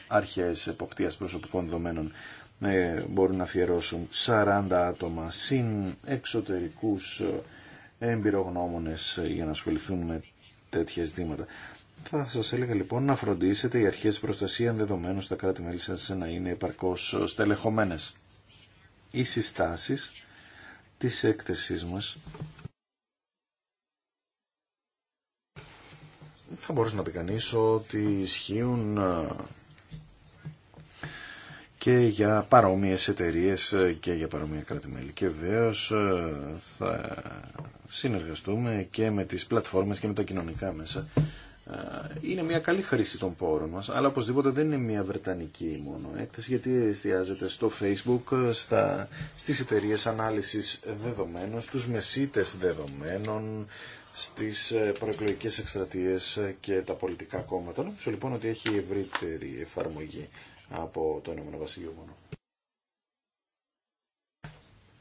Speaker 1: αρχές εποπτείας προσωπικών δεδομένων ε, μπορούν να αφιερώσουν 40 άτομα συν εξωτερικούς ε, εμπειρογνώμονες ε, για να ασχοληθούν με τέτοια ζητήματα. Θα σας έλεγα λοιπόν να φροντίσετε οι αρχές προστασία δεδομένων στα κράτη-μέλη σας να είναι επαρκώς στελεχωμένες. Οι συστάσεις της έκθεσής μας θα μπορούσε να πει κανείς ότι ισχύουν και για παρόμοιες εταιρείε και για παρόμοια κράτη-μέλη. Και βεβαίω ε, θα συνεργαστούμε και με τις πλατφόρμες και με τα κοινωνικά μέσα. Ε, είναι μια καλή χρήση των πόρων μας, αλλά οπωσδήποτε δεν είναι μια βρετανική μόνο έκθεση, γιατί εστιάζεται στο facebook, στα, στις εταιρείε ανάλυσης δεδομένων, στους μεσίτες δεδομένων, στις ε, προεκλογικές εκστρατείες και τα πολιτικά κόμματα. Νομίζω λοιπόν ότι έχει ευρύτερη εφαρμογή από το Ηνωμένο Βασίλειο μόνο.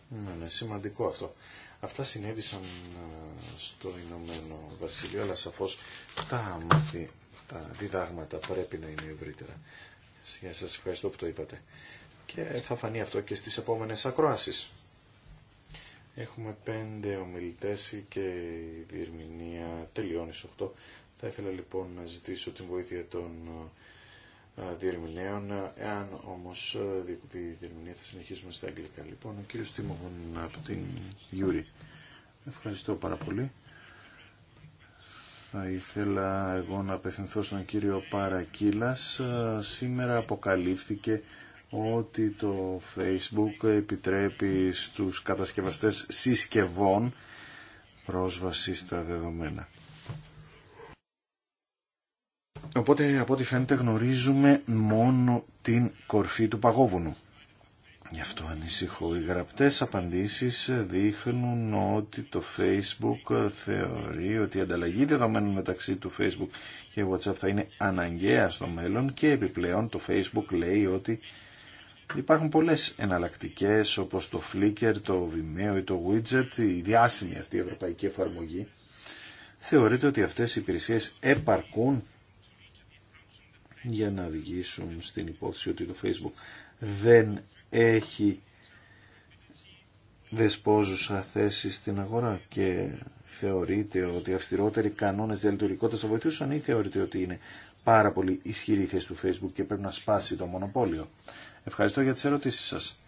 Speaker 1: Ναι, ναι σημαντικό αυτό. Αυτά συνέβησαν ε, στο Ηνωμένο Βασίλειο, αλλά σαφώς τα μάθη, τα διδάγματα πρέπει να είναι ευρύτερα. Σας ευχαριστώ που το είπατε. Και θα φανεί αυτό και στις επόμενες ακροάσεις. Έχουμε πέντε ομιλητές και η διερμηνία τελειώνει 8. Θα ήθελα λοιπόν να ζητήσω την βοήθεια των ε, διερμηνέων. Εάν όμως διακοπεί η θα συνεχίσουμε στα αγγλικά. Λοιπόν, ο κύριος Τίμογον από την Γιούρη. Ευχαριστώ πάρα πολύ. Θα ήθελα εγώ να απευθυνθώ στον κύριο Παρακύλας. Σήμερα αποκαλύφθηκε ότι το Facebook επιτρέπει στους κατασκευαστές συσκευών πρόσβαση στα δεδομένα. Οπότε από ό,τι φαίνεται γνωρίζουμε μόνο την κορφή του παγόβουνου. Γι' αυτό ανησυχώ. Οι γραπτές απαντήσεις δείχνουν ότι το Facebook θεωρεί ότι η ανταλλαγή δεδομένων μεταξύ του Facebook και WhatsApp θα είναι αναγκαία στο μέλλον και επιπλέον το Facebook λέει ότι υπάρχουν πολλές εναλλακτικές όπως το Flickr, το Vimeo ή το Widget, η διάσημη αυτή η ευρωπαϊκή εφαρμογή. Θεωρείται ότι αυτές οι υπηρεσίες επαρκούν για να οδηγήσουν στην υπόθεση ότι το Facebook δεν έχει δεσπόζουσα θέση στην αγορά και θεωρείται ότι αυστηρότεροι κανόνες διαλειτουργικότητας θα βοηθούσαν ή θεωρείτε ότι είναι πάρα πολύ ισχυρή η θεωρειτε οτι ειναι παρα πολυ ισχυρη θεση του Facebook και πρέπει να σπάσει το μονοπόλιο. Ευχαριστώ για τις ερωτήσεις σας.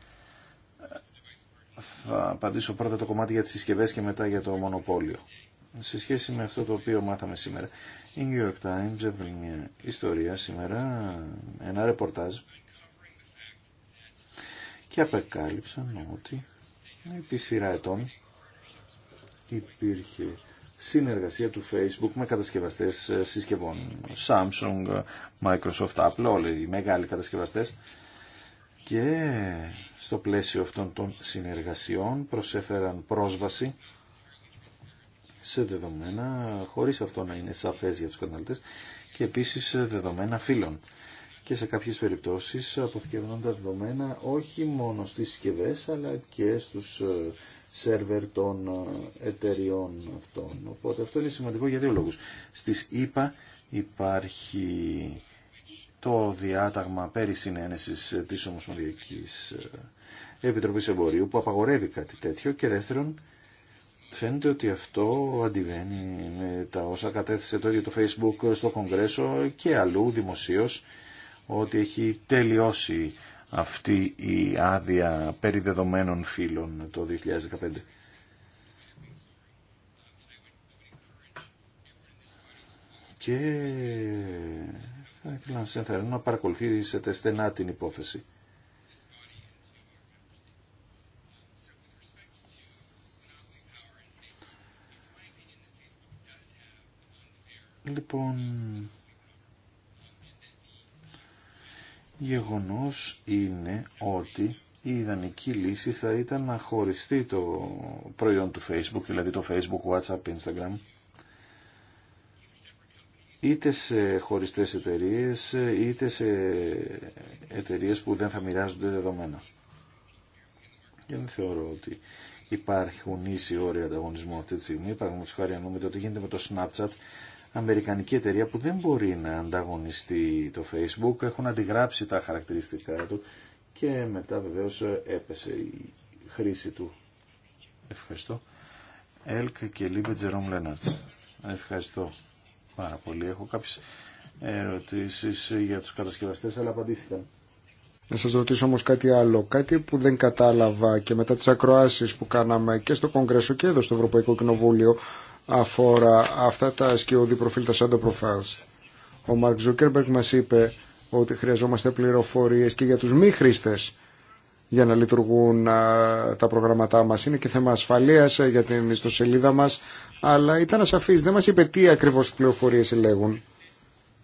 Speaker 1: Θα απαντήσω πρώτα το κομμάτι για τις συσκευές και μετά για το μονοπόλιο σε σχέση με αυτό το οποίο μάθαμε σήμερα. Η New York Times έβγαλε μια ιστορία σήμερα, ένα ρεπορτάζ και απεκάλυψαν ότι επί σειρά ετών υπήρχε συνεργασία του Facebook με κατασκευαστές συσκευών Samsung, Microsoft, Apple, όλοι οι μεγάλοι κατασκευαστές και στο πλαίσιο αυτών των συνεργασιών προσέφεραν πρόσβαση σε δεδομένα χωρίς αυτό να είναι σαφές για τους καταναλωτές και επίσης δεδομένα φύλων. Και σε κάποιες περιπτώσεις αποθηκευνούν τα δεδομένα όχι μόνο στις συσκευέ αλλά και στους ε, σερβερ των ε, εταιριών αυτών. Οπότε αυτό είναι σημαντικό για δύο λόγους. Στις ΕΠΑ υπάρχει το διάταγμα περί συνένεσης της Ομοσπονδιακής ε, Επιτροπής Εμπορίου που απαγορεύει κάτι τέτοιο και δεύτερον Φαίνεται ότι αυτό αντιβαίνει με τα όσα κατέθεσε το ίδιο το Facebook στο Κογκρέσο και αλλού δημοσίως ότι έχει τελειώσει αυτή η άδεια περί δεδομένων φύλων το 2015. Και θα ήθελα να σας ενθαρρύνω να παρακολουθήσετε στενά την υπόθεση. Λοιπόν, γεγονός είναι ότι η ιδανική λύση θα ήταν να χωριστεί το προϊόν του Facebook, δηλαδή το Facebook, WhatsApp, Instagram, είτε σε χωριστές εταιρείες, είτε σε εταιρείες που δεν θα μοιράζονται δεδομένα. Και δεν θεωρώ ότι υπάρχουν ίσοι όροι ανταγωνισμού αυτή τη στιγμή. Παραδείγματο χάρη, αν το γίνεται με το Snapchat, αμερικανική εταιρεία που δεν μπορεί να ανταγωνιστεί το Facebook. Έχουν αντιγράψει τα χαρακτηριστικά του και μετά βεβαίως έπεσε η χρήση του. Ευχαριστώ. Ελκ και Λίβε Τζερόμ Λέναρτς. Ευχαριστώ πάρα πολύ. Έχω κάποιες ερωτήσεις για τους κατασκευαστές, αλλά απαντήθηκαν.
Speaker 3: Να σας ρωτήσω όμως κάτι άλλο, κάτι που δεν κατάλαβα και μετά τις ακροάσεις που κάναμε και στο Κογκρέσο και εδώ στο Ευρωπαϊκό Κοινοβούλιο, αφορά αυτά τα σκιώδη προφίλ, τα shadow profiles. Ο Μαρκ Ζούκερμπερκ μας είπε ότι χρειαζόμαστε πληροφορίες και για τους μη χρήστες για να λειτουργούν τα προγραμματά μας. Είναι και θέμα ασφαλείας ε, για την ιστοσελίδα μας, αλλά ήταν ασαφής. Δεν μας είπε τι ακριβώς πληροφορίες συλλέγουν.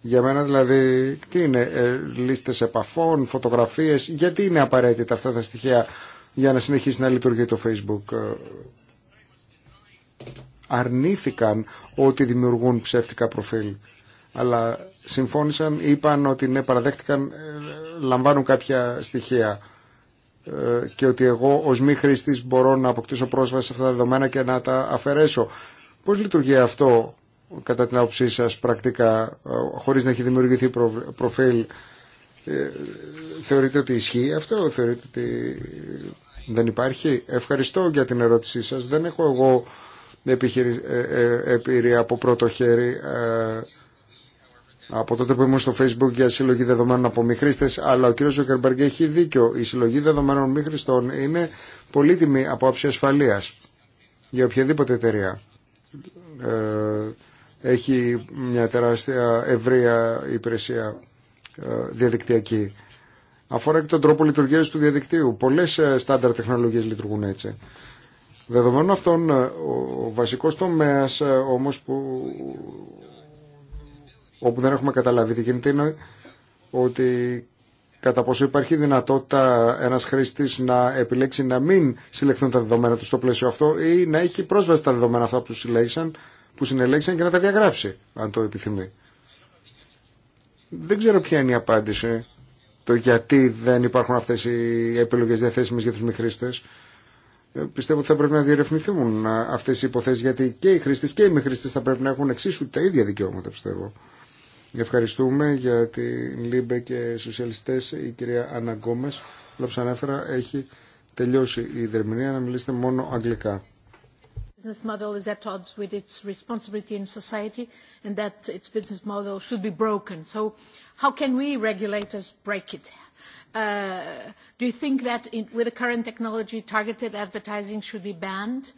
Speaker 3: Για μένα δηλαδή, τι είναι, ε, λίστες επαφών, φωτογραφίες, γιατί είναι απαραίτητα αυτά τα στοιχεία για να συνεχίσει να λειτουργεί το Facebook. Ε, αρνήθηκαν ότι δημιουργούν ψεύτικα προφίλ. Αλλά συμφώνησαν, είπαν ότι ναι, παραδέχτηκαν, ε, λαμβάνουν κάποια στοιχεία ε, και ότι εγώ ως μη χρήστη μπορώ να αποκτήσω πρόσβαση σε αυτά τα δεδομένα και να τα αφαιρέσω. Πώς λειτουργεί αυτό κατά την άποψή σας πρακτικά ε, χωρίς να έχει δημιουργηθεί προφίλ θεωρείτε ότι ισχύει αυτό, θεωρείτε ότι δεν υπάρχει. Ευχαριστώ για την ερώτησή σας. Δεν έχω εγώ επιχειρη... Ε, ε, από πρώτο χέρι ε, από τότε που ήμουν στο facebook για συλλογή δεδομένων από μη χρήστε, αλλά ο κύριος Ζοκερμπεργκ έχει δίκιο. Η συλλογή δεδομένων μη χρηστών είναι πολύτιμη από άψη ασφαλεία για οποιαδήποτε εταιρεία. έχει μια τεράστια ευρεία υπηρεσία διαδικτυακή. Αφορά και τον τρόπο λειτουργίας του διαδικτύου. Πολλές στάνταρ τεχνολογίες λειτουργούν έτσι. Δεδομένου αυτών, ε, ο βασικός τομέας ε, όμως που, όπου δεν έχουμε καταλάβει τι γίνεται είναι ότι κατά πόσο υπάρχει δυνατότητα ένας χρήστης να επιλέξει να μην συλλεχθούν τα δεδομένα του στο πλαίσιο αυτό ή να έχει πρόσβαση στα δεδομένα αυτά που συλλέξαν, που συνελέξαν και να τα διαγράψει, αν το επιθυμεί. Δεν ξέρω ποια είναι η απάντηση το γιατί δεν υπάρχουν αυτές οι επιλογές διαθέσιμες για τους μη χρήστες. Ε, πιστεύω ότι θα πρέπει να διερευνηθούν ε, αυτές οι υποθέσεις γιατί και οι χρήστες και οι μη χρήστες θα πρέπει να έχουν εξίσου τα ίδια δικαιώματα πιστεύω. Ευχαριστούμε για την Λίμπε και Σοσιαλιστέ, η κυρία Άννα Γκόμες. Όπως ανέφερα έχει τελειώσει η δερμηνία να μιλήσετε μόνο αγγλικά.
Speaker 7: Do you think that with the current technology, targeted advertising should be banned?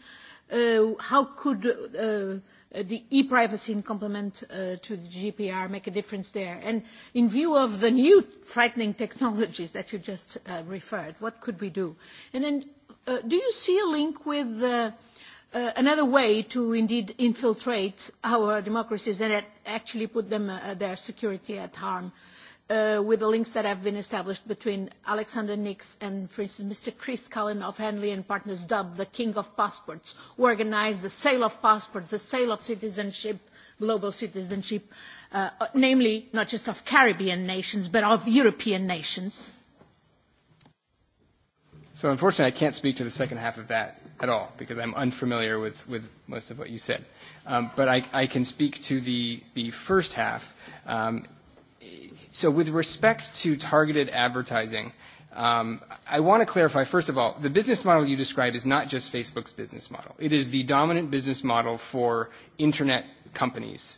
Speaker 7: How could the e-privacy in complement to the GDPR make a difference there? And in view of the new frightening technologies that you just referred, what could we do? And then, do you see a link with another way to indeed infiltrate our democracies that actually put them their security at harm? with the links that have been established between Alexander Nix and, for instance, Mr. Chris Cullen of Henley Partners, dubbed the king of passports, who organised the sale of passports, the sale of citizenship, global citizenship, namely not just of Caribbean nations, but of European nations.
Speaker 2: So unfortunately, I can't speak to the second half of that at all because I'm unfamiliar with, with most of what you said. but I, I can speak to the, the first half. So with respect to targeted advertising, I want to clarify, first of all, the business model you described is not just Facebook's business model. It is the dominant business model for Internet companies.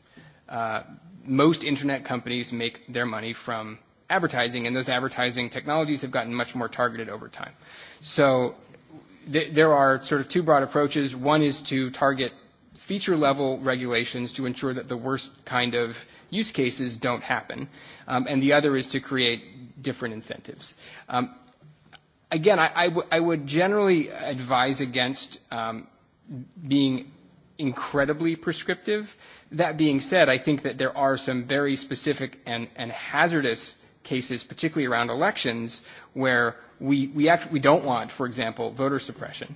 Speaker 2: Most Internet companies make their money from advertising, and those advertising technologies have gotten much more targeted over time. So there are sort of two broad approaches. One is to target feature-level regulations to ensure that the worst kind of use cases don't happen. And the other is to create different incentives. Again, I would generally advise against being incredibly prescriptive. That being said, I think that there are some very specific and hazardous cases, particularly around elections, where we don't want, for example, voter suppression.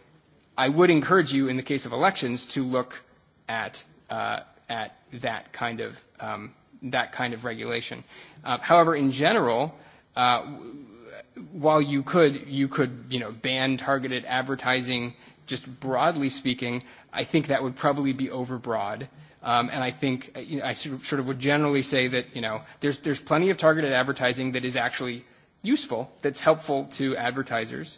Speaker 2: I would encourage you, in the case of elections, to look at that kind of regulation. However, in general, while you could you could know ban targeted advertising, just broadly speaking, I think that would probably be overbroad. And I think I sort of would generally say that you know there's plenty of targeted advertising that is actually useful, that's helpful to advertisers.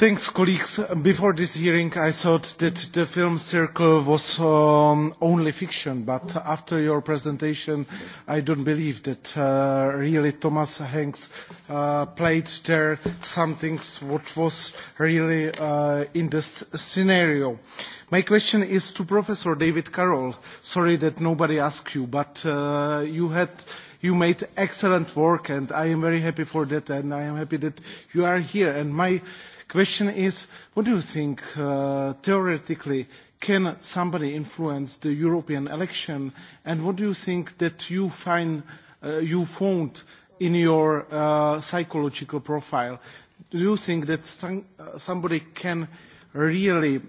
Speaker 1: Thanks, colleagues. Before this hearing, I thought that the film circle was only fiction, but after your presentation, I don't believe that really Thomas Hanks played there something what was really in this scenario. My question is to Professor David Carroll. Sorry that nobody asked you, but you had you made excellent work, and I am very happy for that, and I am happy that you are here. And my Question is, what do you think theoretically can somebody influence the European election, and what do you think that you find you found in your psychological profile? Do you think that somebody can really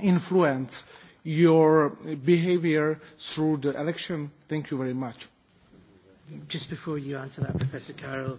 Speaker 1: influence your behaviour through the election? Thank you very much.
Speaker 5: Just before you answer that, Professor Carroll,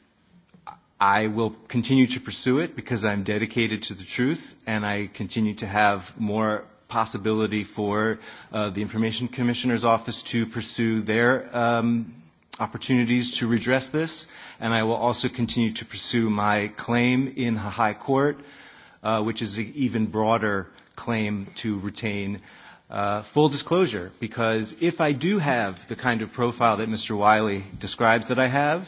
Speaker 4: I will continue to pursue it because I'm dedicated to the truth and I continue to have more possibility for the Information Commissioner's Office to pursue their opportunities to redress this, and I will also continue to pursue my claim in High Court, which is an even broader claim to retain full disclosure, because if I do have the kind of profile that Mr. Wiley describes that I have,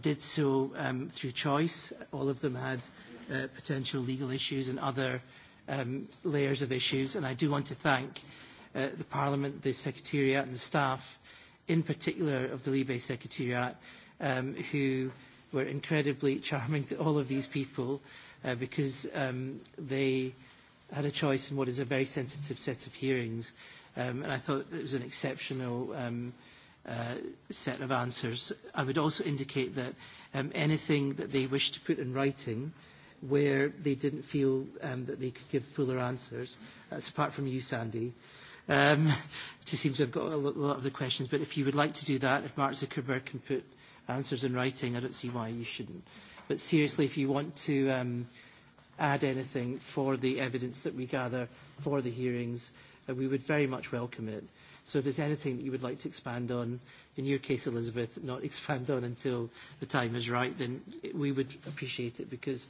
Speaker 5: did so through choice. All of them had potential legal issues and other layers of issues. And I do want to thank the Parliament, the Secretariat and the staff, in particular of the Libe Secretariat, who were incredibly charming to all of these people because they had a choice in what is a very sensitive set of hearings. And I thought it was an exceptional set of answers. I would also indicate that anything that they wish to put in writing where they didn't feel that they could give fuller answers, that's apart from you, Sandy, um, it seems I've got a lot of the questions, but if you would like to do that, if Mark Zuckerberg can put answers in writing, I don't see why you shouldn't. But seriously, if you want to add anything for the evidence that we gather for the hearings, we would very much welcome it. So if there's anything that you would like to expand on, in your case, Elizabeth, not expand on until the time is right, then we would appreciate it because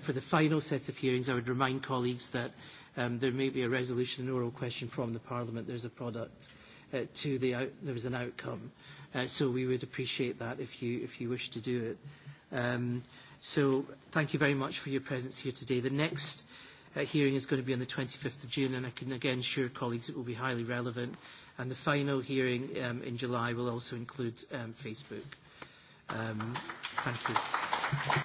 Speaker 5: for the final set of hearings, I would remind colleagues that there may be a resolution, an oral question from the Parliament. There's a product to the there is an outcome. So we would appreciate that if you if you wish to do it. So thank you very much for your presence here today. The next hearing is going to be on the 25th of June, and I can again assure colleagues it will be highly relevant And the final hearing in July will also include Facebook. Thank
Speaker 1: you.